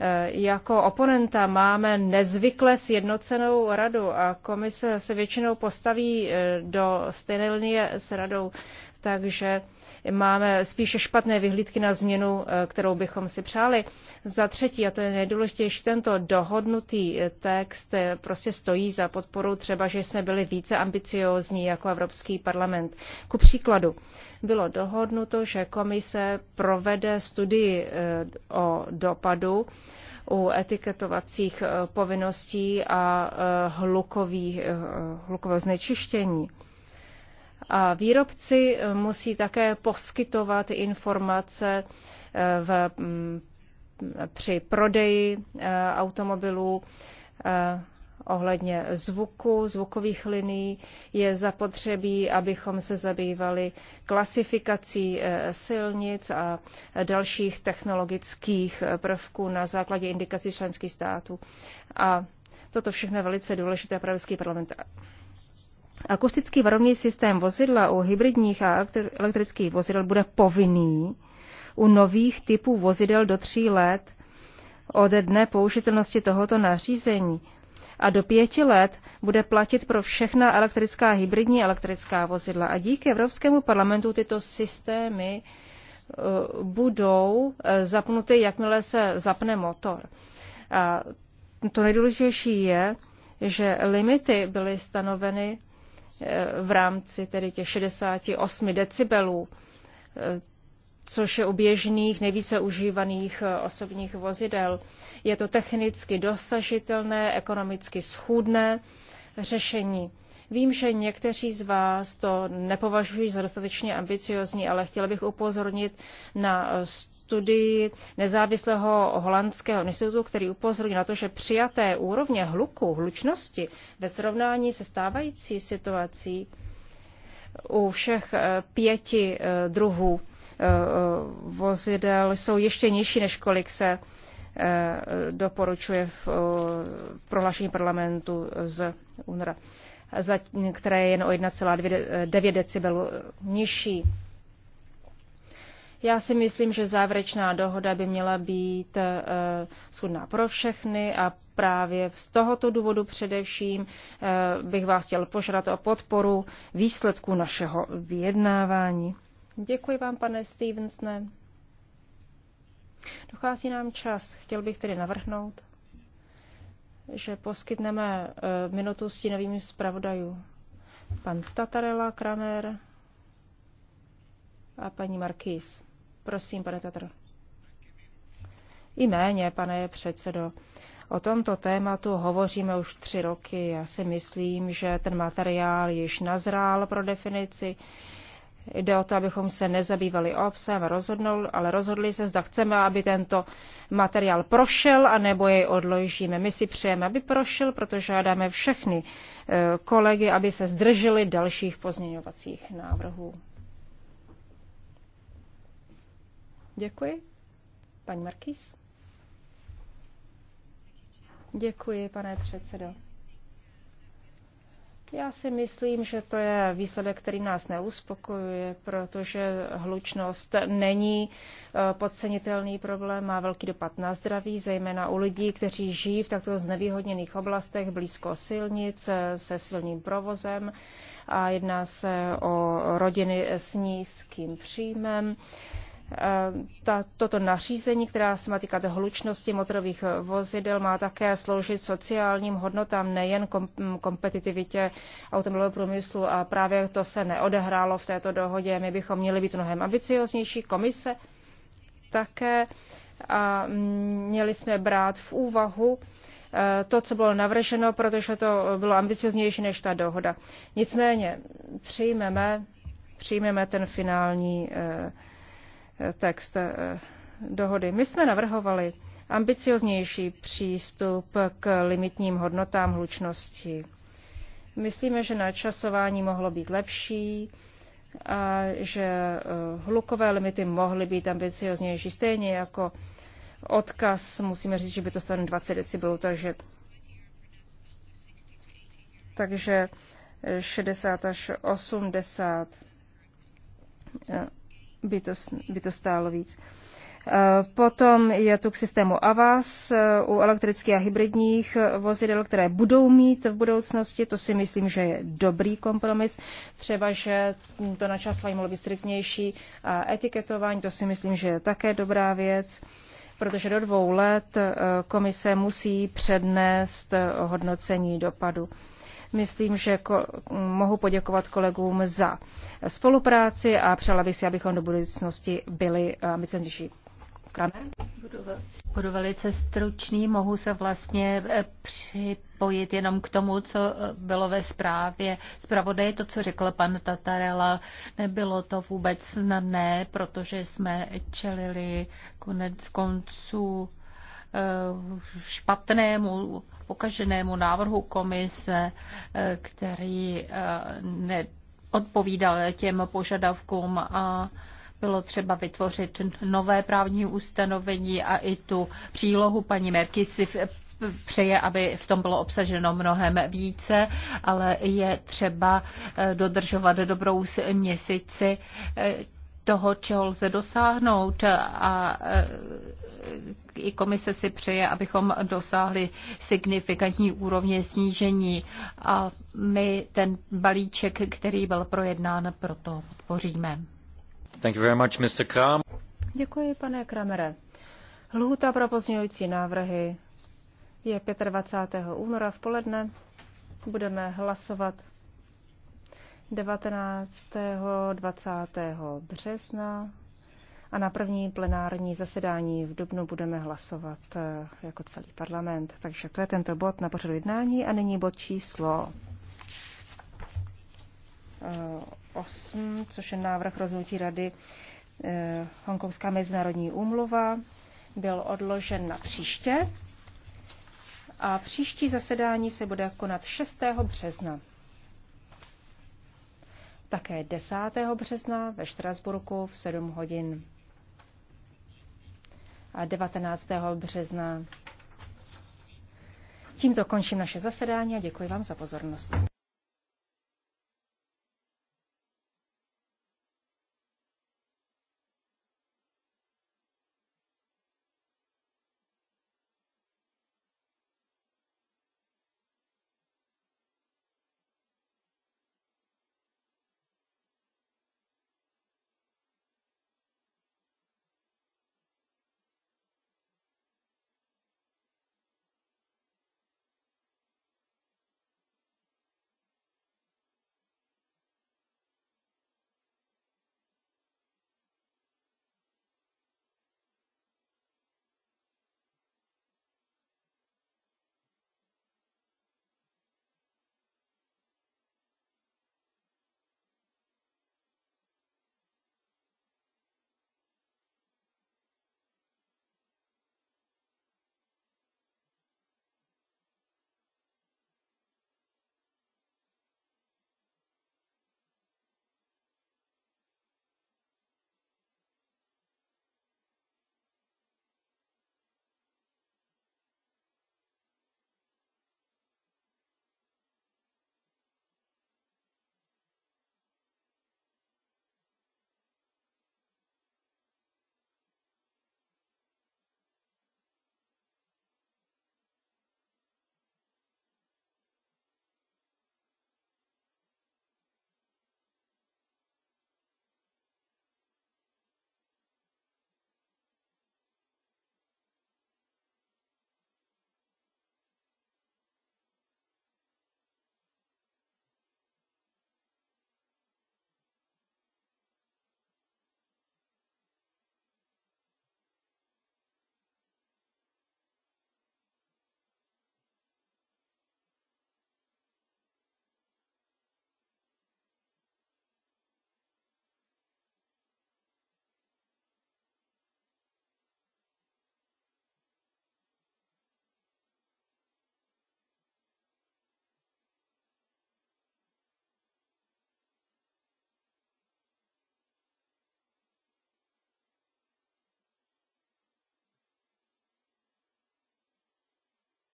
eh, jako oponenta máme nezvykle sjednocenou radu a komise se většinou postaví do stejné linie s radou, takže máme spíše špatné vyhlídky na změnu, eh, kterou bychom si přáli. Za třetí, a to je nejdůležitější, tento dohodnutý eh, text eh, prostě stojí za podporu třeba, že jsme byli více ambiciózní jako Evropský parlament. Ku příkladu, bylo dohodnuto, že komise provede studii o dopadu u etiketovacích povinností a hlukových, hlukového znečištění. A výrobci eh, musí také poskytovat informace eh, v, mm, při prodeji eh, automobilů ohledně zvuku, zvukových linií je zapotřebí, abychom se zabývali klasifikací silnic a dalších technologických prvků na základě indikací členských států. A toto všechno je velice důležité pro Evropský parlament. Akustický varovný systém vozidla u hybridních a elektrických vozidel bude povinný u nových typů vozidel do tří let od dne použitelnosti tohoto nařízení a do pěti let bude platit pro všechna elektrická hybridní elektrická vozidla. A díky Evropskému parlamentu tyto systémy e, budou e, zapnuty, jakmile se zapne motor. A to nejdůležitější je, že limity byly stanoveny v rámci tedy těch 68 decibelů, eh, což je u běžných nejvíce užívaných eh, osobních vozidel. Je to technicky dosažitelné, ekonomicky schůdné řešení. Vím, že někteří z vás to nepovažují za dostatečně ambiciozní, ale chtěla bych upozornit na eh, studii nezávislého holandského institutu, který upozorňuje na to, že přijaté úrovně hluku, hlučnosti ve srovnání se stávající situací u všech eh, pěti eh, druhů vozidel jsou ještě nižší, než kolik se doporučuje v prohlášení parlamentu z února které je jen o 1,9 decibelu nižší. Já si myslím, že závěrečná dohoda by měla být eh, sudná pro všechny a právě z tohoto důvodu především eh, bych vás chtěl požádat o podporu výsledku našeho vyjednávání. Děkuji vám, pane Stevensne. Dochází nám čas. Chtěl bych tedy navrhnout že poskytneme eh, minutu stínovým zpravodajům. Pan Tatarela, Kramer a paní Markýz. Prosím, pane Tatar. I méně, pane předsedo. O tomto tématu hovoříme už tři roky. Já si myslím, že ten materiál již nazrál pro definici Jde o to, abychom se nezabývali obsahem, rozhodnul, ale rozhodli se, zda chceme, aby tento materiál prošel, anebo jej odložíme. My si přejeme, aby prošel, protože žádáme všechny eh, kolegy, aby se zdrželi dalších pozměňovacích návrhů. Děkuji. Paní Markýs. Děkuji, pane předsedo. Já si myslím, že to je výsledek, který nás neuspokojuje, protože hlučnost není eh, podcenitelný problém, má velký dopad na zdraví, zejména u lidí, kteří žijí v takto znevýhodněných oblastech blízko silnic eh, se silným provozem a jedná se o rodiny s nízkým příjmem Eh, ta, toto nařízení, která se má týkat hlučnosti motorových vozidel, má také sloužit sociálním hodnotám, nejen kom, mm, kompetitivitě automobilového průmyslu a právě to se neodehrálo v této dohodě. My bychom měli být mnohem ambicioznější komise také a měli jsme brát v úvahu eh, to, co bylo navrženo, protože to bylo ambicioznější než ta dohoda. Nicméně přijmeme, přijmeme ten finální eh, text eh, dohody. My jsme navrhovali ambicioznější přístup k limitním hodnotám hlučnosti. Myslíme, že načasování mohlo být lepší, a že eh, hlukové limity mohly být ambicioznější. Stejně jako odkaz, musíme říct, že by to stalo 20 decibelů, takže, takže 60 až 80 by to, by to stálo víc. Eh, potom je tu k systému AVAS eh, u elektrických a hybridních eh, vozidel, které budou mít v budoucnosti. To si myslím, že je dobrý kompromis. Třeba, že to načasování mohlo být striktnější a etiketování, to si myslím, že je také dobrá věc protože do dvou let komise musí přednést hodnocení dopadu. Myslím, že mohu poděkovat kolegům za spolupráci a přála bych si, abychom do budoucnosti byli eh, myslnější. Kramer? Budu velice stručný, mohu se vlastně eh, připojit jenom k tomu, co eh, bylo ve zprávě. Zpravodaj to, co řekl pan Tatarela, nebylo to vůbec snadné, protože jsme čelili konec konců špatnému, pokaženému návrhu komise, který eh, neodpovídal těm požadavkům a bylo třeba vytvořit nové právní ustanovení a i tu přílohu paní Merky si přeje, aby v tom bylo obsaženo mnohem více, ale je třeba eh, dodržovat dobrou měsíci eh, toho, čeho lze dosáhnout a i komise si přeje, abychom dosáhli signifikantní úrovně snížení a my ten balíček, který byl projednán, proto podpoříme. Thank you very much, Mr. Kram. Děkuji, pane Kramere. Lhuta pro pozdějující návrhy je 25. února v poledne. Budeme hlasovat 19. 20. března a na první plenární zasedání v Dubnu budeme hlasovat eh, jako celý parlament. Takže to je tento bod na pořadu jednání a nyní bod číslo 8, eh, což je návrh rozhodnutí Rady eh, Hongkongská mezinárodní úmluva, byl odložen na příště. A příští zasedání se bude konat 6. března. Také 10. března ve Štrasburku v 7 hodin a 19. března. Tímto končím naše zasedání a děkuji vám za pozornost.